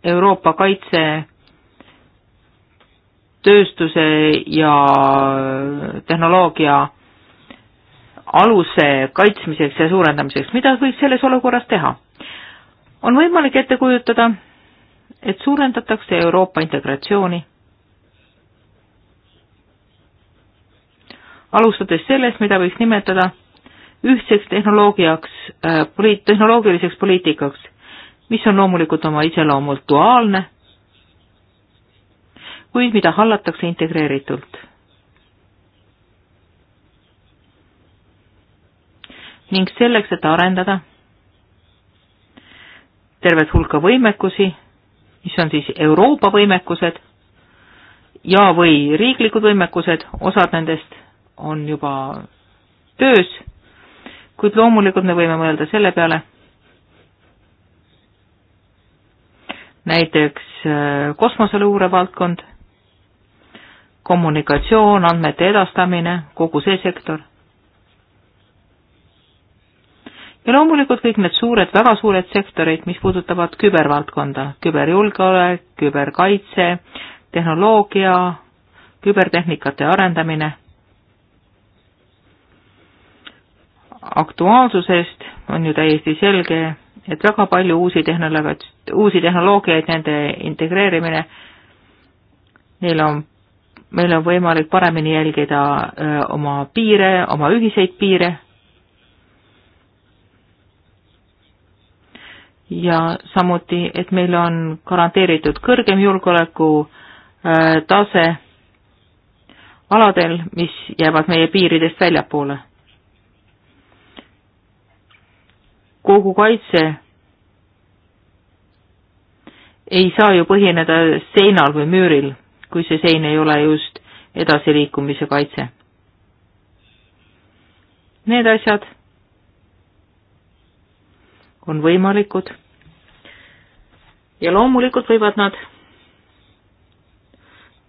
Euroopa kaitse tööstuse ja tehnoloogia aluse kaitsmiseks ja suurendamiseks, mida võiks selles olukorras teha? on võimalik ette kujutada, et suurendatakse Euroopa integratsiooni. alustades sellest, mida võiks nimetada ühtseks tehnoloogiaks, äh, poliit-, tehnoloogiliseks poliitikaks, mis on loomulikult oma iseloomult duaalne, kuid mida hallatakse integreeritult. ning selleks, et arendada tervet hulka võimekusi, mis on siis Euroopa võimekused ja, või riiklikud võimekused, osad nendest on juba töös, kuid loomulikult me võime mõelda selle peale, näiteks äh, kosmoseluure valdkond, kommunikatsioon, andmete edastamine, kogu see sektor ja loomulikult kõik need suured, väga suured sektorid, mis puudutavad kübervaldkonda, küberjulgeolek, küberkaitse, tehnoloogia, kübertehnikate arendamine. aktuaalsusest on ju täiesti selge, et väga palju uusi tehnoloogiaid, uusi tehnoloogiaid, nende integreerimine, neil on, meil on võimalik paremini jälgida öö, oma piire, oma ühiseid piire ja samuti, et meil on garanteeritud kõrgem julgeoleku äh, tase aladel, mis jäävad meie piiridest väljapoole. kogu kaitse ei saa ju põhineda seinal või müüril, kui see sein ei ole just edasiliikumise kaitse. Need asjad on võimalikud ja loomulikult võivad nad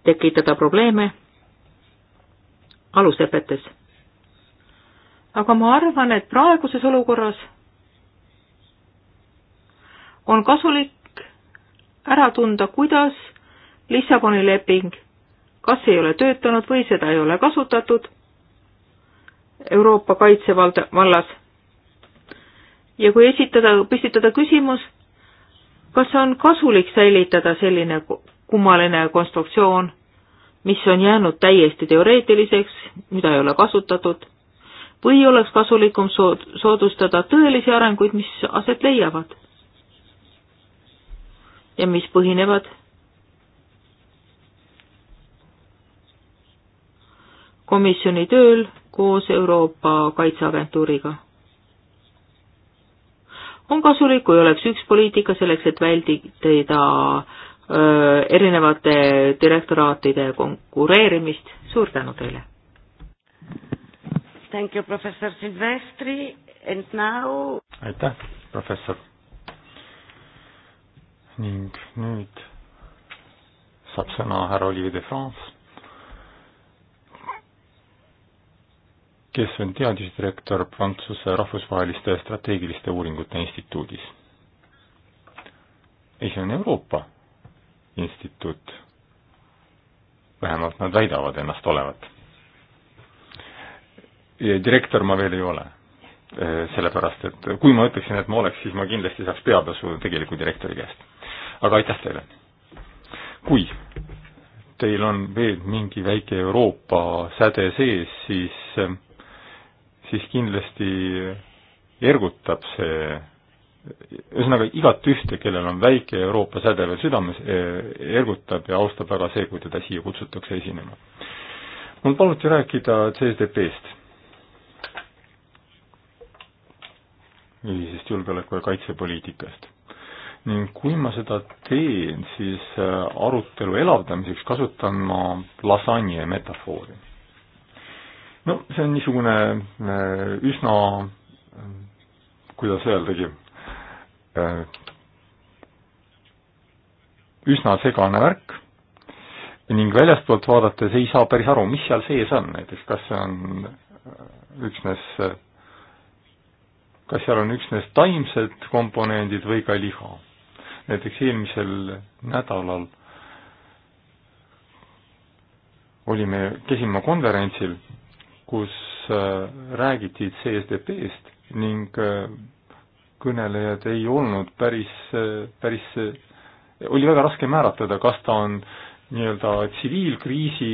tekitada probleeme aluslepetes. aga ma arvan, et praeguses olukorras on kasulik ära tunda, kuidas Lissaboni leping, kas ei ole töötanud või seda ei ole kasutatud Euroopa kaitsevalda, vallas ja kui esitada, püstitada küsimus, kas on kasulik säilitada selline kummaline konstruktsioon, mis on jäänud täiesti teoreetiliseks, mida ei ole kasutatud, või oleks kasulikum sood-, soodustada tõelisi arenguid, mis aset leiavad ja mis põhinevad komisjoni tööl koos Euroopa Kaitseagentuuriga on kasulik, kui oleks üks poliitika selleks, et vältida erinevate direktoraatide konkureerimist. suur tänu teile! Thank you, professor Silvestri and now aitäh, professor! ning nüüd saab sõna härra Olivier de France kes on teadusdirektor Prantsuse Rahvusvaheliste Strateegiliste Uuringute Instituudis. ei, see on Euroopa instituut. vähemalt nad väidavad ennast olevat. direktor ma veel ei ole sellepärast, et kui ma ütleksin, et ma oleks, siis ma kindlasti saaks peatasu tegeliku direktori käest. aga aitäh teile! kui teil on veel mingi väike Euroopa säde sees, siis siis kindlasti ergutab see ühesõnaga igat ühte, kellel on väike Euroopa säde veel südames, e, ergutab ja austab väga see, kui teda siia kutsutakse esinema. mul paluti rääkida CSDP-st, ühisest julgeoleku- ja kaitsepoliitikast. ning kui ma seda teen, siis äh, arutelu elavdamiseks kasutan ma lasanje metafoori no see on niisugune äh, üsna, kuidas öeldagi, äh, üsna segane värk ning väljastpoolt vaadates ei saa päris aru, mis seal sees on, näiteks kas see on äh, üksnes, kas seal on üksnes taimsed komponendid või ka liha. näiteks eelmisel nädalal olime, käisime konverentsil kus äh, räägiti CSDP-st ning äh, kõnelejad ei olnud päris, äh, päris, oli väga raske määratleda, kas ta on nii-öelda tsiviilkriisi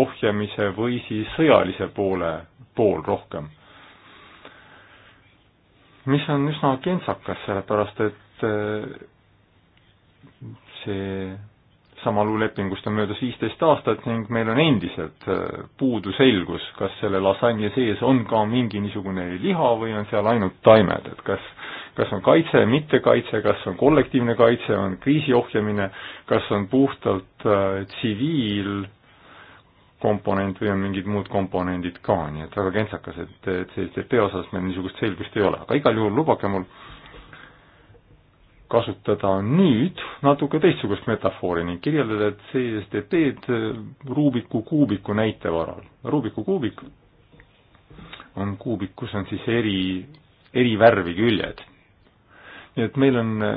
ohjamise või siis sõjalise poole pool rohkem. mis on üsna kentsakas, sellepärast et see samaluulepingust on möödas viisteist aastat ning meil on endiselt äh, puudu selgus, kas selle lasanje sees on ka mingi niisugune liha või on seal ainult taimed, et kas kas on kaitse, mittekaitse, kas on kollektiivne kaitse, on kriisi ohjamine, kas on puhtalt tsiviilkomponent äh, või on mingid muud komponendid ka, nii et väga kentsakas, et, et selliste peo osas meil niisugust selgust ei ole, aga igal juhul lubage mul äh, kasutada nüüd natuke teistsugust metafoori ning kirjeldada CSDP-d äh, Rubiku kuubiku näite varal. Rubiku kuubik on kuubik, kus on siis eri, eri värvi küljed. nii et meil on äh,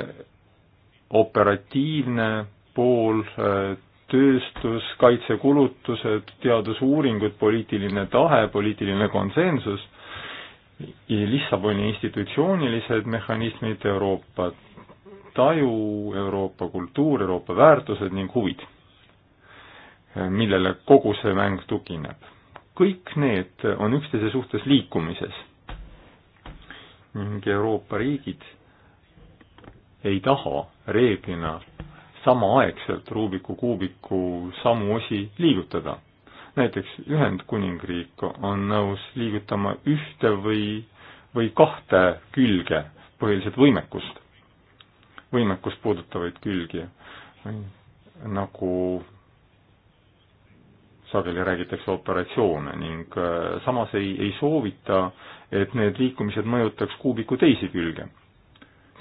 operatiivne pool, äh, tööstus, kaitsekulutused, teadusuuringud, poliitiline tahe, poliitiline konsensus, Lissaboni institutsioonilised mehhanismid, Euroopa taju, Euroopa kultuur, Euroopa väärtused ning huvid, millele kogu see mäng tugineb. kõik need on üksteise suhtes liikumises ning Euroopa riigid ei taha reeglina samaaegselt Rubiku kuubiku samu osi liigutada. näiteks Ühendkuningriik on nõus liigutama ühte või, või kahte külge põhiliselt võimekust võimekust puudutavaid külgi, nagu sageli räägitakse operatsioone ning äh, samas ei, ei soovita, et need liikumised mõjutaks kuubiku teisi külge,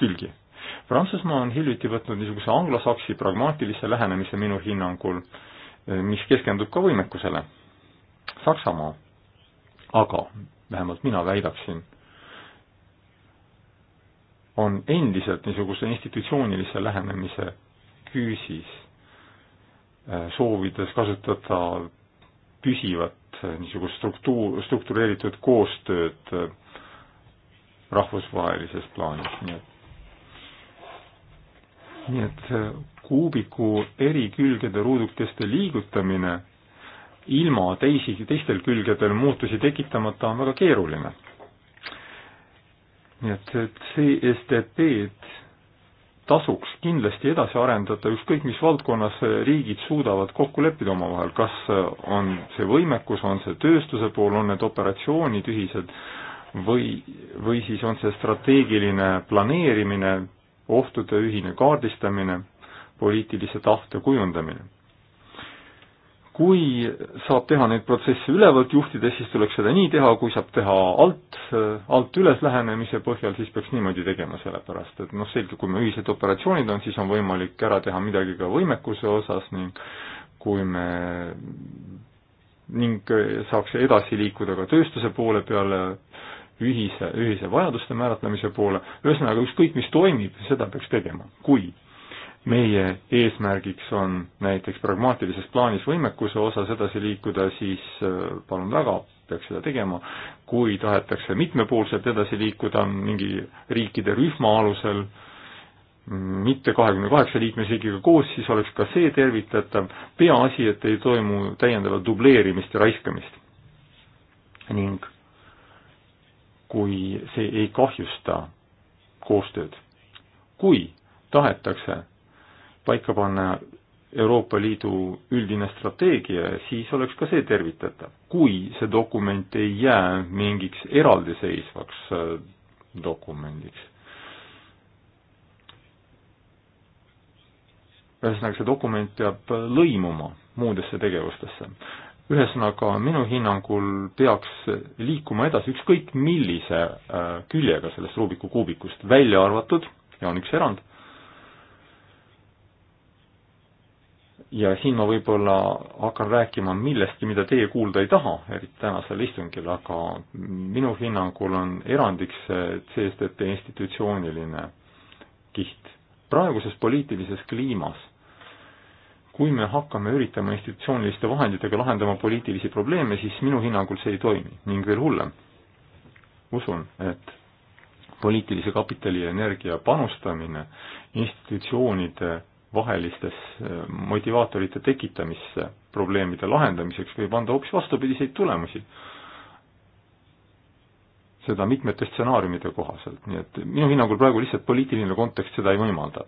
külgi. Prantsusmaa on hiljuti võtnud niisuguse anglosaksi pragmaatilise lähenemise minu hinnangul, äh, mis keskendub ka võimekusele. Saksamaa aga, vähemalt mina väidaksin, on endiselt niisuguse institutsioonilise lähenemise küüsis, äh, soovides kasutada püsivat äh, niisugust struktuur, struktureeritud koostööd äh, rahvusvahelises plaanis, nii et nii et kuubiku eri külgede ruudukeste liigutamine ilma teisi, teistel külgedel muutusi tekitamata on väga keeruline nii et, et CSDP-d tasuks kindlasti edasi arendada, ükskõik mis valdkonnas riigid suudavad kokku leppida omavahel, kas on see võimekus, on see tööstuse pool, on need operatsioonid ühised või, või siis on see strateegiline planeerimine, ohtude ühine kaardistamine, poliitilise tahte kujundamine kui saab teha neid protsesse ülevalt juhtides, siis tuleks seda nii teha, kui saab teha alt, alt üles lähenemise põhjal, siis peaks niimoodi tegema, sellepärast et noh, selge, kui me ühised operatsioonid on, siis on võimalik ära teha midagi ka võimekuse osas ning kui me ning saaks edasi liikuda ka tööstuse poole peale, ühise, ühise vajaduste määratlemise poole, ühesõnaga ükskõik, mis toimib, seda peaks tegema, kui meie eesmärgiks on näiteks pragmaatilises plaanis võimekuse osas edasi liikuda, siis äh, palun väga, peaks seda tegema, kui tahetakse mitmepoolselt edasi liikuda mingi riikide rühma alusel, mitte kahekümne kaheksa liikmesriigiga koos, siis oleks ka see tervitatav, peaasi, et ei toimu täiendavat dubleerimist ja raiskamist. ning kui see ei kahjusta koostööd, kui tahetakse paika panna Euroopa Liidu üldine strateegia, siis oleks ka see tervitatav. kui see dokument ei jää mingiks eraldiseisvaks äh, dokumendiks. ühesõnaga, see dokument peab äh, lõimuma muudesse tegevustesse. ühesõnaga, minu hinnangul peaks liikuma edasi ükskõik millise äh, küljega sellest Rubiku kuubikust, välja arvatud, ja on üks erand ja siin ma võib-olla hakkan rääkima millestki, mida teie kuulda ei taha, eriti tänasel istungil, aga minu hinnangul on erandiks CSTP institutsiooniline kiht. praeguses poliitilises kliimas, kui me hakkame üritama institutsiooniliste vahenditega lahendama poliitilisi probleeme, siis minu hinnangul see ei toimi ning veel hullem, usun, et poliitilise kapitali ja energia panustamine institutsioonide vahelistes äh, motivaatorite tekitamisse probleemide lahendamiseks võib anda hoopis vastupidiseid tulemusi. seda mitmete stsenaariumide kohaselt, nii et minu hinnangul praegu lihtsalt poliitiline kontekst seda ei võimalda.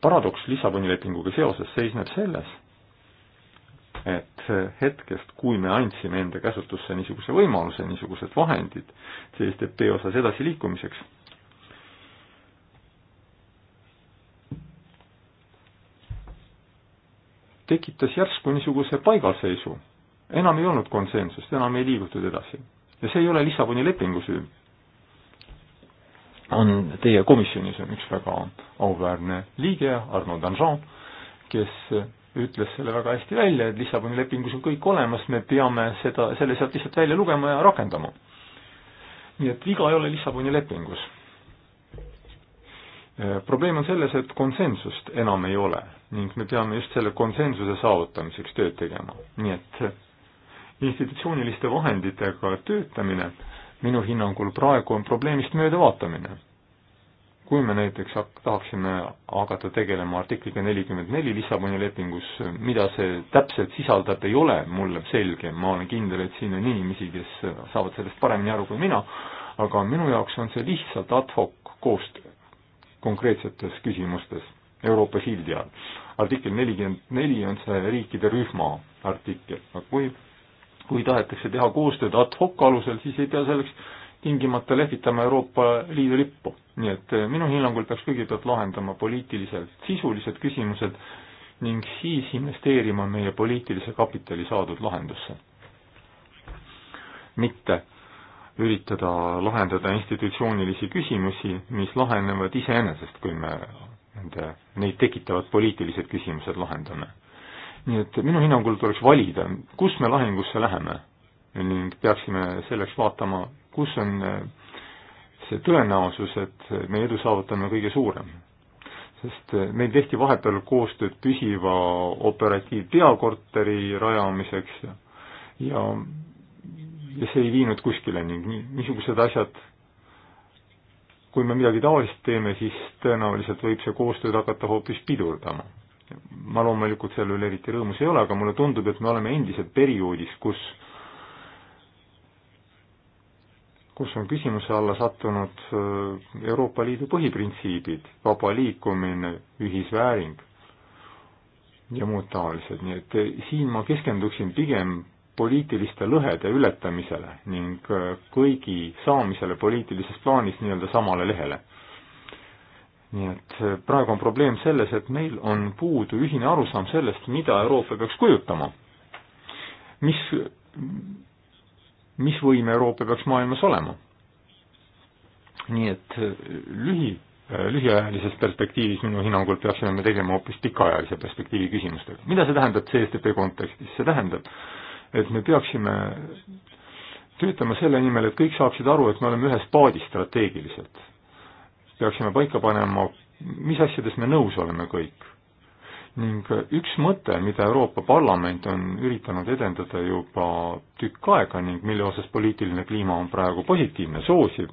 paradoks Lissaboni lepinguga seoses seisneb selles, et hetkest, kui me andsime enda käsutusse niisuguse võimaluse, niisugused vahendid CSDP osas edasiliikumiseks tekitas järsku niisuguse paigalseisu. enam ei olnud konsensust, enam ei liigutud edasi. ja see ei ole Lissaboni lepingu süü. on teie komisjonis on üks väga auväärne liige, Arno Danjean, kes ütles selle väga hästi välja, et Lissaboni lepingus on kõik olemas, me peame seda, selle sealt lihtsalt välja lugema ja rakendama. nii et viga ei ole Lissaboni lepingus Äh, probleem on selles, et konsensust enam ei ole ning me peame just selle konsensuse saavutamiseks tööd tegema, nii et äh, institutsiooniliste vahenditega töötamine minu hinnangul praegu on probleemist möödavaatamine. kui me näiteks tahaksime hakata tegelema artikliga nelikümmend neli Lissaboni lepingus, mida see täpselt sisaldab, ei ole mulle selge, ma olen kindel, et siin on inimesi, kes saavad sellest paremini aru kui mina, aga minu jaoks on see lihtsalt ad hoc koostöö konkreetsetes küsimustes Euroopa sildi all. artikkel nelikümmend neli on see riikide rühma artikkel, aga kui, kui tahetakse teha koostööd ad hoc alusel, siis ei pea selleks tingimata lehvitama Euroopa Liidu lippu. nii et eh, minu hinnangul peaks kõigepealt lahendama poliitiliselt sisulised küsimused ning siis investeerima meie poliitilise kapitali saadud lahendusse. mitte üritada lahendada institutsioonilisi küsimusi, mis lahenevad iseenesest, kui me nende, neid tekitavad poliitilised küsimused lahendame. nii et minu hinnangul tuleks valida, kus me lahingusse läheme ning peaksime selleks vaatama, kus on eh, see tõenäosus, et me edu saavutame kõige suurem. sest eh, meil tehti vahepeal koostööd püsiva operatiivpeakorteri rajamiseks ja, ja ja see ei viinud kuskile ning niisugused asjad, kui me midagi taolist teeme, siis tõenäoliselt võib see koostööd hakata hoopis pidurdama. ma loomulikult selle üle eriti rõõmus ei ole, aga mulle tundub, et me oleme endiselt perioodis, kus kus on küsimuse alla sattunud äh, Euroopa Liidu põhiprintsiibid, vaba liikumine, ühisvääring ja muud taolised, nii et äh, siin ma keskenduksin pigem poliitiliste lõhede ületamisele ning äh, kõigi saamisele poliitilises plaanis nii-öelda samale lehele. nii et äh, praegu on probleem selles, et meil on puudu ühine arusaam sellest, mida Euroopa peaks kujutama. mis, mis võim Euroopa peaks maailmas olema? nii et äh, lühi, lühiajalises perspektiivis minu hinnangul peaksime me tegelema hoopis pikaajalise perspektiivi küsimustega. mida see tähendab CSTP kontekstis, see tähendab, et me peaksime töötama selle nimel, et kõik saaksid aru, et me oleme ühes paadis strateegiliselt. peaksime paika panema, mis asjades me nõus oleme kõik. ning üks mõte, mida Euroopa Parlament on üritanud edendada juba tükk aega ning mille osas poliitiline kliima on praegu positiivne, soosiv,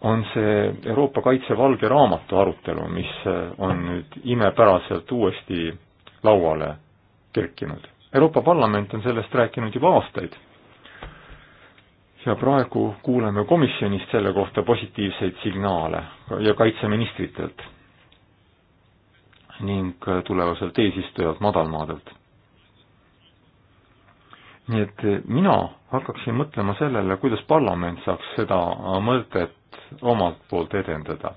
on see Euroopa Kaitse valge raamatu arutelu, mis on nüüd imepäraselt uuesti lauale kerkinud Euroopa Parlament on sellest rääkinud juba aastaid ja praegu kuuleme komisjonist selle kohta positiivseid signaale ja kaitseministritelt ning tulevaselt eesistujalt madalmaadelt. nii et mina hakkaksin mõtlema sellele, kuidas parlament saaks seda mõtet omalt poolt edendada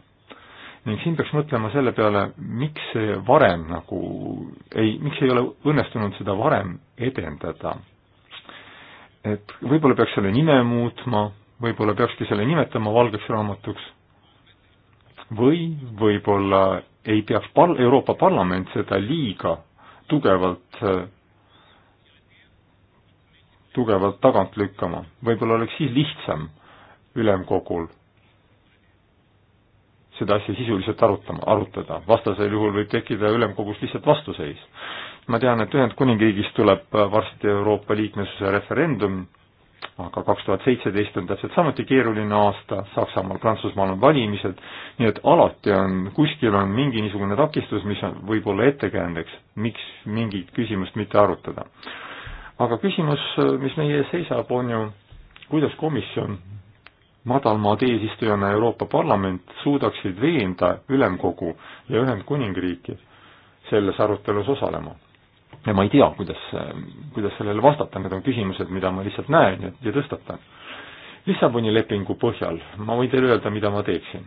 ning siin peaks mõtlema selle peale, miks see varem nagu ei, miks ei ole õnnestunud seda varem edendada. et võib-olla peaks selle nime muutma, võib-olla peakski selle nimetama valgeks raamatuks või võib-olla ei peaks par-, Euroopa Parlament seda liiga tugevalt, tugevalt tagant lükkama. võib-olla oleks siis lihtsam ülemkogul seda asja sisuliselt arutama, arutada, vastasel juhul võib tekkida ülemkogus lihtsalt vastuseis. ma tean, et Ühendkuningriigis tuleb äh, varsti Euroopa liikmesuse referendum, aga kaks tuhat seitseteist on täpselt samuti keeruline aasta, Saksamaal, Prantsusmaal on valimised, nii et alati on, kuskil on mingi niisugune takistus, mis on, võib olla ettekäändeks, miks mingit küsimust mitte arutada. aga küsimus, äh, mis meie ees seisab, on ju, kuidas komisjon madalmaad eesistujana Euroopa Parlament suudaksid veenda Ülemkogu ja Ühendkuningriiki selles arutelus osalema. ja ma ei tea, kuidas, kuidas sellele vastata, need on küsimused, mida ma lihtsalt näen ja, ja tõstatan. Lissaboni lepingu põhjal ma võin teile öelda, mida ma teeksin.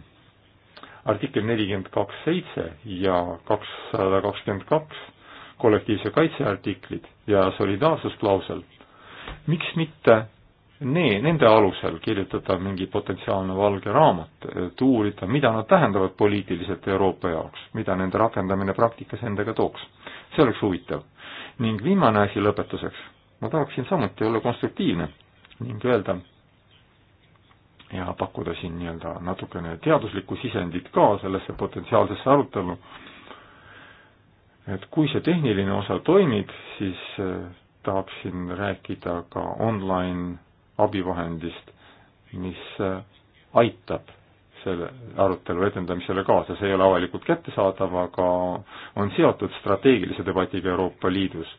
artikkel nelikümmend kaks seitse ja kakssada kakskümmend kaks kollektiivse kaitse artiklid ja solidaarsusklausel, miks mitte nee, nende alusel kirjutada mingi potentsiaalne valge raamat, et eh, uurida, mida nad tähendavad poliitiliselt Euroopa jaoks, mida nende rakendamine praktikas endaga tooks. see oleks huvitav. ning viimane asi lõpetuseks, ma tahaksin samuti olla konstruktiivne ning öelda ja pakkuda siin nii-öelda natukene teaduslikku sisendit ka sellesse potentsiaalsesse arutellu, et kui see tehniline osa toimib, siis eh, tahaksin rääkida ka online abivahendist, mis äh, aitab selle arutelu edendamisele kaasa, see ei ole avalikult kättesaadav, aga on seotud strateegilise debatiga Euroopa Liidus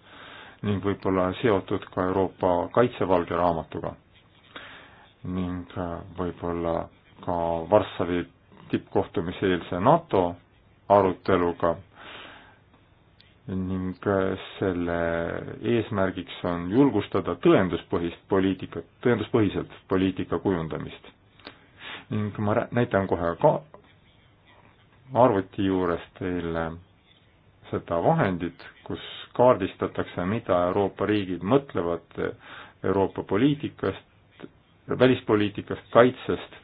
ning võib-olla seotud ka Euroopa kaitsevalge raamatuga. ning äh, võib-olla ka Varssavi tippkohtumise eelse NATO aruteluga ning äh, selle eesmärgiks on julgustada tõenduspõhist poliitikat, tõenduspõhiselt poliitika kujundamist. ning ma näitan kohe ka arvuti juures teile seda vahendit, kus kaardistatakse, mida Euroopa riigid mõtlevad Euroopa poliitikast, välispoliitikast, kaitsest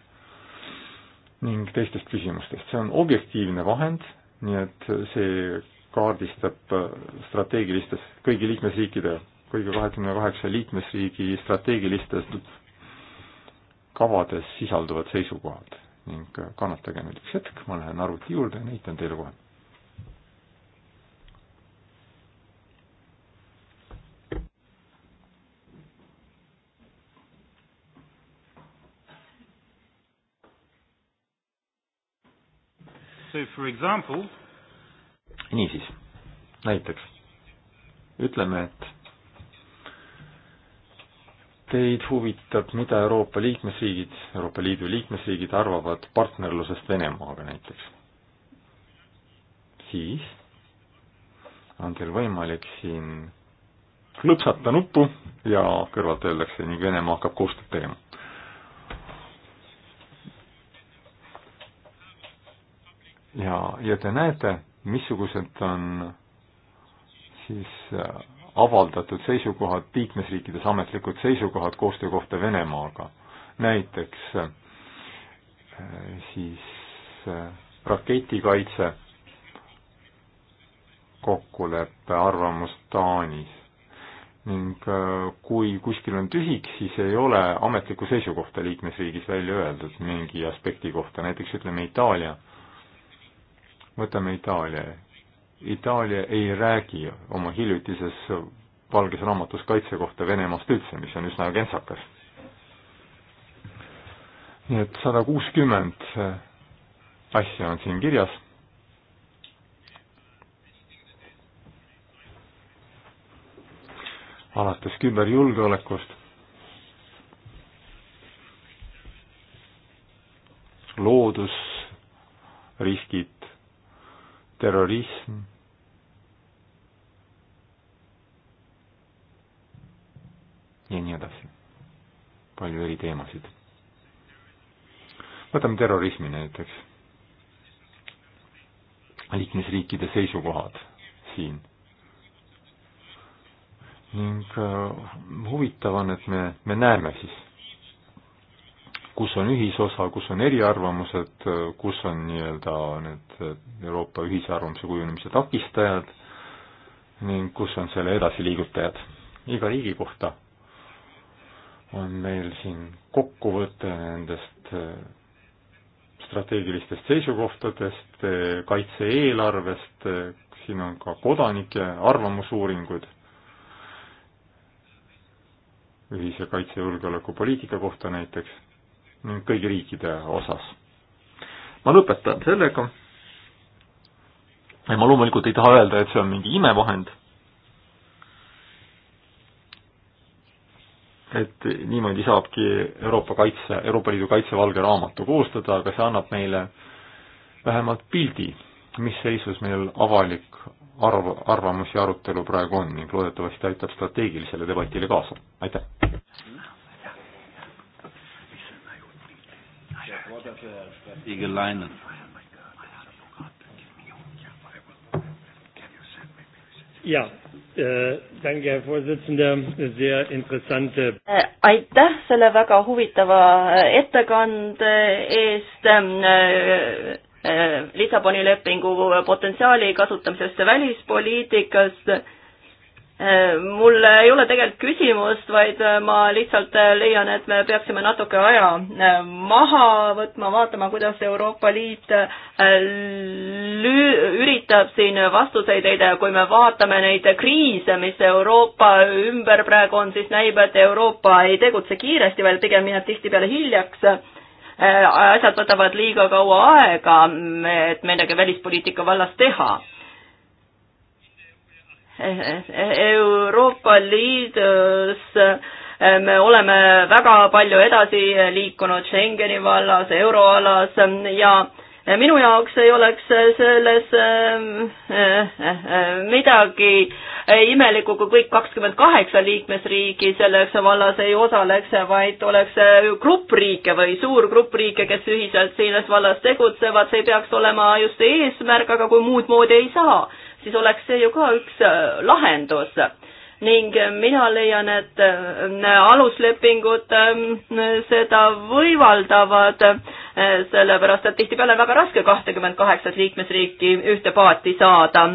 ning teistest küsimustest. see on objektiivne vahend, nii et see kaardistab äh, strateegilistes, kõigi liikmesriikide, kõigi kahekümne kaheksa liikmesriigi strateegilistes kavades sisalduvad seisukohad ning äh, kannatage nüüd üks hetk, ma lähen arvuti juurde ja näitan teile kohe. So for example niisiis, näiteks ütleme, et teid huvitab, mida Euroopa liikmesriigid, Euroopa Liidu liikmesriigid arvavad partnerlusest Venemaaga näiteks. siis on teil võimalik siin klõpsata nuppu ja kõrvalt öeldakse ning Venemaa hakkab koostööd tegema. ja, ja te näete, missugused on siis äh, avaldatud seisukohad, liikmesriikides ametlikud seisukohad koostöö kohta Venemaaga. näiteks äh, siis äh, raketikaitse kokkuleppe arvamus Taanis ning kui kuskil on tühik, siis ei ole ametlikku seisukohta liikmesriigis välja öeldud mingi aspekti kohta, näiteks ütleme Itaalia võtame Itaalia. Itaalia ei räägi oma hiljutises valges raamatus kaitse kohta Venemaast üldse, mis on üsna kentsakas. nii et sada kuuskümmend asja on siin kirjas. alates küberjulgeolekust, loodusriskid, terrorism ja nii edasi. palju eriteemasid. võtame terrorismi näiteks. liikmesriikide seisukohad siin. ning äh, huvitav on, et me, me näeme siis kus on ühisosa, kus on eriarvamused, kus on nii-öelda need Euroopa ühise arvamuse kujunemise takistajad ning kus on selle edasiliigutajad. iga riigi kohta on meil siin kokkuvõte nendest äh, strateegilistest seisukohtadest, äh, kaitse-eelarvest, äh, siin on ka kodanike arvamusuuringud ühise kaitse- ja julgeolekupoliitika kohta näiteks kõigi riikide osas. ma lõpetan sellega. ma loomulikult ei taha öelda, et see on mingi imevahend. et niimoodi saabki Euroopa kaitse, Euroopa Liidu kaitsevalge raamatu koostada, aga see annab meile vähemalt pildi, mis seisus meil avalik arv, arvamus ja arutelu praegu on ning loodetavasti aitab strateegilisele debatile kaasa, aitäh! Kollege Leinen. Ja, äh, danke, Herr Vorsitzender, sehr interessante. Äh, aitäh selle väga huvitava äh, ettekande eest ähm, Lissaboni lepingu potentsiaali kasutamisest välispoliitikast mul ei ole tegelikult küsimust, vaid äh, ma lihtsalt äh, leian, et me peaksime natuke aja äh, maha võtma, vaatama, kuidas Euroopa Liit üritab siin vastuseid leida ja kui me vaatame neid kriise, mis Euroopa ümber praegu on, siis näib, et Euroopa ei tegutse kiiresti, vaid pigem jääb tihtipeale hiljaks asjad võtavad liiga kaua aega, et midagi välispoliitika vallas teha Euroopa Liidus eh, me oleme väga palju edasi liikunud Schengeni vallas, euroalas ja minu jaoks ei oleks selles eh, midagi imelikku, kui kõik kakskümmend kaheksa liikmesriigi selles vallas ei osaleks, vaid oleks grupp riike või suur grupp riike, kes ühiselt selles vallas tegutsevad, see peaks olema just eesmärk, aga kui muud moodi ei saa siis oleks see ju ka üks äh, lahendus ning äh, mina leian, et äh, aluslepingud ähm, seda võimaldavad, sellepärast et tihtipeale on väga raske kahtekümmend kaheksat liikmesriiki ühte paati saada.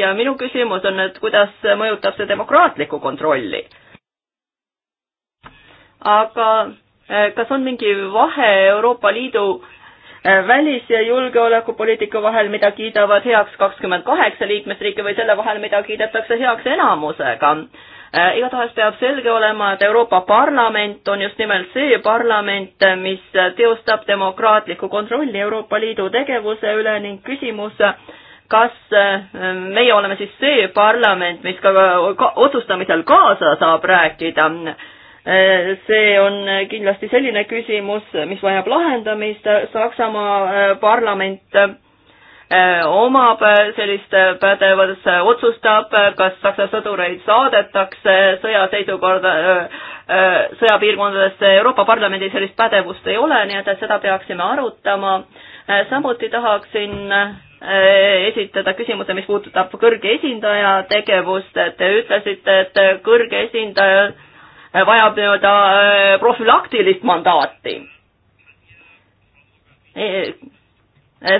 ja minu küsimus on, et kuidas mõjutab see demokraatlikku kontrolli? aga kas on mingi vahe Euroopa Liidu Äh, välis- ja julgeolekupoliitika vahel, mida kiidavad heaks kakskümmend kaheksa liikmesriiki või selle vahel, mida kiidetakse heaks enamusega. Äh, igatahes peab selge olema, et Euroopa Parlament on just nimelt see parlament, mis teostab demokraatlikku kontrolli Euroopa Liidu tegevuse üle ning küsimus kas äh, meie oleme siis see parlament, mis ka, ka otsustamisel kaasa saab rääkida, Äh, see on kindlasti selline küsimus, mis vajab lahendamist, Saksamaa äh, parlament äh, omab sellist pädevust, otsustab, kas Saksa sõdureid saadetakse sõjaseisukorda, sõjapiirkondadesse, Euroopa Parlamendil sellist pädevust ei ole, nii et, et seda peaksime arutama. samuti tahaksin esitada küsimuse, mis puudutab kõrge esindaja tegevust, te ütlesite, et kõrge esindaja Äh, vajab nii-öelda äh, äh, profülaktilist mandaati.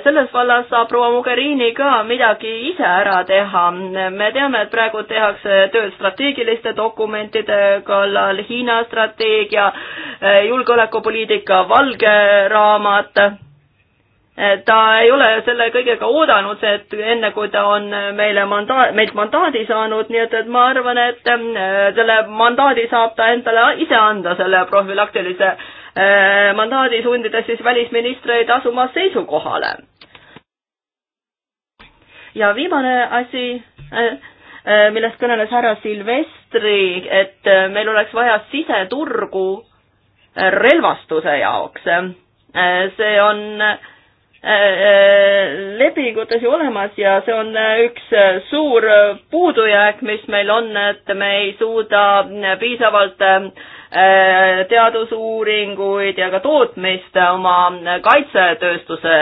selles vallas saab proua Mogherini ka midagi ise ära teha. me teame, et praegu tehakse tööd strateegiliste dokumentide kallal, Hiina strateegia, julgeolekupoliitika valge raamat Eh, ta ei ole selle kõigega oodanud, et enne kui ta on meile mandaat, meilt mandaadi saanud, nii et, et ma arvan, et eh, selle mandaadi saab ta endale ise anda, selle profülaktilise eh, mandaadi, sundides siis välisministreid asuma seisukohale. ja viimane asi, millest kõneles härra Silvestri, et meil oleks vaja siseturgu relvastuse jaoks. see on äh, Äh, äh, lepingutes ju olemas ja see on äh, üks suur puudujääk, mis meil on, et me ei suuda piisavalt teadusuuringuid ja ka tootmist oma kaitsetööstuse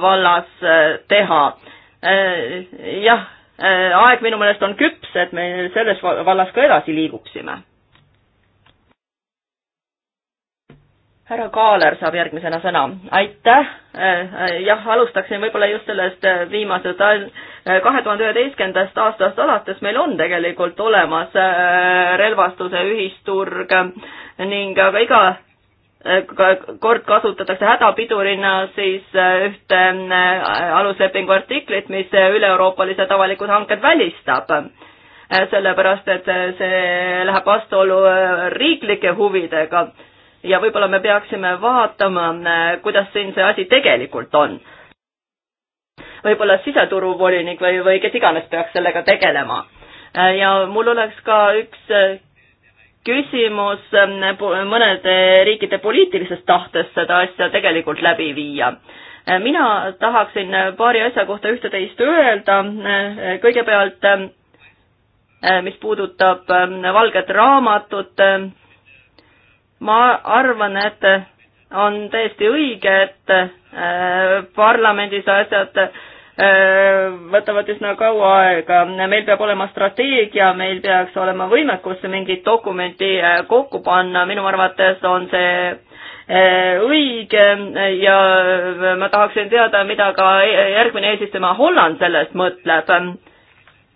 vallas teha. jah, aeg minu meelest on küps, et me selles vallas ka edasi liiguksime härra Kaaler saab järgmisena sõna. aitäh, äh, äh, jah, alustaksin võib-olla just sellest äh, viimasest, kahe tuhande üheteistkümnendast aastast alates meil on tegelikult olemas relvastuse ühisturg ning aga iga kord kasutatakse hädapidurina siis ühte aluslepingu artiklit, mis üle-euroopalised avalikud hanked välistab sellepärast, et see läheb vastuollu riiklike huvidega ja võib-olla me peaksime vaatama, äh, kuidas siin see asi tegelikult on. võib-olla siseturuvolinik või, või kes iganes peaks sellega tegelema. Äh, ja mul oleks ka üks äh, küsimus mõnede riikide poliitilisest tahtest seda asja tegelikult läbi viia mina tahaksin paari asja kohta ühte-teist öelda. kõigepealt, mis puudutab valget raamatut, ma arvan, et on täiesti õige, et äh, parlamendis asjad äh, võtavad üsna kaua aega, meil peab olema strateegia, meil peaks olema võimekus mingit dokumenti äh, kokku panna, minu arvates on see õige ja ma tahaksin teada, mida ka järgmine eesistuja Holland sellest mõtleb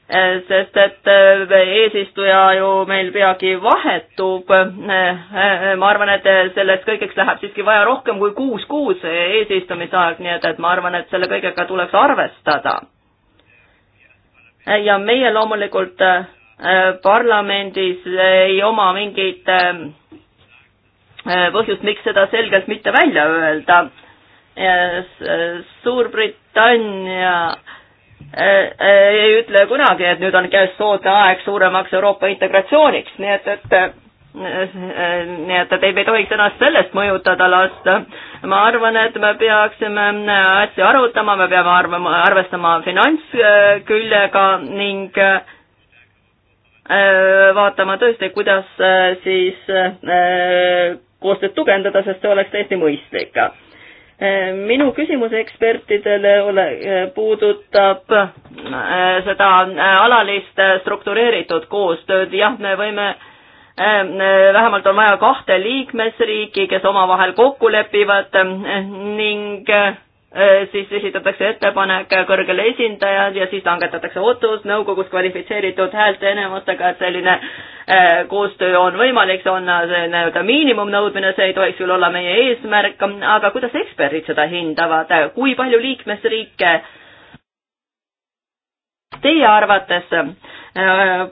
Eh, sest et eh, eesistuja ju meil peagi vahetub. Eh, ma arvan, et selleks kõigeks läheb siiski vaja rohkem kui kuus kuud see eesistumisaeg, nii et, et ma arvan, et selle kõigega tuleks arvestada. ja meie loomulikult parlamendis ei oma mingit põhjust, miks seda selgelt mitte välja öelda. Suurbritannia Äh, äh, ei ütle kunagi, et nüüd on käes soodne aeg suuremaks Euroopa integratsiooniks, nii et, et äh, nii et te ei tohiks ennast sellest mõjutada lasta. ma arvan, et me peaksime asja arutama, me peame arvama, arvestama finantsküljega ning vaatama tõesti, kuidas siis koostööd tugevdada, sest see oleks täiesti mõistlik minu küsimus ekspertidele ole, eh, puudutab eh, seda eh, alalist struktureeritud koostööd, jah, me võime vähemalt on vaja kahte liikmesriiki, kes omavahel kokku lepivad ning Äh, siis esitatakse ettepanek kõrgele esindajale ja siis langetatakse otsus nõukogus kvalifitseeritud häälte enamusega, et selline äh, koostöö on võimalik, see on äh, nii-öelda miinimumnõudmine, see ei tohiks küll olla meie eesmärk, aga kuidas eksperdid seda hindavad, kui palju liikmesriike teie arvates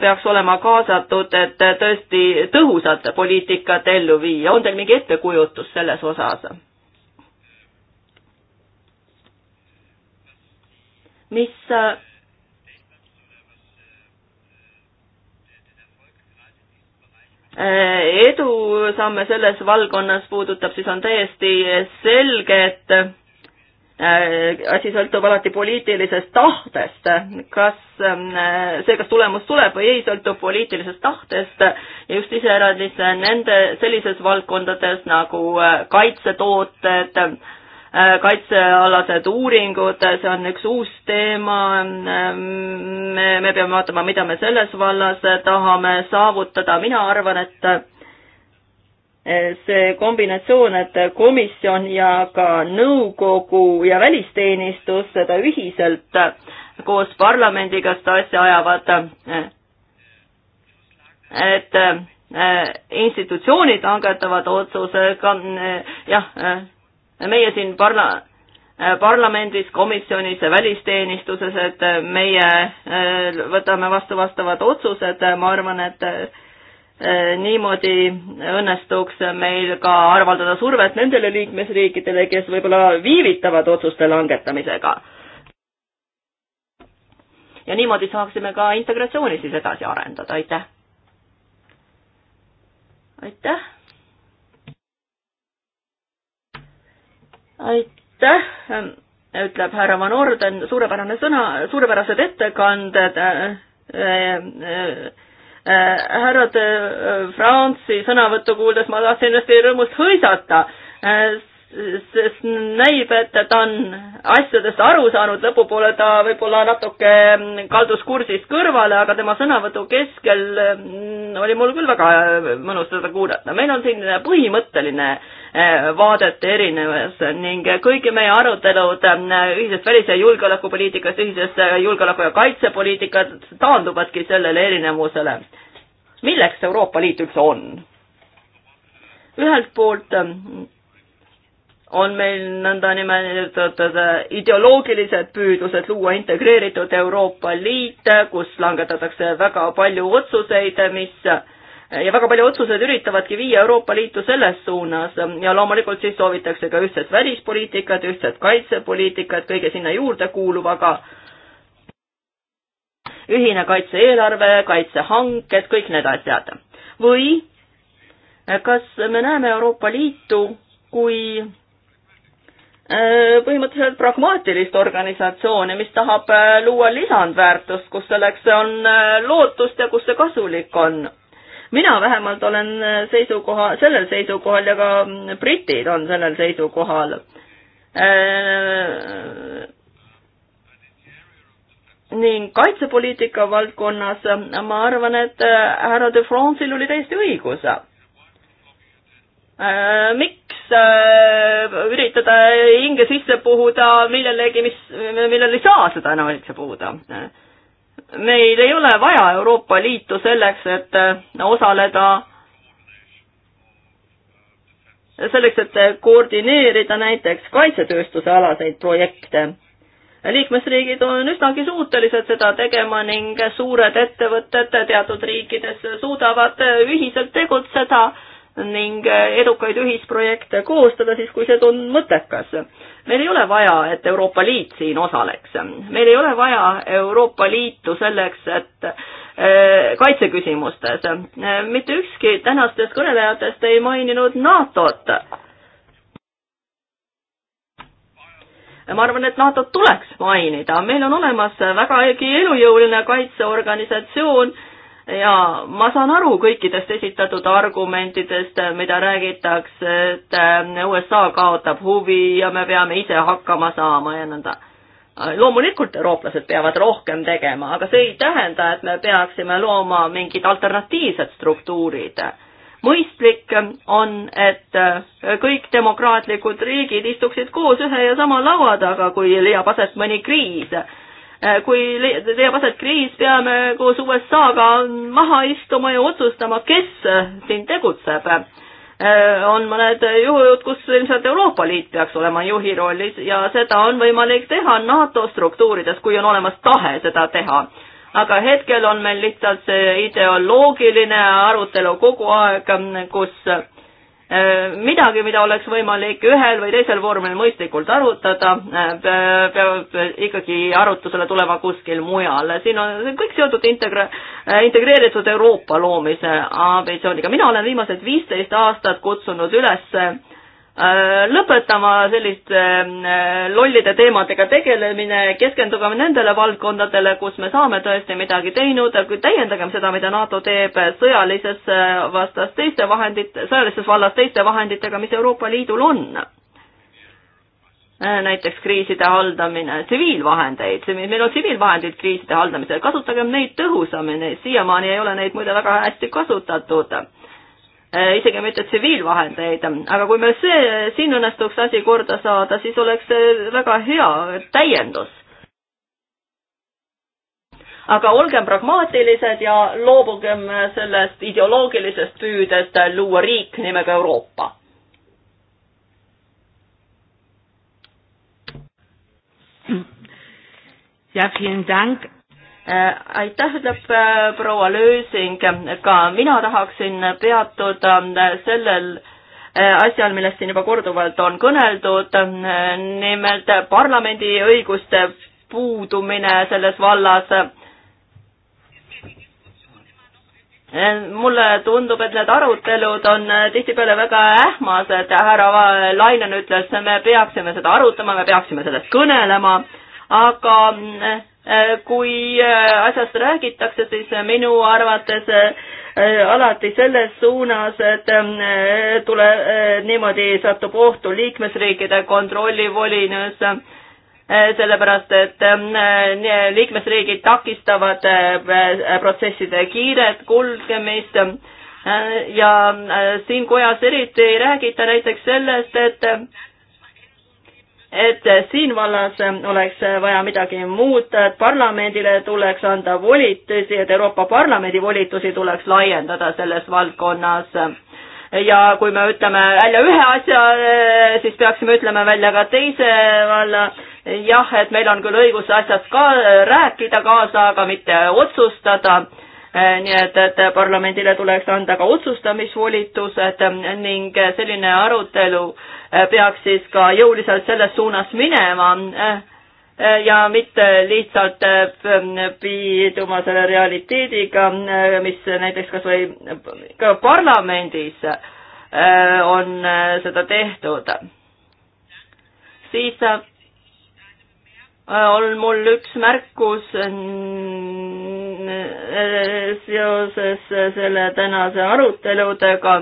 peaks olema kaasatud, et tõesti tõhusat poliitikat ellu viia, on teil mingi ettekujutus selles osas? mis äh, äh, edusamme selles valdkonnas puudutab, siis on täiesti selge, et äh, asi sõltub alati poliitilisest tahtest, kas ähm, see, kas tulemus tuleb või ei, sõltub poliitilisest tahtest ja just iseäranis nende sellises valdkondades nagu kaitsetooted, kaitsealased uuringud, see on üks uus teema, me, me peame vaatama, mida me selles vallas tahame saavutada, mina arvan, et see kombinatsioon, et komisjon ja ka nõukogu ja välisteenistus seda ühiselt koos parlamendiga seda asja ajavad, et eh, institutsioonid langetavad otsuse, eh, jah, eh, meie siin parla-, äh, parlamendis, komisjonis ja välisteenistuses, et äh, meie äh, võtame vastu vastavad otsused, ma arvan, et niimoodi õnnestuks meil ka arvaldada survet nendele liikmesriikidele, kes võib-olla viivitavad otsuste langetamisega. ja niimoodi saaksime ka integratsiooni siis edasi arendada, aitäh! aitäh! aitäh, ütleb härra Van Orden, suurepärane sõna, suurepärased ettekanded äh,. Äh, äh härrad äh, Franzi sõnavõttu kuuldes ma tahtsin hästi rõõmust hõisata. Äh, sest näib, et ta on asjadest aru saanud, lõpupoole ta võib-olla natuke kaldus kursist kõrvale, aga tema sõnavõtu keskel mm, oli mul küll väga äh, mõnus seda kuulata. meil on siin põhimõtteline äh, vaadete erinevus ning kõigi meie arutelud äh, ühisest välis- ja julgeolekupoliitikast, ühisest julgeoleku- ja kaitsepoliitikast taanduvadki sellele erinevusele. milleks Euroopa Liit üldse on? ühelt poolt on meil nõndanimetatud äh, ideoloogilised püüdlused luua integreeritud Euroopa Liit, kus langetatakse väga palju otsuseid, mis äh, ja väga palju otsuseid üritavadki viia Euroopa Liitu selles suunas ja loomulikult siis soovitakse ka ühtset välispoliitikat, ühtset kaitsepoliitikat, kõige sinna juurde kuuluvaga ühine kaitse-eelarve, kaitsehanked, kõik need asjad. või kas me näeme Euroopa Liitu kui Äh, põhimõtteliselt pragmaatilist organisatsiooni, mis tahab äh, luua lisandväärtust, kus selleks on äh, lootust ja kus see kasulik on. mina vähemalt olen seisukoha, sellel seisukohal ja ka mm, britid on sellel seisukohal. ning kaitsepoliitika valdkonnas ma arvan, et härra de France'il oli täiesti õigus Äh, miks äh, üritada hinge sisse puhuda millelegi, mis, millel ei saa seda enam üldse puhuda? meil ei ole vaja Euroopa Liitu selleks, et äh, osaleda selleks, et koordineerida näiteks kaitsetööstuse alaseid projekte. liikmesriigid on üsnagi suutelised seda tegema ning suured ettevõtted teatud riikides suudavad ühiselt tegutseda äh, ning eh, edukaid ühisprojekte koostada siis, kui see on mõttekas. meil ei ole vaja, et Euroopa Liit siin osaleks. meil ei ole vaja Euroopa Liitu selleks, et eh, kaitseküsimustes. mitte ükski tänastest kõnelejatest ei maininud NATO-t. ma arvan, et NATO-t tuleks mainida, meil on olemas vägagi elujõuline kaitseorganisatsioon ja ma saan aru kõikidest esitatud argumentidest, mida räägitakse, et äh, USA kaotab huvi ja me peame ise hakkama saama ja nõnda. Äh, loomulikult eurooplased peavad rohkem tegema, aga see ei tähenda, et me peaksime looma mingid alternatiivsed struktuurid mõistlik on, et äh, kõik demokraatlikud riigid istuksid koos ühe ja sama laua taga, kui leiab aset mõni kriis Äh, kui leiab aset kriis, peame koos USA-ga maha istuma ja otsustama, kes siin tegutseb. Äh, on mõned juhud, kus ilmselt Euroopa Liit peaks olema juhi rollis ja seda on võimalik teha NATO struktuurides, kui on olemas tahe seda teha. aga hetkel on meil lihtsalt see ideoloogiline arutelu kogu aeg, kus Äh, midagi, mida oleks võimalik ühel või teisel vormel mõistlikult arutada, äh, peab ikkagi arutusele tulema kuskil mujal. siin on kõik seotud integra-, äh, integreeritud Euroopa loomise ambitsiooniga. mina olen viimased viisteist aastat kutsunud üles Äh, lõpetama selliste äh, lollide teemadega tegelemine, keskendugem nendele valdkondadele, kus me saame tõesti midagi teinud, täiendagem seda, mida NATO teeb sõjalises äh, vastas teiste vahendit, sõjalises vallas teiste vahenditega, mis Euroopa Liidul on. näiteks kriiside haldamine, tsiviilvahendeid, meil on tsiviilvahendid kriiside haldamisel, kasutagem neid tõhusamini, siiamaani ei ole neid muide väga hästi kasutatud Äh, isegi mitte tsiviilvahendeid, aga kui meil see, siin õnnestuks asi korda saada, siis oleks see väga hea täiendus. aga olgem pragmaatilised ja loobugem sellest ideoloogilisest püüdest luua riik nimega Euroopa. ja, vielen Dank Äh, aitäh, ütleb äh, proua Lösing, ka mina tahaksin peatuda äh, sellel asjal, millest siin juba korduvalt on kõneldud, nimelt parlamendi õiguste puudumine selles vallas mulle tundub, et need arutelud on tihtipeale väga ähmased, härra Lainen ütles, me peaksime seda arutama, me peaksime sellest kõnelema, aga Äh, kui äh, asjast räägitakse, siis minu arvates äh, alati selles suunas, et ähm, tule, niimoodi satub ohtu liikmesriikide kontrollivolinõus, sellepärast et ähm, liikmesriigid takistavad protsesside kiiret kulgemist ja siin kojas eriti ei räägita näiteks sellest, et et siin vallas oleks vaja midagi muuta, et parlamendile tuleks anda volitusi, et Euroopa Parlamendi volitusi tuleks laiendada selles valdkonnas. ja kui me ütleme välja ühe asja, siis peaksime ütlema välja ka teise valla. jah, et meil on küll õigus asjast ka rääkida kaasa, aga mitte otsustada Äh, nii et, et parlamendile tuleks anda ka otsustamisvolitused ning selline arutelu äh, peaks siis ka jõuliselt selles suunas minema äh, ja mitte lihtsalt piiduma selle realiteediga, mis näiteks kas või ka parlamendis on seda tehtud. siis on mul üks märkus Äh, seoses selle tänase aruteludega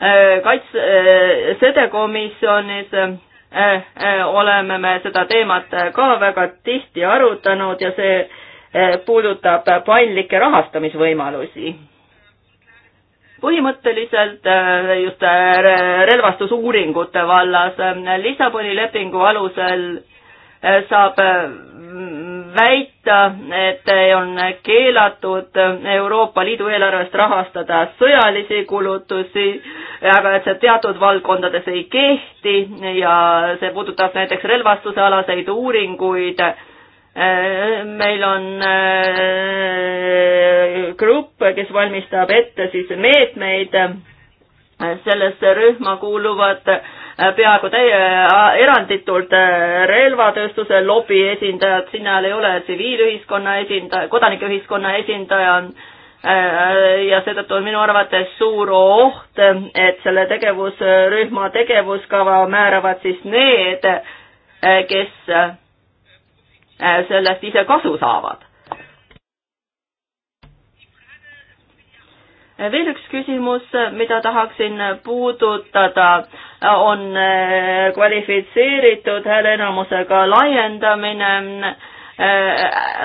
äh, kaitse, äh, sedekomisjonis oleme me seda teemat ka väga tihti arutanud ja see puudutab paindlikke rahastamisvõimalusi. põhimõtteliselt just relvastusuuringute vallas Lissaboni lepingu alusel saab väita, et on keelatud Euroopa Liidu eelarvest rahastada sõjalisi kulutusi, aga et see teatud valdkondades ei kehti ja see puudutab näiteks relvastusealaseid uuringuid. meil on äh, grupp, kes valmistab ette siis meetmeid, sellesse rühma kuuluvad äh, Äh, peaaegu täie, äh, eranditult äh, relvatööstuse lobi esindajad, sinna ei ole tsiviilühiskonna esindaja, kodanikeühiskonna esindaja ja seetõttu on minu arvates suur oht, et selle tegevusrühma tegevuskava määravad siis need, kes sellest ise kasu saavad. veel üks küsimus, mida tahaksin puudutada on äh, kvalifitseeritud hääleenamusega laiendamine äh,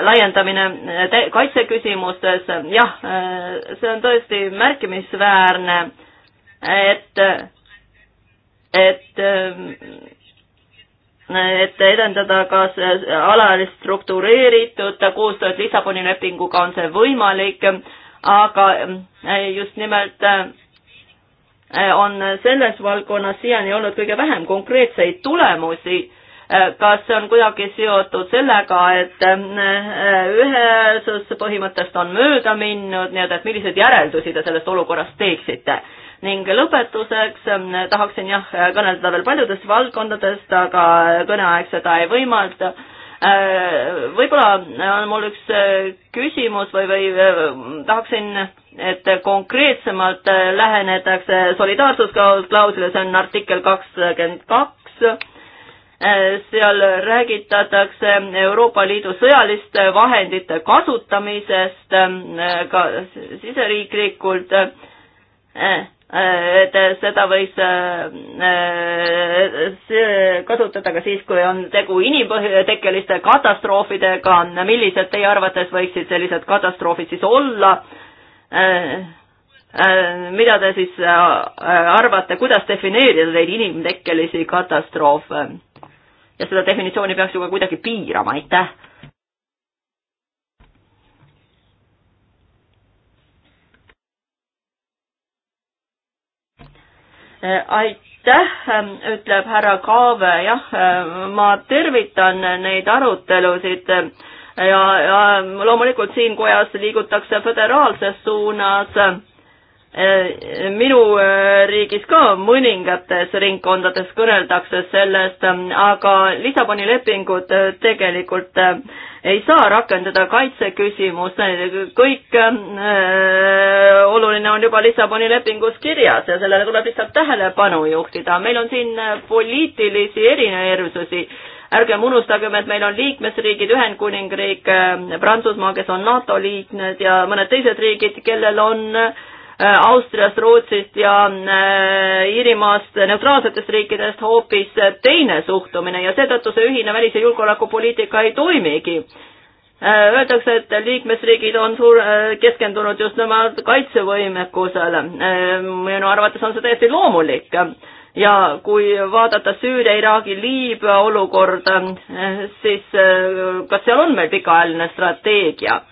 laiendamine kaitseküsimustes, jah, äh, see on tõesti märkimisväärne, et, et, et edendada ka alalist struktureeritud koostööd Lissaboni lepinguga on see võimalik, aga just nimelt Eh, on selles valdkonnas siiani olnud kõige vähem konkreetseid tulemusi eh, kas see on kuidagi seotud sellega, et eh, ühesuspõhimõttest on mööda minnud, nii et, et milliseid järeldusi te sellest olukorrast teeksite? ning lõpetuseks tahaksin jah, kõneleda veel paljudest valdkondadest, aga kõneaeg seda ei võimalda Äh, võib-olla on mul üks äh, küsimus või, või äh, tahaksin, et konkreetsemalt lähenetakse solidaarsusklauslile, see on artikkel kakskümmend kaks, seal räägitatakse Euroopa Liidu sõjaliste vahendite kasutamisest ka siseriiklikult et seda võis äh, äh, kasutada ka siis, kui on tegu inimtekkeliste katastroofidega, millised teie arvates võiksid sellised katastroofid siis olla? Äh, mida te siis arvate, kuidas defineerida neid inimtekkelisi katastroofe? ja seda definitsiooni peaks ju ka kuidagi piirama, aitäh aitäh, ütleb härra Kaave, jah, ma tervitan neid arutelusid ja, ja loomulikult siin kojas liigutakse föderaalses suunas Äh, minu äh, riigis ka mõningates ringkondades kõneldakse sellest, ähm, aga Lissaboni lepingut äh, tegelikult ei saa rakendada kaitseküsimus, kõik ähm, äh, oluline on juba Lissaboni lepingus kirjas ja sellele tuleb lihtsalt tähelepanu juhtida, meil on siin poliitilisi erinevusi, ärgem unustagem, et meil on liikmesriigid, Ühendkuningriik, Prantsusmaa, kes on NATO liikmed ja mõned teised riigid, kellel on äh, Äh, Austriast, Rootsist ja äh, Iirimaast, neutraalsetest riikidest hoopis teine suhtumine ja seetõttu see ühine välis- ja julgeolekupoliitika ei toimigi. Äh, öeldakse, et liikmesriigid on suur, keskendunud just nimelt kaitsevõimekusele. minu arvates on see täiesti loomulik ja kui vaadata Süüria, Iraagi, Liibüa olukorda, siis kas seal on meil pikaajaline strateegia?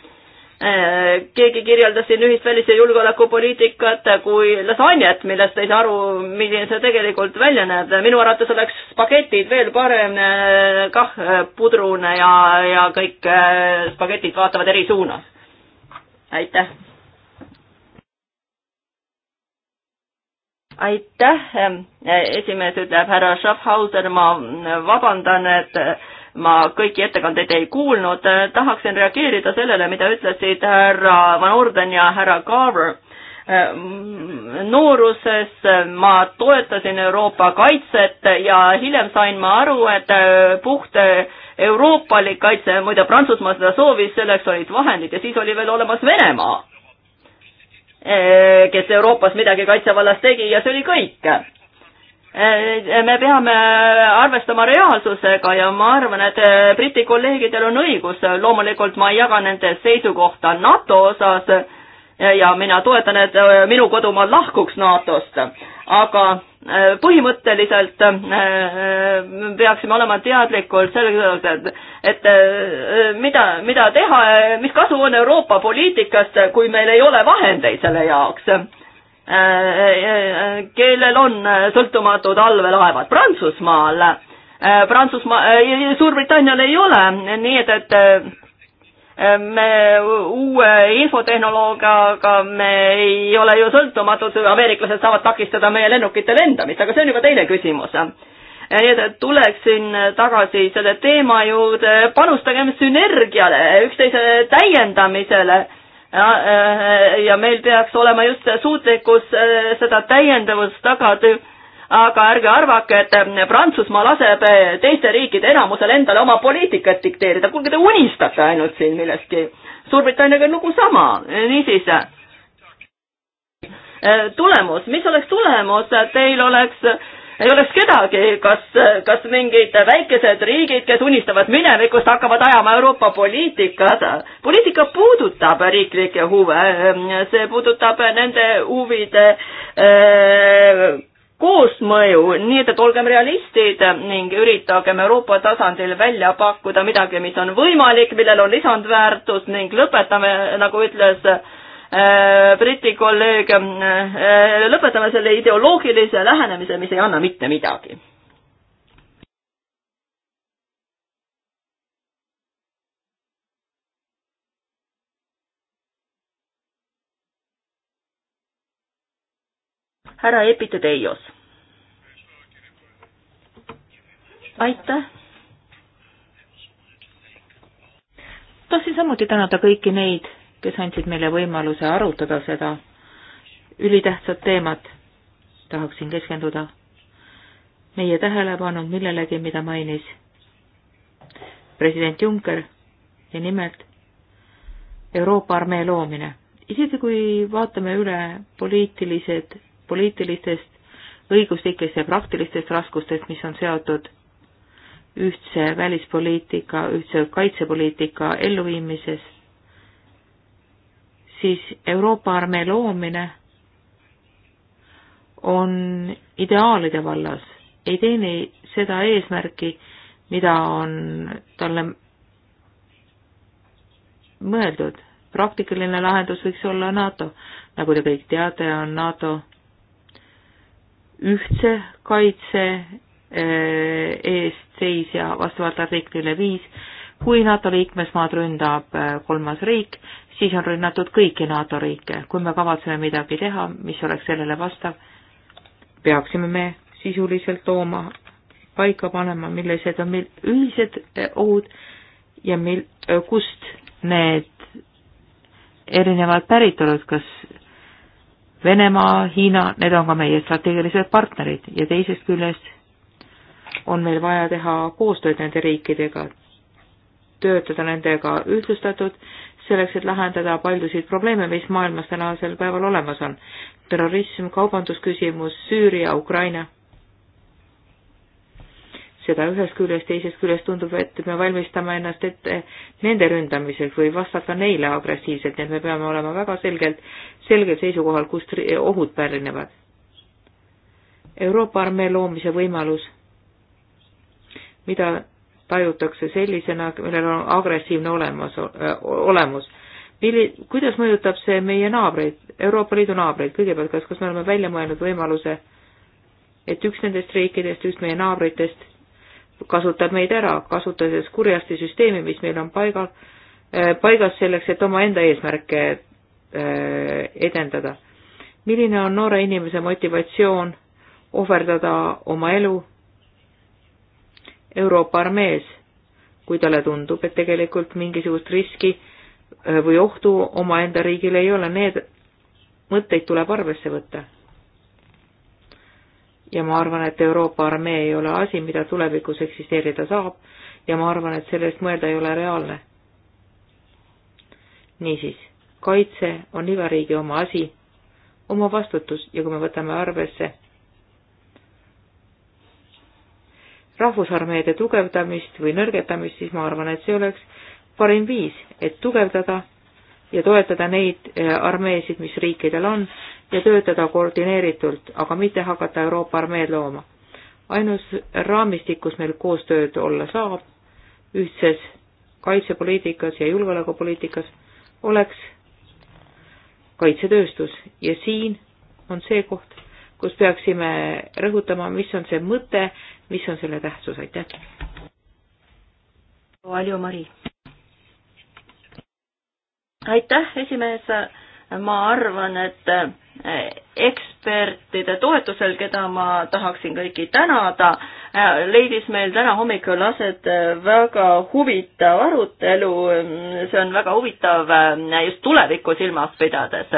Äh, keegi kirjeldas siin ühist välis- ja julgeolekupoliitikat kui lasanjet, millest ei saa aru, milline see tegelikult välja näeb. minu arvates oleks spagetid veel parem äh, kah äh, pudrune ja, ja kõik spagetid vaatavad eri suunas. aitäh. aitäh, esimees ütleb härra Schaffhauser, ma vabandan, et ma kõiki ettekandeid ei kuulnud, tahaksin reageerida sellele, mida ütlesid härra Van Orden ja härra Carver. nooruses ma toetasin Euroopa kaitset ja hiljem sain ma aru, et puht euroopalik kaitse, muide Prantsusmaa seda soovis, selleks olid vahendid ja siis oli veel olemas Venemaa, kes Euroopas midagi kaitsevallas tegi ja see oli kõik Äh, me peame arvestama reaalsusega ja ma arvan, et äh, Briti kolleegidel on õigus, loomulikult ma ei jaga nende seisukohta NATO osas ja mina toetan, et äh, minu kodumaa lahkuks NATO-st, aga põhimõtteliselt peaksime olema teadlikud selles, et, et mida, mida teha, mis kasu on Euroopa poliitikast, kui meil ei ole vahendeid selle jaoks kellel on äh, sõltumatud allveelaevad Prantsusmaal. Äh, Prantsusmaa, äh, Suurbritannial ei ole, nii et, et me uue infotehnoloogiaga me ei ole ju sõltumatud, ameeriklased saavad takistada meie lennukite lendamist, aga see on juba teine küsimus ja nii et tuleksin tagasi selle teema juurde, panustagem sünergiale, üksteise täiendamisele Eh, ja meil peaks olema just suutlikkus eh, seda täiendavust tagada, aga ärge arvake, et eh, Prantsusmaa laseb teiste riikide enamusel endale oma poliitikat dikteerida, kuulge, te unistate ainult siin millestki. Suurbritanniaga on lugu sama, niisiis tulemus, mis oleks tulemus, teil oleks ei oleks kedagi, kas, kas mingid väikesed riigid, kes unistavad minevikust, hakkavad ajama Euroopa poliitikat. poliitika puudutab riiklikke huve, see puudutab nende huvide äh, koosmõju, nii et, et olgem realistid ning üritagem Euroopa tasandil välja pakkuda midagi, mis on võimalik, millel on lisandväärtus ning lõpetame, nagu ütles äh, Äh, Briti kolleeg, äh, lõpetame selle ideoloogilise lähenemise, mis ei anna mitte midagi. härra Epitedeios. aitäh. tahtsin samuti tänada kõiki neid kes andsid meile võimaluse arutada seda ülitähtsat teemat. tahaksin keskenduda meie tähelepanu millelegi, mida mainis president Juncker ja nimelt Euroopa armee loomine. isegi kui vaatame üle poliitilised, poliitilistest, õiguslikest ja praktilistest raskustest, mis on seotud ühtse välispoliitika, ühtse kaitsepoliitika elluviimisest, siis Euroopa armee loomine on ideaalide vallas, ei teeni seda eesmärki, mida on talle mõeldud. praktiline lahendus võiks olla NATO. nagu te kõik teate, on NATO ühtse kaitse eh, eest seisja vastavalt artiklile viis kui NATO liikmesmaad ründab äh, kolmas riik, siis on rünnatud kõiki NATO riike. kui me kavatseme midagi teha, mis oleks sellele vastav, peaksime me sisuliselt tooma, paika panema, millised on meil ühised äh, ohud ja mil-, äh, kust need erinevad päritolud, kas Venemaa, Hiina, need on ka meie strateegilised partnerid ja teisest küljest on meil vaja teha koostööd nende riikidega, töötada nendega ühtlustatud, selleks, et lahendada paljusid probleeme, mis maailmas tänasel päeval olemas on. terrorism, kaubandusküsimus, Süüria, Ukraina. seda ühest küljest, teisest küljest tundub, et me valmistame ennast ette nende ründamiseks või vastata neile agressiivselt, nii et me peame olema väga selgelt, selgel seisukohal, kust ohud pärinevad. Euroopa armee loomise võimalus, mida tajutakse sellisena, millel on agressiivne olemas, olemus. Milli-, kuidas mõjutab see meie naabreid, Euroopa Liidu naabreid, kõigepealt kas, kas me oleme välja mõelnud võimaluse, et üks nendest riikidest, üks meie naabritest kasutab meid ära, kasutades kurjasti süsteemi, mis meil on paigal, paigas selleks, et omaenda eesmärke edendada. milline on noore inimese motivatsioon ohverdada oma elu Euroopa armees, kui talle tundub, et tegelikult mingisugust riski äh, või ohtu omaenda riigile ei ole, need mõtteid tuleb arvesse võtta. ja ma arvan, et Euroopa armee ei ole asi, mida tulevikus eksisteerida saab ja ma arvan, et selle eest mõelda ei ole reaalne. niisiis, kaitse on iga riigi oma asi, oma vastutus ja kui me võtame arvesse rahvusarmeede tugevdamist või nõrgetamist, siis ma arvan, et see oleks parim viis, et tugevdada ja toetada neid eh, armeesid, mis riikidel on, ja töötada koordineeritult, aga mitte hakata Euroopa armeed looma. ainus raamistik, kus meil koostööd olla saab, ühtses kaitsepoliitikas ja julgeolekupoliitikas, oleks kaitsetööstus ja siin on see koht, kus peaksime rõhutama, mis on see mõte, mis on selle tähtsus, aitäh. Aljo-Mari. aitäh, esimees. ma arvan, et eh, ekspertide toetusel, keda ma tahaksin kõiki tänada, eh, leidis meil täna hommikul aset eh, väga huvitav arutelu. Mm, see on väga huvitav just tulevikku silmas pidades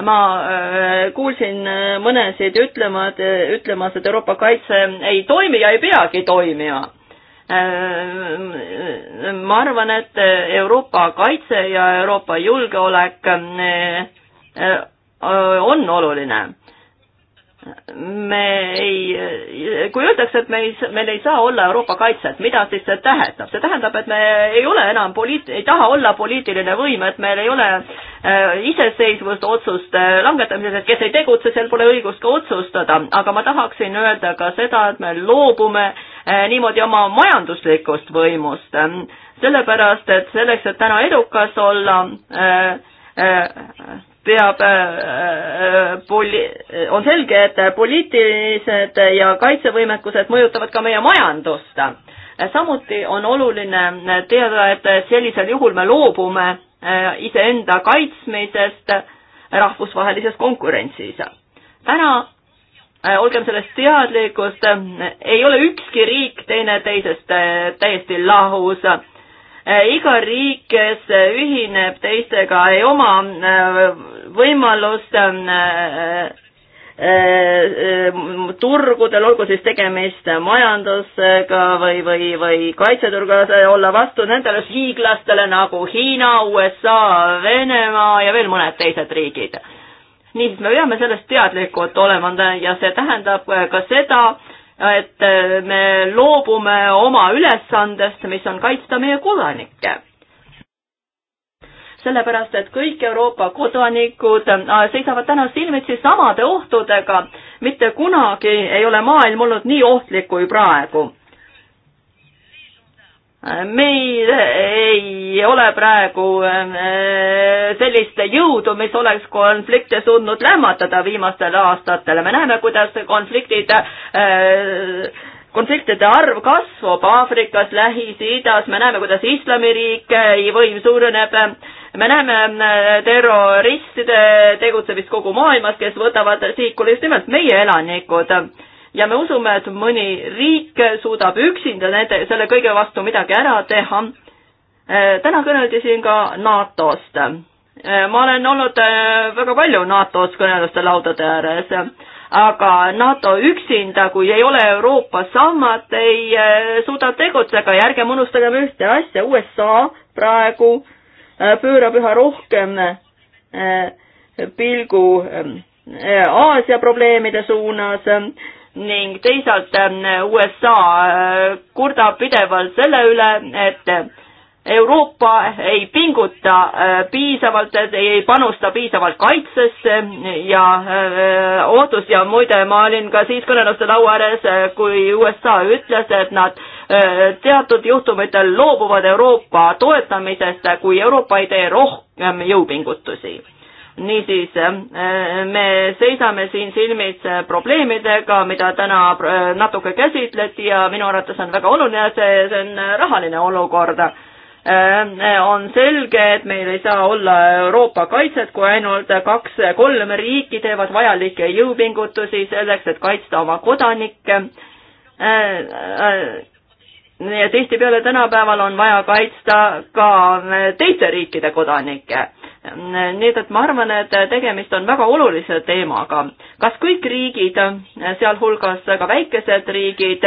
ma äh, kuulsin äh, mõnesid ütlemad, äh, ütlemas, et Euroopa kaitse ei toimi ja ei peagi toimima. ma arvan, et Euroopa kaitse ja Euroopa julgeolek on oluline me ei, kui öeldakse, et me ei, meil ei saa olla Euroopa kaitset, mida siis see tähendab? see tähendab, et me ei ole enam poliit-, ei taha olla poliitiline võim, et meil ei ole äh, iseseisvust otsuste äh, langetamises, et kes ei tegutse, seal pole õigust ka otsustada, aga ma tahaksin öelda ka seda, et me loobume äh, niimoodi oma majanduslikust võimust äh,, sellepärast et selleks, et täna edukas olla äh,, äh, peab äh, äh, poli-, on selge, et poliitilised ja kaitsevõimekused mõjutavad ka meie majandust. samuti on oluline teada, et sellisel juhul me loobume äh, iseenda kaitsmisest rahvusvahelises konkurentsis. täna olgem sellest teadlikud, ei ole ükski riik teineteisest täiesti lahus Äh, iga riik, kes äh, ühineb teistega, ei oma äh, võimalust ähm, turgudel, olgu siis tegemist majandusega või, või, või kaitseturgudega, olla vastu nendele hiiglastele nagu Hiina, USA, Venemaa ja veel mõned teised riigid. niisiis, me peame sellest teadlikud olema ja see tähendab ka seda, et äh, me loobume oma ülesandest, mis on kaitsta meie kodanikke sellepärast et kõik Euroopa kodanikud äh, seisavad täna silmitsi samade ohtudega. mitte kunagi ei ole maailm olnud nii ohtlik kui praegu meil ei ole praegu äh, sellist jõudu, mis oleks konflikte suutnud lämmatada viimastel aastatel. me näeme, kuidas konfliktid, äh, konfliktide arv kasvab Aafrikas, Lähis-Idas, me näeme, kuidas islamiriik võim suureneb. me näeme äh, terroristide tegutsemist kogu maailmas, kes võtavad sihikule just nimelt meie elanikud ja me usume, et mõni riik suudab üksinda nende, selle kõige vastu midagi ära teha. Äh, täna kõneldi siin ka NATO-st. Äh, ma olen olnud äh, väga palju NATO-s kõneluste laudade ääres, aga NATO üksinda, kui ei ole Euroopa sammat, ei suuda tegutseda ja ärgem unustagem ühte asja, USA praegu pöörab üha rohkem pilgu ähm, Aasia probleemide suunas ning teisalt ähm, USA äh, kurdab pidevalt selle üle, et Euroopa ei pinguta äh, piisavalt, ei panusta piisavalt kaitsesse ja äh, ootus ja muide, ma olin ka siis kõneluste laua ääres, kui USA ütles, et nad teatud juhtumitel loobuvad Euroopa toetamisest, kui Euroopa ei tee rohkem jõupingutusi niisiis, äh, me seisame siin silmis äh, probleemidega, mida täna äh, natuke käsitleti ja minu arvates on väga oluline, see, see on rahaline olukord. on selge, et meil ei saa olla Euroopa kaitset, kui ainult kaks-kolm riiki teevad vajalikke jõupingutusi selleks, et kaitsta oma kodanikke ja tihtipeale tänapäeval on vaja kaitsta ka teiste riikide kodanikke nii et, et ma arvan, et tegemist on väga olulise teemaga. kas kõik riigid, sealhulgas ka väikesed riigid,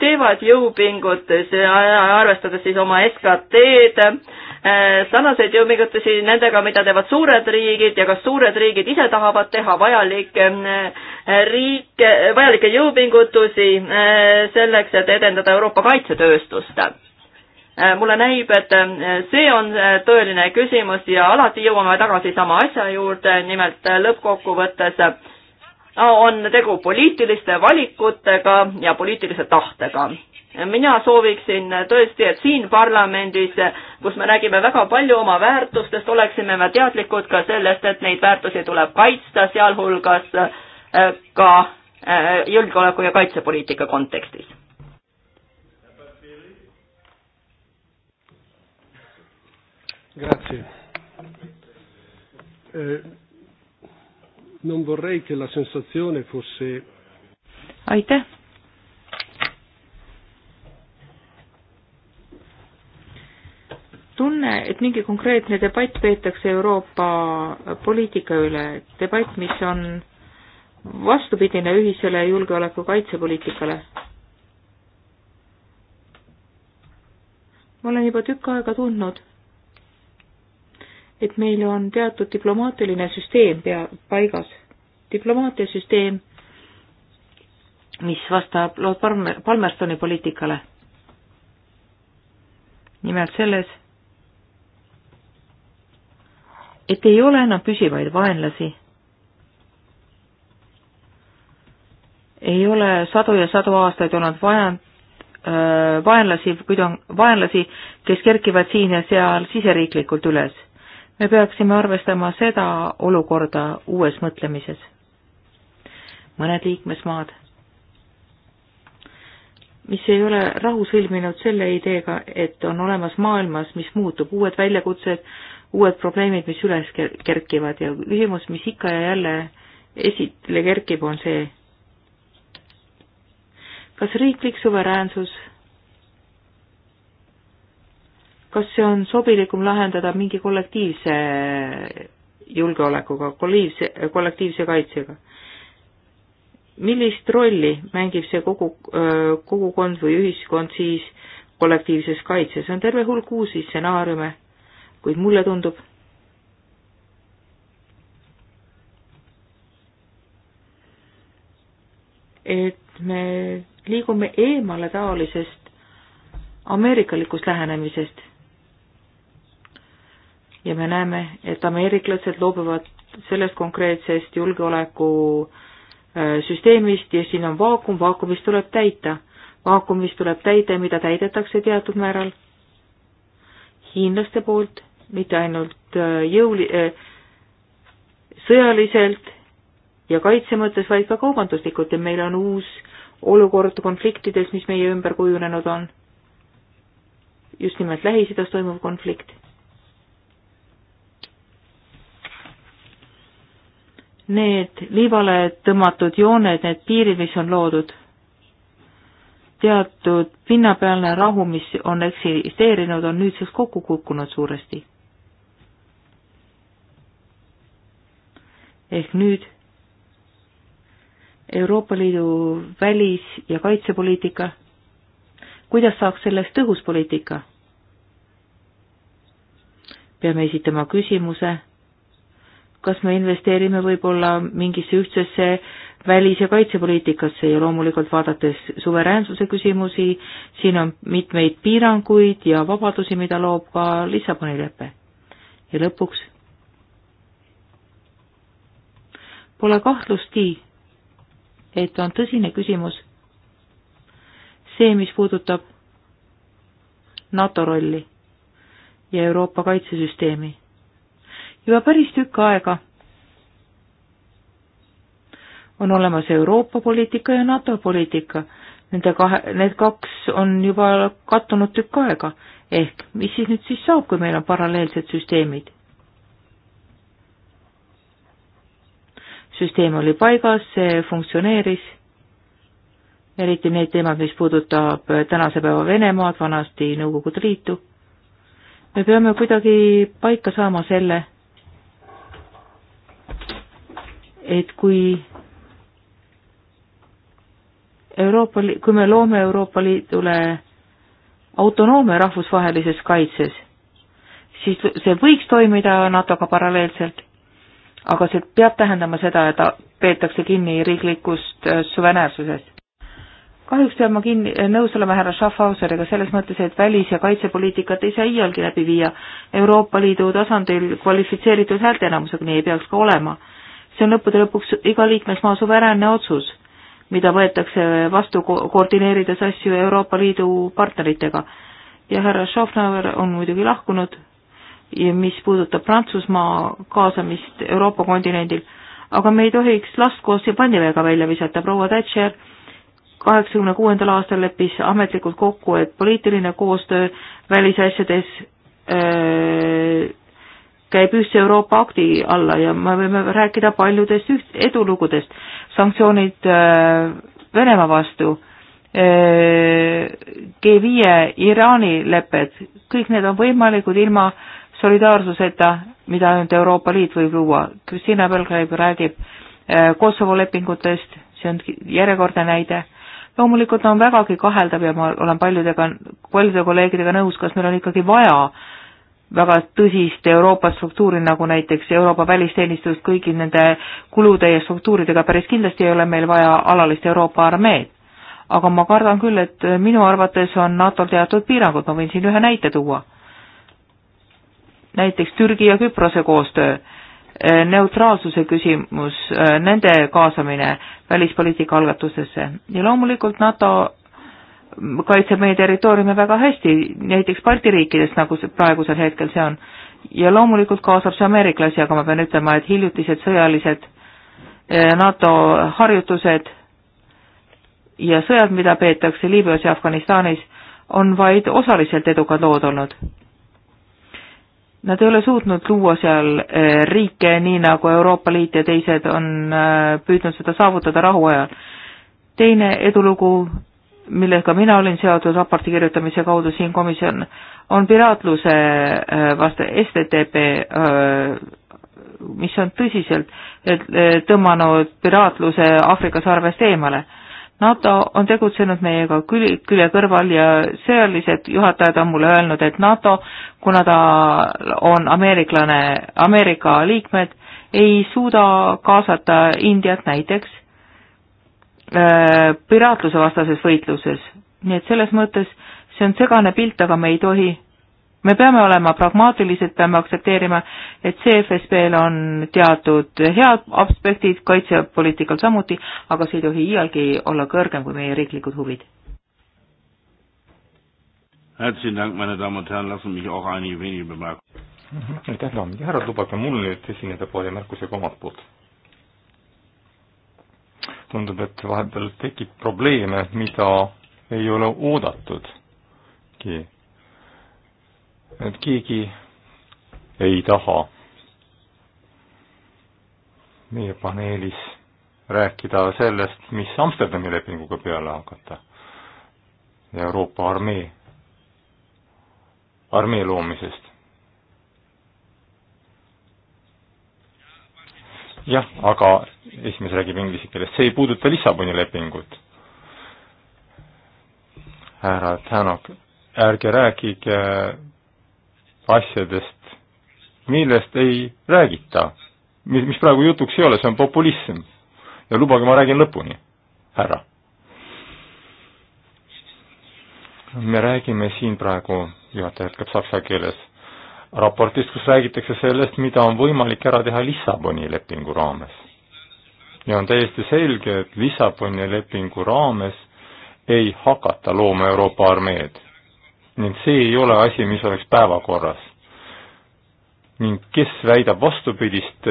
teevad jõupingutusi, arvestades siis oma SKT-d, sarnaseid jõupingutusi nendega, mida teevad suured riigid ja kas suured riigid ise tahavad teha vajalikke riike, vajalikke jõupingutusi selleks, et edendada Euroopa kaitsetööstust Äh, mulle näib, et äh, see on äh, tõeline küsimus ja alati jõuame tagasi sama asja juurde, nimelt lõppkokkuvõttes on tegu poliitiliste valikutega ja poliitilise tahtega mina sooviksin tõesti, et siin parlamendis, kus me räägime väga palju oma väärtustest, oleksime me teadlikud ka sellest, et neid väärtusi tuleb kaitsta, sealhulgas ka julgeoleku ja kaitsepoliitika kontekstis Grazie. Eh, non vorrei che la sensazione fosse. aitäh. tunne, et mingi konkreetne debatt peetakse Euroopa poliitika üle, debatt, mis on vastupidine ühisele julgeoleku kaitsepoliitikale. ma olen juba tükk aega tundnud et meil on teatud diplomaatiline süsteem pea, paigas. diplomaatiasüsteem, mis vastab Lord Palmer, Palmerstoni poliitikale. nimelt selles, et ei ole enam püsivaid vaenlasi. ei ole sadu ja sadu aastaid olnud vajan-, äh, vaenlasi, kuid on vaenlasi, kes kerkivad siin ja seal siseriiklikult üles me peaksime arvestama seda olukorda uues mõtlemises. mõned liikmesmaad, mis ei ole rahu sõlminud selle ideega, et on olemas maailmas, mis muutub, uued väljakutsed, uued probleemid, mis üles kerkivad ja küsimus, mis ikka ja jälle esitele kerkib, on see, kas riiklik suveräänsus kas see on sobilikum lahendada mingi kollektiivse julgeolekuga, kollektiivse, kollektiivse kaitsega? millist rolli mängib see kogu, kogukond või ühiskond siis kollektiivses kaitses, on terve hulk uusi stsenaariume, kuid mulle tundub, et me liigume eemale taolisest ameerikalikust lähenemisest ja me näeme, et ameeriklased loobuvad sellest konkreetsest julgeolekusüsteemist äh, ja siin on vaakum, vaakumis tuleb täita. vaakumis tuleb täide, mida täidetakse teatud määral hiinlaste poolt, mitte ainult äh, jõuli- äh,, sõjaliselt ja kaitse mõttes, vaid ka kaubanduslikult ja meil on uus olukord konfliktides, mis meie ümber kujunenud on. just nimelt Lähis-Idas toimuv konflikt need liivale tõmmatud jooned, need piirid, mis on loodud, teatud pinnapealne rahu, mis on eksisteerinud, on nüüdseks kokku kukkunud suuresti. ehk nüüd Euroopa Liidu välis- ja kaitsepoliitika, kuidas saaks sellest tõhus poliitika? peame esitama küsimuse kas me investeerime võib-olla mingisse ühtsesse välis- ja kaitsepoliitikasse ja loomulikult vaadates suveräänsuse küsimusi, siin on mitmeid piiranguid ja vabadusi, mida loob ka Lissaboni lepe. ja lõpuks pole kahtlustki, et on tõsine küsimus see, mis puudutab NATO rolli ja Euroopa kaitsesüsteemi juba päris tükk aega on olemas Euroopa poliitika ja NATO poliitika. Nende kahe, need kaks on juba kattunud tükk aega, ehk mis siis nüüd siis saab, kui meil on paralleelsed süsteemid? süsteem oli paigas, see funktsioneeris, eriti need teemad, mis puudutab tänase päeva Venemaad, vanasti Nõukogude Liitu. me peame kuidagi paika saama selle et kui Euroopa, kui me loome Euroopa Liidule autonoomia rahvusvahelises kaitses, siis see võiks toimida NATO-ga paralleelselt, aga see peab tähendama seda, et peetakse kinni riiklikust äh, suveräänsusest. kahjuks pean ma kinni, äh, nõus olema härra Schaffhauseriga selles mõttes, et välis- ja kaitsepoliitikat ei saa iialgi läbi viia Euroopa Liidu tasandil kvalifitseeritud häälteenamusega, nii ei peaks ka olema see on lõppude lõpuks iga liikmesmaa suveräänne otsus, mida võetakse vastu ko koordineerides asju Euroopa Liidu partneritega. ja härra Schaffner on muidugi lahkunud, mis puudutab Prantsusmaa kaasamist Euroopa kontinendil, aga me ei tohiks last koos Jaaniväega välja visata, proua Thatcher kaheksakümne kuuendal aastal leppis ametlikult kokku, et poliitiline koostöö välisasjades öö, äh, käib ühtse Euroopa akti alla ja me võime rääkida paljudest üht-, edulugudest, sanktsioonid äh, Venemaa vastu, äh, G5 Iraani lepped, kõik need on võimalikud ilma solidaarsuseta, mida ainult Euroopa Liit võib luua. Kristina Belgrave räägib äh, Kosovo lepingutest, see on järjekordne näide loomulikult on vägagi kaheldav ja ma olen paljudega, paljude kolleegidega nõus, kas meil on ikkagi vaja väga tõsist Euroopa struktuuri, nagu näiteks Euroopa välisteenistus kõigi nende kulude ja struktuuridega, päris kindlasti ei ole meil vaja alalist Euroopa armeed. aga ma kardan küll, et minu arvates on NATO-l teatud piirangud, ma võin siin ühe näite tuua. näiteks Türgi ja Küprose koostöö, e, neutraalsuse küsimus, e, nende kaasamine välispoliitika algatustesse ja loomulikult NATO kaitseb meie territooriume väga hästi, näiteks Balti riikides, nagu see praegusel hetkel see on. ja loomulikult kaasab see ameeriklasi, aga ma pean ütlema, et hiljutised sõjalised eh, NATO harjutused ja sõjad, mida peetakse Liibüas ja Afganistanis, on vaid osaliselt edukad lood olnud. Nad ei ole suutnud luua seal eh, riike, nii nagu Euroopa Liit ja teised on eh, püüdnud seda saavutada rahuajal. teine edulugu millega mina olin seotud raporti kirjutamise kaudu siin komisjon, on piraatluse äh, vastu STTP, äh, mis on tõsiselt äh, tõmmanud piraatluse Aafrika sarvest eemale. NATO on tegutsenud meiega küll, külje kõrval ja sõjalised juhatajad on mulle öelnud, et NATO, kuna ta on ameeriklane, Ameerika liikmed, ei suuda kaasata Indiat näiteks Äh, piraatluse vastases võitluses. nii et selles mõttes see on segane pilt, aga me ei tohi, me peame olema pragmaatilised, peame aktsepteerima, et CFSB-l on teatud head aspektid, kaitsepoliitikal samuti, aga see ei tohi iialgi olla kõrgem kui meie riiklikud huvid. Herzlichen Dank, meine Damen und Herren, lassen mich auch einige wenige bemerken. Mhm, aitäh, daamid ja härrad, lubage mul nüüd esineda paari märkusega omalt poolt tundub, et vahepeal tekib probleeme, mida ei ole oodatudki. et keegi ei taha meie paneelis rääkida sellest, mis Amsterdami lepinguga peale hakata. Euroopa armee, armee loomisest jah, aga esimees räägib inglise keeles, see ei puuduta Lissaboni lepingut. härra Tänak, ärge rääkige asjadest, millest ei räägita. mis, mis praegu jutuks ei ole, see on populism. ja lubage, ma räägin lõpuni, härra. me räägime siin praegu, juhataja jätkab saksa keeles raportist, kus räägitakse sellest, mida on võimalik ära teha Lissaboni lepingu raames. ja on täiesti selge, et Lissaboni lepingu raames ei hakata looma Euroopa armeed ning see ei ole asi, mis oleks päevakorras. ning kes väidab vastupidist,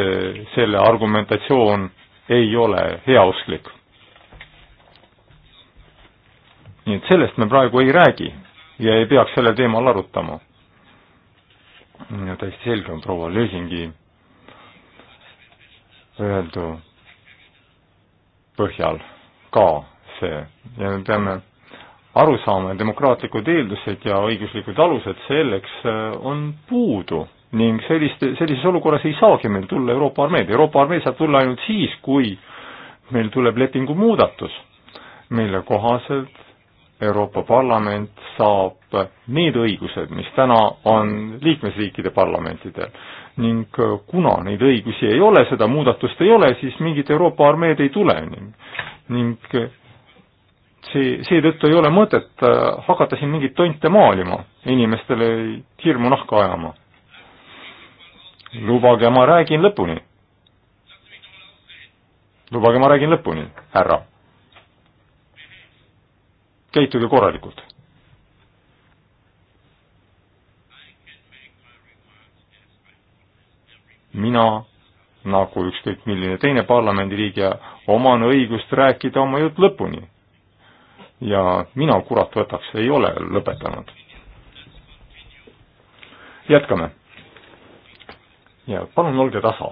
selle argumentatsioon ei ole heausklik. nii et sellest me praegu ei räägi ja ei peaks sellel teemal arutama täiesti selge on proua Lösingi öeldu põhjal ka see ja me peame aru saama, demokraatlikud eeldused ja õiguslikud alused selleks äh, on puudu ning selliste, sellises olukorras ei saagi meil tulla Euroopa armeed, Euroopa armee saab tulla ainult siis, kui meil tuleb lepingu muudatus, mille kohaselt Euroopa Parlament saab need õigused, mis täna on liikmesriikide parlamentidel ning äh, kuna neid õigusi ei ole, seda muudatust ei ole, siis mingit Euroopa armeed ei tule ning, ning äh, see, seetõttu ei ole mõtet äh, hakata siin mingeid tonte maalima, inimestele hirmu nahka ajama. lubage, ma räägin lõpuni. lubage, ma räägin lõpuni, härra käituge korralikult. mina, nagu ükskõik milline teine parlamendiliige, oman õigust rääkida oma jutt lõpuni. ja mina, kurat võtaks, ei ole lõpetanud. jätkame. ja palun olge tasa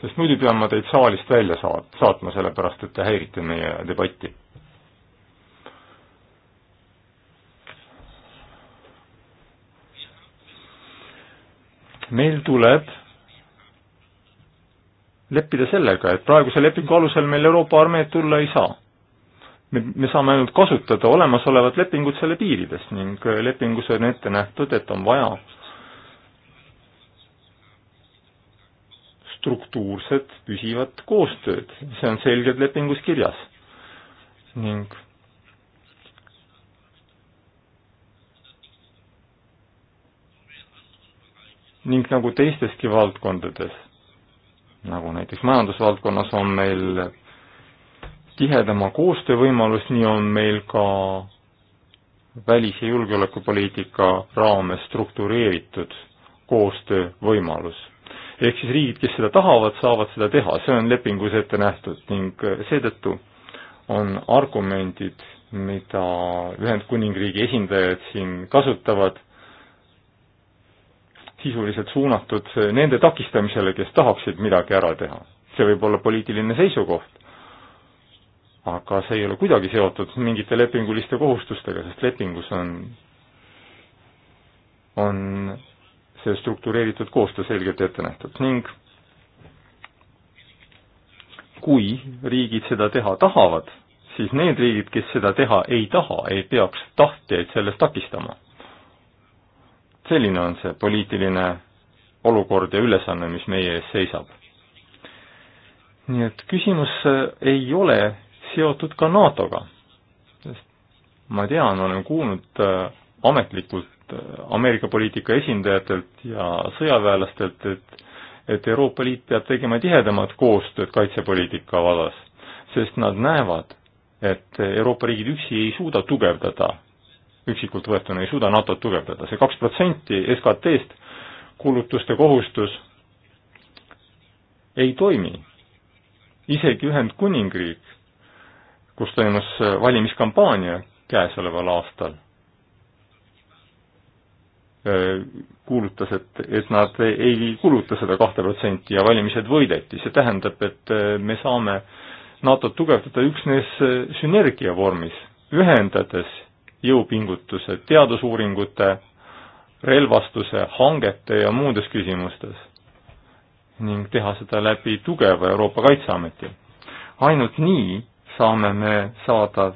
sest muidu pean ma teid saalist välja saat-, saatma, sellepärast et te häirite meie debatti meil tuleb leppida sellega, et praeguse lepingu alusel meil Euroopa armeed tulla ei saa. me, me saame ainult kasutada olemasolevat lepingut selle piirides ning lepingus on ette nähtud, et on vaja struktuurset püsivat koostööd, see on selgelt lepingus kirjas. ning ning nagu teisteski valdkondades, nagu näiteks majandusvaldkonnas on meil tihedama koostöövõimalus, nii on meil ka välis- ja julgeolekupoliitika raames struktureeritud koostöövõimalus. ehk siis riigid, kes seda tahavad, saavad seda teha, see on lepingus ette nähtud ning seetõttu on argumendid, mida Ühendkuningriigi esindajad siin kasutavad, sisuliselt suunatud nende takistamisele, kes tahaksid midagi ära teha. see võib olla poliitiline seisukoht, aga see ei ole kuidagi seotud mingite lepinguliste kohustustega, sest lepingus on, on see struktureeritud koostöö selgelt ette nähtud ning kui riigid seda teha tahavad, siis need riigid, kes seda teha ei taha, ei peaks tahtjaid selles takistama selline on see poliitiline olukord ja ülesanne, mis meie ees seisab. nii et küsimus ei ole seotud ka NATO-ga, sest ma tean, olen kuulnud äh, ametlikult äh, Ameerika poliitika esindajatelt ja sõjaväelastelt, et et Euroopa Liit peab tegema tihedamat koostööd kaitsepoliitika vallas, sest nad näevad, et Euroopa riigid üksi ei suuda tugevdada üksikult võetuna ei suuda NATO-t tugevdada. see kaks protsenti SKT-st kulutuste kohustus ei toimi. isegi Ühendkuningriik, kus toimus valimiskampaania käesoleval aastal, kuulutas, et, et nad ei kuluta seda kahte protsenti ja valimised võideti, see tähendab, et me saame NATO-t tugevdada üksnes sünergia vormis, ühendades jõupingutused teadusuuringute, relvastuse, hangete ja muudes küsimustes ning teha seda läbi tugeva Euroopa Kaitseameti. ainult nii saame me saada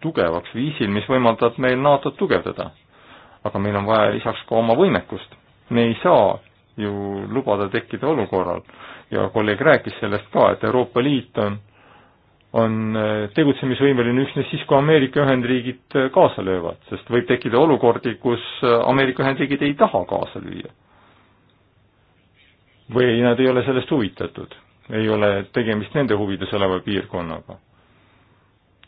tugevaks viisil, mis võimaldab meil NATO-t tugevdada. aga meil on vaja lisaks ka oma võimekust. me ei saa ju lubada tekkida olukorral ja kolleeg rääkis sellest ka, et Euroopa Liit on on äh, tegutsemisvõimeline üksnes siis, kui Ameerika Ühendriigid äh, kaasa löövad, sest võib tekkida olukordi, kus äh, Ameerika Ühendriigid ei taha kaasa lüüa. või nad ei ole sellest huvitatud, ei ole tegemist nende huvides oleva piirkonnaga.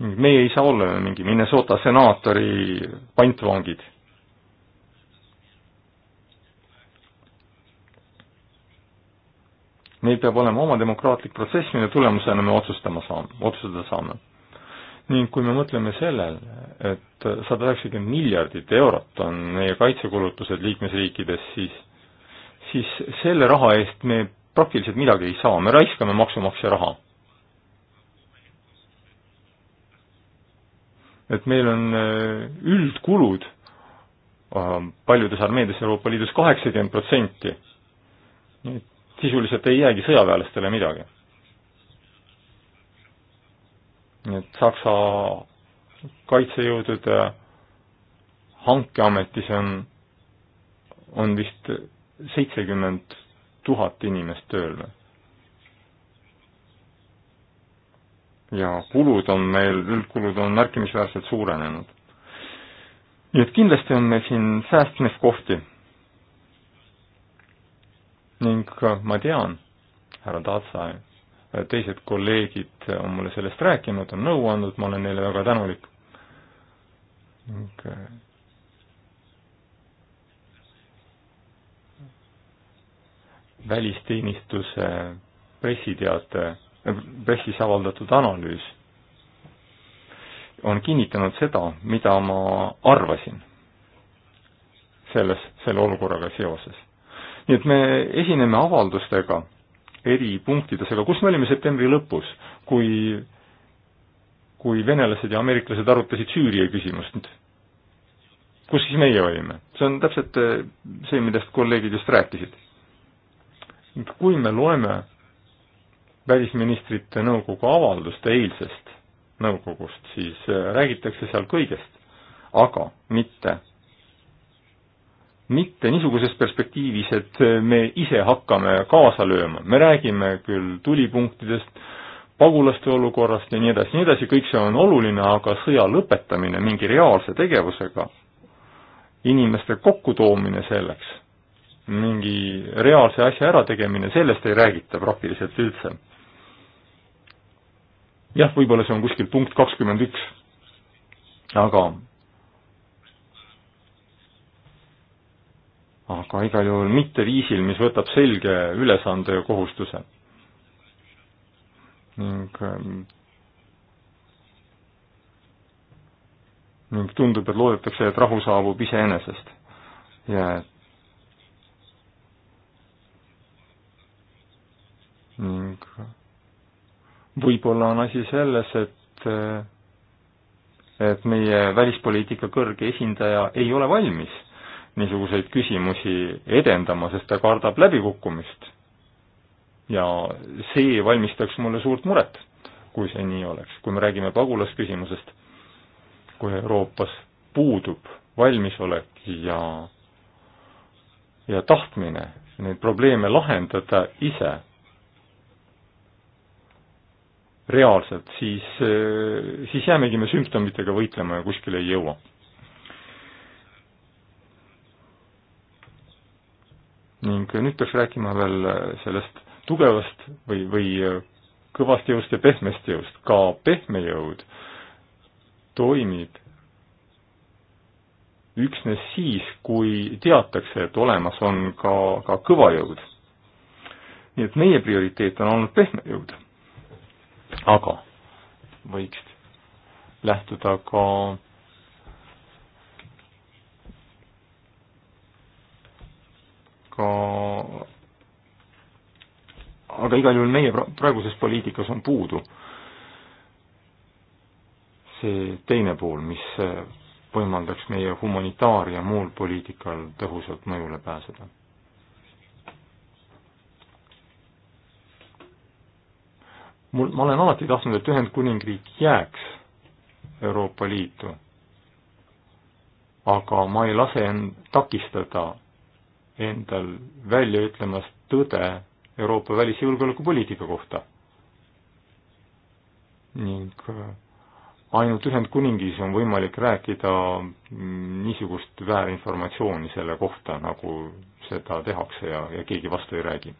meie ei saa olla mingi Minnesota senaatori pantvangid meil peab olema oma demokraatlik protsess, mille tulemusena me otsustama saame, otsustada saame. ning kui me mõtleme sellel, et sada üheksakümmend miljardit eurot on meie kaitsekulutused liikmesriikides, siis, siis selle raha eest me praktiliselt midagi ei saa, me raiskame maksumaksja raha. et meil on äh, üldkulud äh, paljudes armeedias Euroopa Liidus kaheksakümmend protsenti. nii et sisuliselt ei jäägi sõjaväelastele midagi. nii et Saksa kaitsejõudude hankeametis on, on vist seitsekümmend tuhat inimest tööl. ja kulud on meil, üldkulud on märkimisväärselt suurenenud. nii et kindlasti on meil siin säästmiskohti ning ma tean, härra Tatsa, teised kolleegid on mulle sellest rääkinud, on nõu andnud, ma olen neile väga tänulik. ning äh, välisteenistuse pressiteate, äh, pressis avaldatud analüüs on kinnitanud seda, mida ma arvasin selles, selle olukorraga seoses nii et me esineme avaldustega eri punktides, aga kus me olime septembri lõpus, kui kui venelased ja ameeriklased arutasid Süüria küsimust, kus siis meie olime? see on täpselt eh, see, millest kolleegid just rääkisid. kui me loeme välisministrite nõukogu avaldust eilsest nõukogust, siis eh, räägitakse seal kõigest, aga mitte mitte niisuguses perspektiivis, et me ise hakkame kaasa lööma, me räägime küll tulipunktidest, pagulaste olukorrast ja nii edasi, nii edasi, kõik see on oluline, aga sõja lõpetamine mingi reaalse tegevusega, inimeste kokkutoomine selleks, mingi reaalse asja ärategemine, sellest ei räägita praktiliselt üldse. jah, võib-olla see on kuskil punkt kakskümmend üks, aga aga igal juhul mitte viisil, mis võtab selge ülesande ja kohustuse. ning ähm, ning tundub, et loodetakse, et rahu saabub iseenesest ja et ning võib-olla on asi selles, et äh, et meie välispoliitika kõrge esindaja ei ole valmis niisuguseid küsimusi edendama, sest ta kardab läbikukkumist. ja see valmistaks mulle suurt muret, kui see nii oleks. kui me räägime pagulasküsimusest, kui Euroopas puudub valmisolek ja, ja tahtmine neid probleeme lahendada ise reaalselt, siis, siis jäämegi me sümptomitega võitlema ja kuskile ei jõua ning nüüd peaks rääkima veel sellest tugevast või, või kõvast jõust ja pehmest jõust. ka pehme jõud toimib üksnes siis, kui teatakse, et olemas on ka, ka kõva jõud. nii et meie prioriteet on olnud pehme jõud. aga võiks lähtuda ka aga aga igal juhul meie praeguses poliitikas on puudu see teine pool, mis võimaldaks meie humanitaar- ja muul poliitikal tõhusalt mõjule pääseda. mul, ma olen alati tahtnud, et Ühendkuningriik jääks Euroopa Liitu, aga ma ei lase end takistada endal välja ütlemas tõde Euroopa välis- ja julgeolekupoliitika kohta. ning äh, ainult Ühendkuningis on võimalik rääkida mm, niisugust väärinformatsiooni selle kohta, nagu seda tehakse ja, ja keegi vastu ei räägi.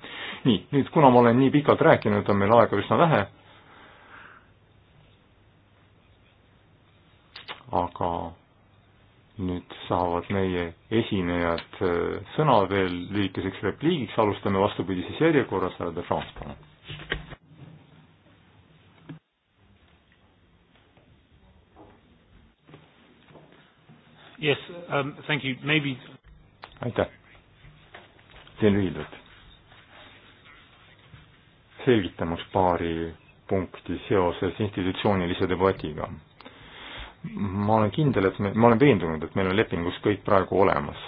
nii, nüüd kuna ma olen nii pikalt rääkinud, on meil aega üsna vähe, aga nüüd saavad meie esinejad äh, sõna veel lühikeseks repliigiks, alustame vastupidises järjekorras, härra De France, palun. Yes um,, thank you, maybe. aitäh, teen lühidalt. selgitamaks paari punkti seoses institutsioonilise debatiga ma olen kindel, et me, ma olen veendunud, et meil on lepingus kõik praegu olemas.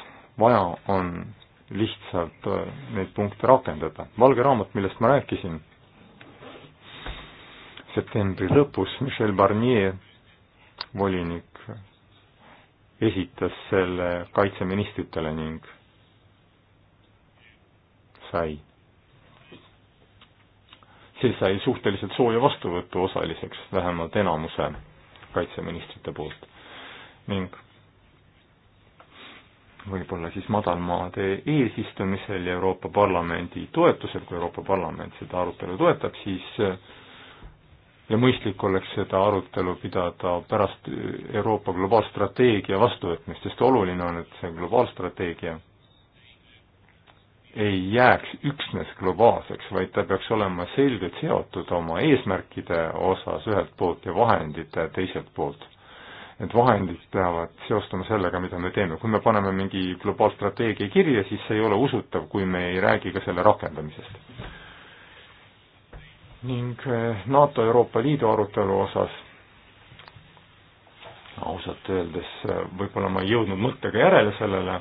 vaja on lihtsalt äh, neid punkte rakendada. valge raamat, millest ma rääkisin, septembri lõpus Michel Barnier, volinik, esitas selle kaitseministritele ning sai siis sai suhteliselt sooja vastuvõtu osaliseks, vähemalt enamuse kaitseministrite poolt ning võib-olla siis madalmaade eesistumisel ja Euroopa Parlamendi toetusel, kui Euroopa Parlament seda arutelu toetab, siis ja mõistlik oleks seda arutelu pidada pärast Euroopa globaalstrateegia vastuvõtmist, sest oluline on, et see globaalstrateegia ei jääks üksnes globaalseks, vaid ta peaks olema selgelt seotud oma eesmärkide osas ühelt poolt ja vahendite teiselt poolt. et vahendid peavad seostuma sellega, mida me teeme, kui me paneme mingi globaalstrateegia kirja, siis see ei ole usutav, kui me ei räägi ka selle rakendamisest. ning eh, NATO Euroopa Liidu arutelu osas ausalt öeldes eh, võib-olla ma ei jõudnud mõttega järele sellele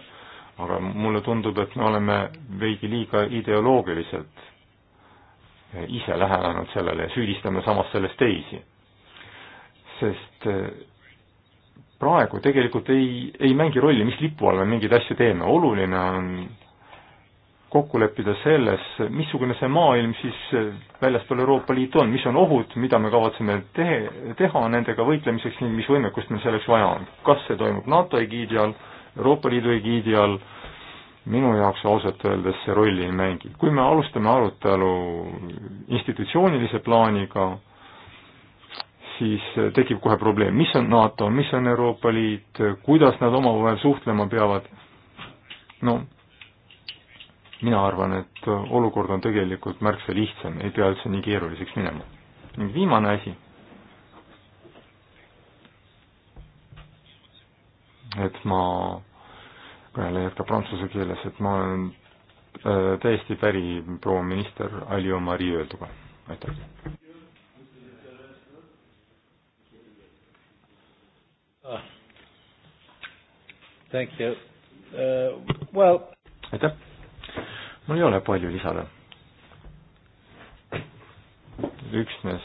aga mulle tundub, et me oleme veidi liiga ideoloogiliselt ise lähenenud sellele ja süüdistame samas selles teisi. sest eh, praegu tegelikult ei, ei mängi rolli, mis lipu all me mingeid asju teeme, oluline on kokku leppida selles, missugune see maailm siis eh, väljaspool Euroopa Liitu on, mis on ohud, mida me kavatseme tehe, teha nendega võitlemiseks ning mis võimekust meil selleks vaja on. kas see toimub NATO egiidi all Euroopa Liidu egiidi all, minu jaoks ausalt öeldes see rolli ei mängi. kui me alustame arutelu institutsioonilise plaaniga, siis eh, tekib kohe probleem, mis on NATO, mis on Euroopa Liit, kuidas nad omavahel suhtlema peavad, no mina arvan, et olukord on tegelikult märksa lihtsam, ei pea üldse nii keeruliseks minema. ning viimane asi et ma kõnelen ka prantsuse keeles, et ma olen äh, täiesti päri proua minister Aljo Mari öelduga, aitäh. Ah. Thank you uh,, well. aitäh, mul ei ole palju lisada. üksnes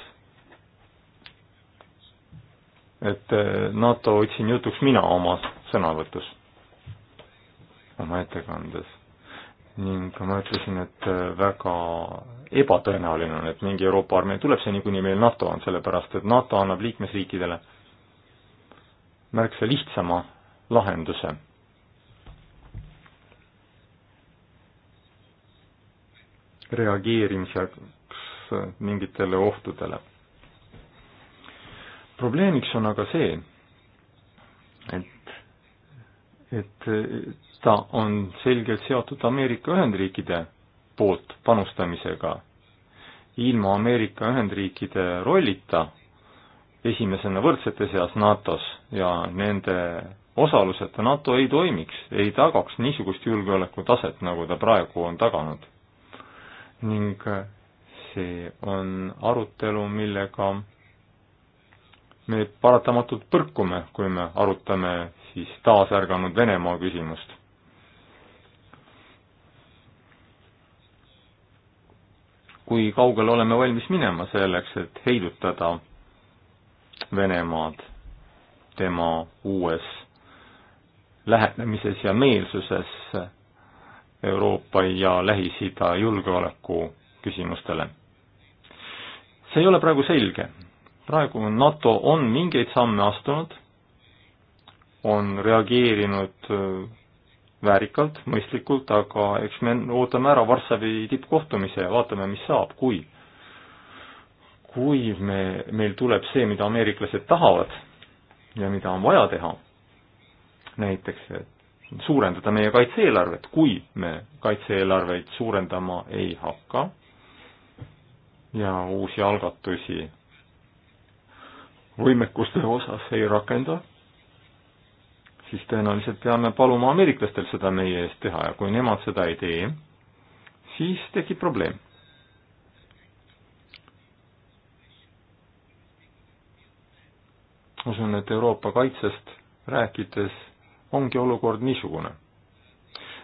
et eh, NATO otsin jutuks mina oma sõnavõtus, oma ettekandes. ning ma ütlesin, et eh, väga ebatõenäoline on, et mingi Euroopa armee tuleb, see niikuinii meil NATO on, sellepärast et NATO annab liikmesriikidele märksa lihtsama lahenduse. reageerimiseks mingitele ohtudele probleemiks on aga see, et, et ta on selgelt seotud Ameerika Ühendriikide poolt panustamisega. ilma Ameerika Ühendriikide rollita esimesena võrdsete seas NATO-s ja nende osaluseta NATO ei toimiks, ei tagaks niisugust julgeolekutaset, nagu ta praegu on taganud. ning see on arutelu, millega me paratamatult põrkume, kui me arutame siis taasärganud Venemaa küsimust. kui kaugele oleme valmis minema selleks, et heidutada Venemaad tema uues lähenemises ja meelsuses Euroopa ja Lähis-Ida julgeoleku küsimustele see ei ole praegu selge praegu NATO on mingeid samme astunud, on reageerinud äh, väärikalt, mõistlikult, aga eks me ootame ära Varssavi tippkohtumise ja vaatame, mis saab, kui, kui me, meil tuleb see, mida ameeriklased tahavad ja mida on vaja teha, näiteks suurendada meie kaitse-eelarvet, kui me kaitse-eelarveid suurendama ei hakka ja uusi algatusi võimekuste osas ei rakenda, siis tõenäoliselt peame paluma ameeriklastel seda meie eest teha ja kui nemad seda ei tee, siis tekib probleem. usun, et Euroopa kaitsest rääkides ongi olukord niisugune.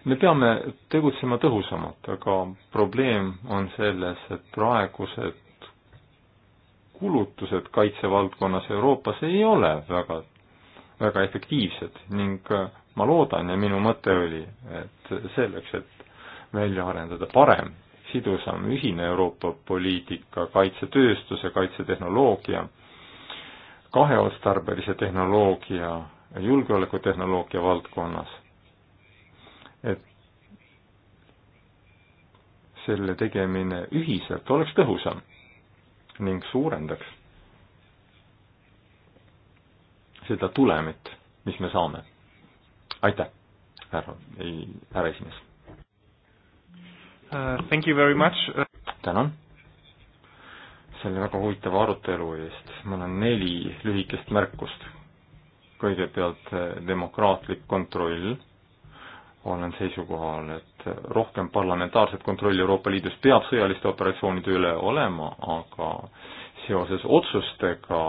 me peame tegutsema tõhusamalt, aga probleem on selles, et praegused kulutused kaitsevaldkonnas Euroopas ei ole väga, väga efektiivsed ning äh, ma loodan ja minu mõte oli, et selleks, et välja arendada parem, sidusam ühine Euroopa poliitika kaitsetööstuse, kaitsetehnoloogia, kaheotstarbelise tehnoloogia, julgeolekutehnoloogia valdkonnas, et selle tegemine ühiselt oleks tõhusam ning suurendaks seda tulemit, mis me saame. aitäh, härra, ei, härra esimees uh,. Thank you very much uh.... tänan selle väga huvitava arutelu eest. mul on neli lühikest märkust. kõigepealt eh, demokraatlik kontroll. olen seisukohal, et et rohkem parlamentaarset kontrolli Euroopa Liidus peab sõjaliste operatsioonide üle olema, aga seoses otsustega,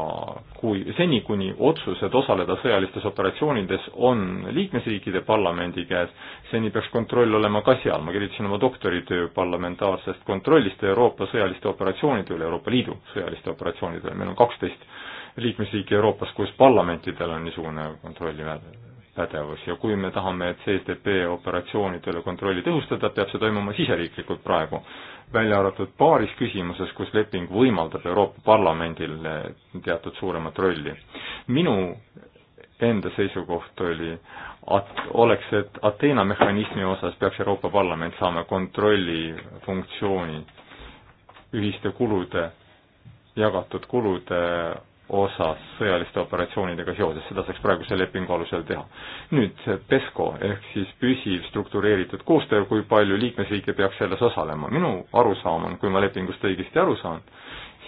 kui, seni kuni otsused osaleda sõjalistes operatsioonides on liikmesriikide parlamendi käes, seni peaks kontroll olema ka seal, ma kirjutasin oma doktoritöö parlamentaarsest kontrollist Euroopa sõjaliste operatsioonide üle, Euroopa Liidu sõjaliste operatsioonide üle, meil on kaksteist liikmesriiki Euroopas, kus parlamentidel on niisugune kontrolli pädevus ja kui me tahame, et CTP operatsioonide üle kontrolli tõhustada, peab see toimuma siseriiklikult praegu. välja arvatud paaris küsimuses, kus leping võimaldab Euroopa Parlamendil teatud suuremat rolli. minu enda seisukoht oli, at-, oleks, et Ateena mehhanismi osas peaks Euroopa Parlament saama kontrolli funktsiooni ühiste kulude, jagatud kulude osas sõjaliste operatsioonidega seoses, seda saaks praeguse lepingu alusel teha. nüüd PESCO ehk siis püsiv struktureeritud koostöö, kui palju liikmesriike peaks selles osalema, minu arusaam on, kui ma lepingust õigesti aru saan,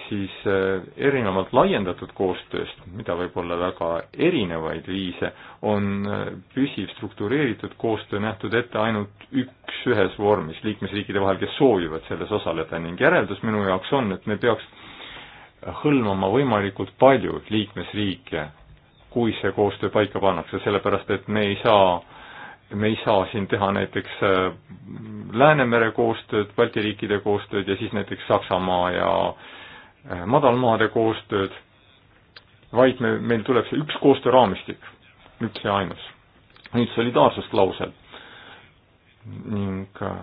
siis eh, erinevalt laiendatud koostööst, mida võib olla väga erinevaid viise, on eh, püsiv struktureeritud koostöö nähtud ette ainult üks ühes vormis liikmesriikide vahel, kes soovivad selles osaleda ning järeldus minu jaoks on, et me peaks hõlmama võimalikult palju liikmesriike, kui see koostöö paika pannakse, sellepärast et me ei saa, me ei saa siin teha näiteks äh, Läänemere koostööd, Balti riikide koostööd ja siis näiteks Saksamaa ja äh, madalmaade koostööd, vaid me, meil tuleb see üks koostööraamistik, üks ja ainus. nüüd solidaarsust lausel ning äh,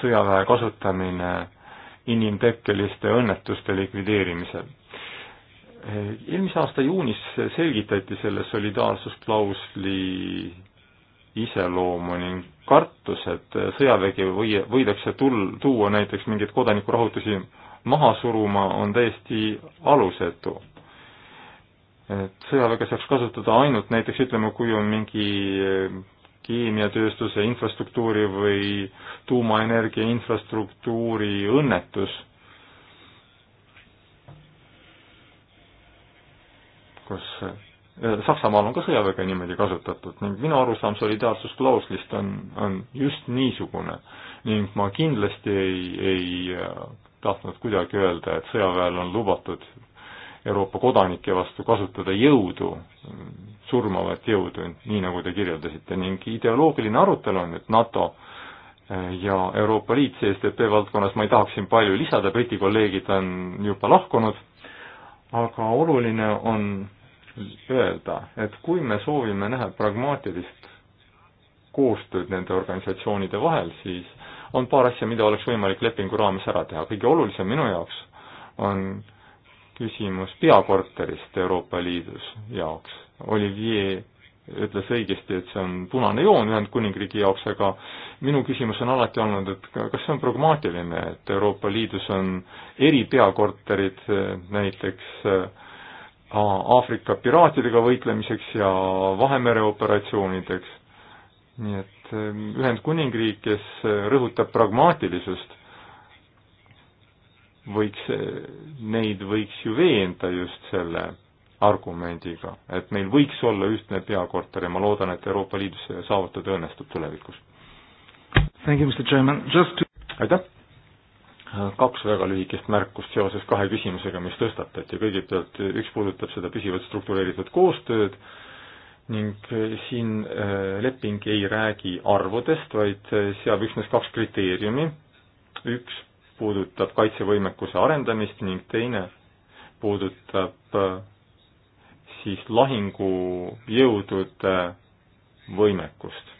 sõjaväe kasutamine inimtekkeliste õnnetuste likvideerimisel. eelmise aasta juunis selgitati selle solidaarsusklausli iseloomu ning kartus, et sõjavägi või, võidakse tul-, tuua näiteks mingeid kodanikurahutusi maha suruma, on täiesti alusetu. et sõjaväge saaks kasutada ainult näiteks ütleme, kui on mingi keemiatööstuse infrastruktuuri või äh, tuumaenergia infrastruktuuri õnnetus, kus äh, Saksamaal on ka sõjaväge niimoodi kasutatud ning minu arusaam solidaarsusklauslist on, on just niisugune ning ma kindlasti ei, ei äh, tahtnud kuidagi öelda, et sõjaväel on lubatud Euroopa kodanike vastu kasutada jõudu, surmavat jõudu, nii nagu te kirjeldasite, ning ideoloogiline arutelu on nüüd NATO ja Euroopa Liit CSTP valdkonnas ma ei tahaks siin palju lisada, Briti kolleegid on juba lahkunud, aga oluline on öelda, et kui me soovime näha pragmaatilist koostööd nende organisatsioonide vahel, siis on paar asja, mida oleks võimalik lepingu raames ära teha, kõige olulisem minu jaoks on küsimus peakorterist Euroopa Liidus jaoks. Olivier ütles õigesti, et see on punane joon Ühendkuningriigi jaoks, aga minu küsimus on alati olnud, et kas see on pragmaatiline, et Euroopa Liidus on eripeakorterid eh, näiteks eh, Aafrika piraatidega võitlemiseks ja Vahemere operatsioonideks. nii et eh, Ühendkuningriik, kes rõhutab pragmaatilisust, võiks, neid võiks ju veenda just selle argumendiga, et meil võiks olla ühtne peakorter ja ma loodan, et Euroopa Liidus see saavutada õnnestub tulevikus. To... aitäh! kaks väga lühikest märkust seoses kahe küsimusega, mis tõstatati, kõigepealt üks puudutab seda püsivat struktureeritud koostööd ning siin äh, leping ei räägi arvudest, vaid äh, seab üksnes kaks kriteeriumi, üks puudutab kaitsevõimekuse arendamist ning teine puudutab äh, siis lahingujõudude võimekust,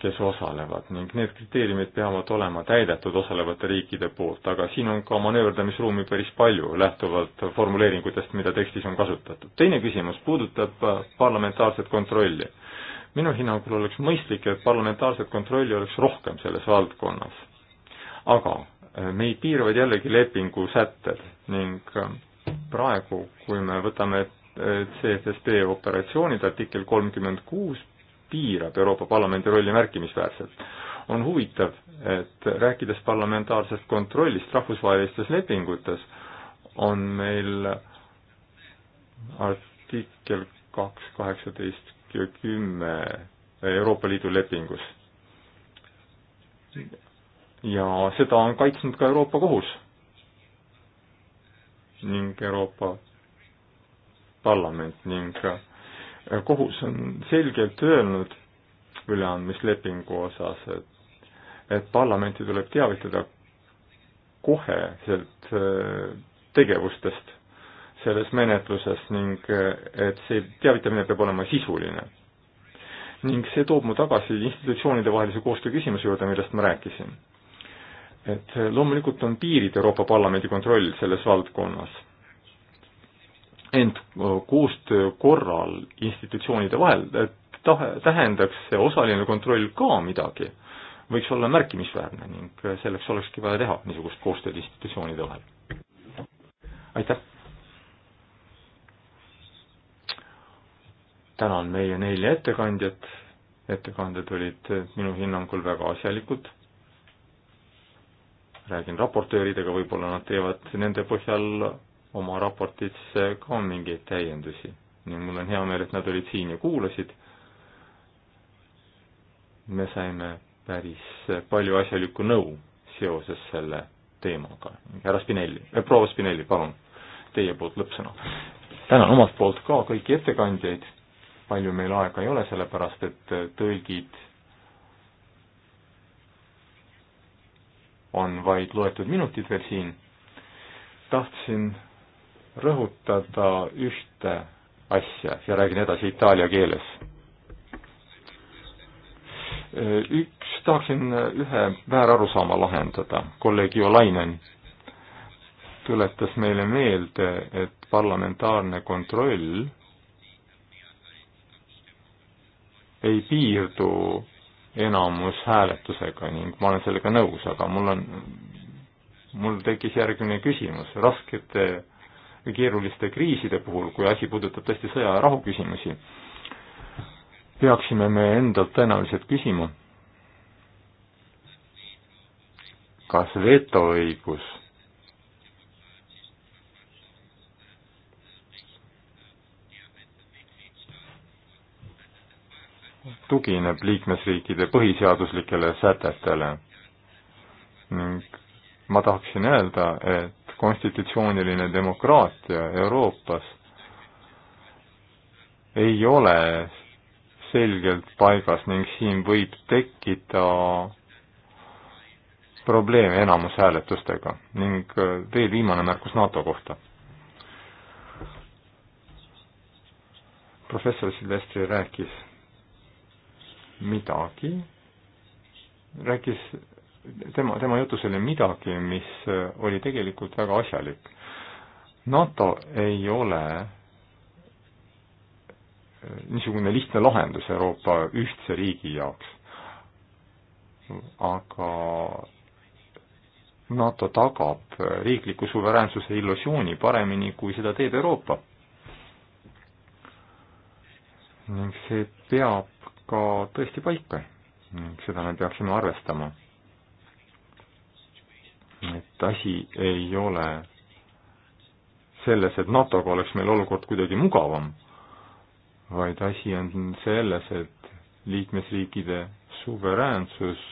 kes osalevad ning need kriteeriumid peavad olema täidetud osalevate riikide poolt, aga siin on ka manööverdamisruumi päris palju, lähtuvalt formuleeringutest, mida tekstis on kasutatud. teine küsimus puudutab parlamentaarset kontrolli. minu hinnangul oleks mõistlik, et parlamentaarset kontrolli oleks rohkem selles valdkonnas. aga meid piiravad jällegi lepingu sätted ning praegu, kui me võtame eh, CFSP operatsioonid, artikkel kolmkümmend kuus piirab Euroopa Parlamendi rolli märkimisväärselt. on huvitav, et rääkides parlamentaarsest kontrollist rahvusvahelistes lepingutes, on meil artikkel kaks kaheksateist ja kümme Euroopa Liidu lepingus. ja seda on kaitsnud ka Euroopa Kohus ning Euroopa Parlament ning äh, kohus on selgelt öelnud üleandmislepingu osas, et, et parlamenti tuleb teavitada koheselt äh, tegevustest selles menetluses ning äh, et see teavitamine peab olema sisuline. ning see toob mu tagasi institutsioonide vahelise koostöö küsimuse juurde, millest ma rääkisin et loomulikult on piirid Euroopa Parlamendi kontroll selles valdkonnas. ent koostöö korral institutsioonide vahel tahe, tähendaks see osaline kontroll ka midagi, võiks olla märkimisväärne ning selleks olekski vaja teha niisugust koostööd institutsioonide vahel. aitäh! tänan meie nelja ettekandjat, ettekanded olid minu hinnangul väga asjalikud räägin raportööridega, võib-olla nad teevad nende põhjal oma raportisse ka mingeid täiendusi. nii mul on hea meel, et nad olid siin ja kuulasid. me saime päris palju asjalikku nõu seoses selle teemaga. härra Spinelli äh,, proua Spinelli, palun, teie poolt lõppsõna. tänan omalt poolt ka kõiki ettekandjaid, palju meil aega ei ole, sellepärast et tõlgid on vaid loetud minutid veel siin, tahtsin rõhutada ühte asja ja räägin edasi itaalia keeles. Üks, tahaksin ühe väärarusaama lahendada, kolleeg Jolainen tuletas meile meelde, et parlamentaarne kontroll ei piirdu enamushääletusega ning ma olen sellega nõus, aga mul on, mul tekkis järgmine küsimus, raskete keeruliste kriiside puhul, kui asi puudutab tõesti sõja ja rahu küsimusi, peaksime me endalt tõenäoliselt küsima, kas vetoõigus tugineb liikmesriikide põhiseaduslikele sätetele ning ma tahaksin öelda, et konstitutsiooniline demokraatia Euroopas ei ole selgelt paigas ning siin võib tekkida probleeme enamushääletustega ning äh, veel viimane märkus NATO kohta. professor Silvestri rääkis midagi, rääkis, tema, tema jutus oli midagi, mis oli tegelikult väga asjalik. NATO ei ole niisugune lihtne lahendus Euroopa ühtse riigi jaoks, aga NATO tagab riikliku suveräänsuse illusiooni paremini, kui seda teeb Euroopa. ning see peab ka tõesti paika. seda me peaksime arvestama. et asi ei ole selles, et NATO-ga oleks meil olukord kuidagi mugavam, vaid asi on selles, et liikmesriikide suveräänsus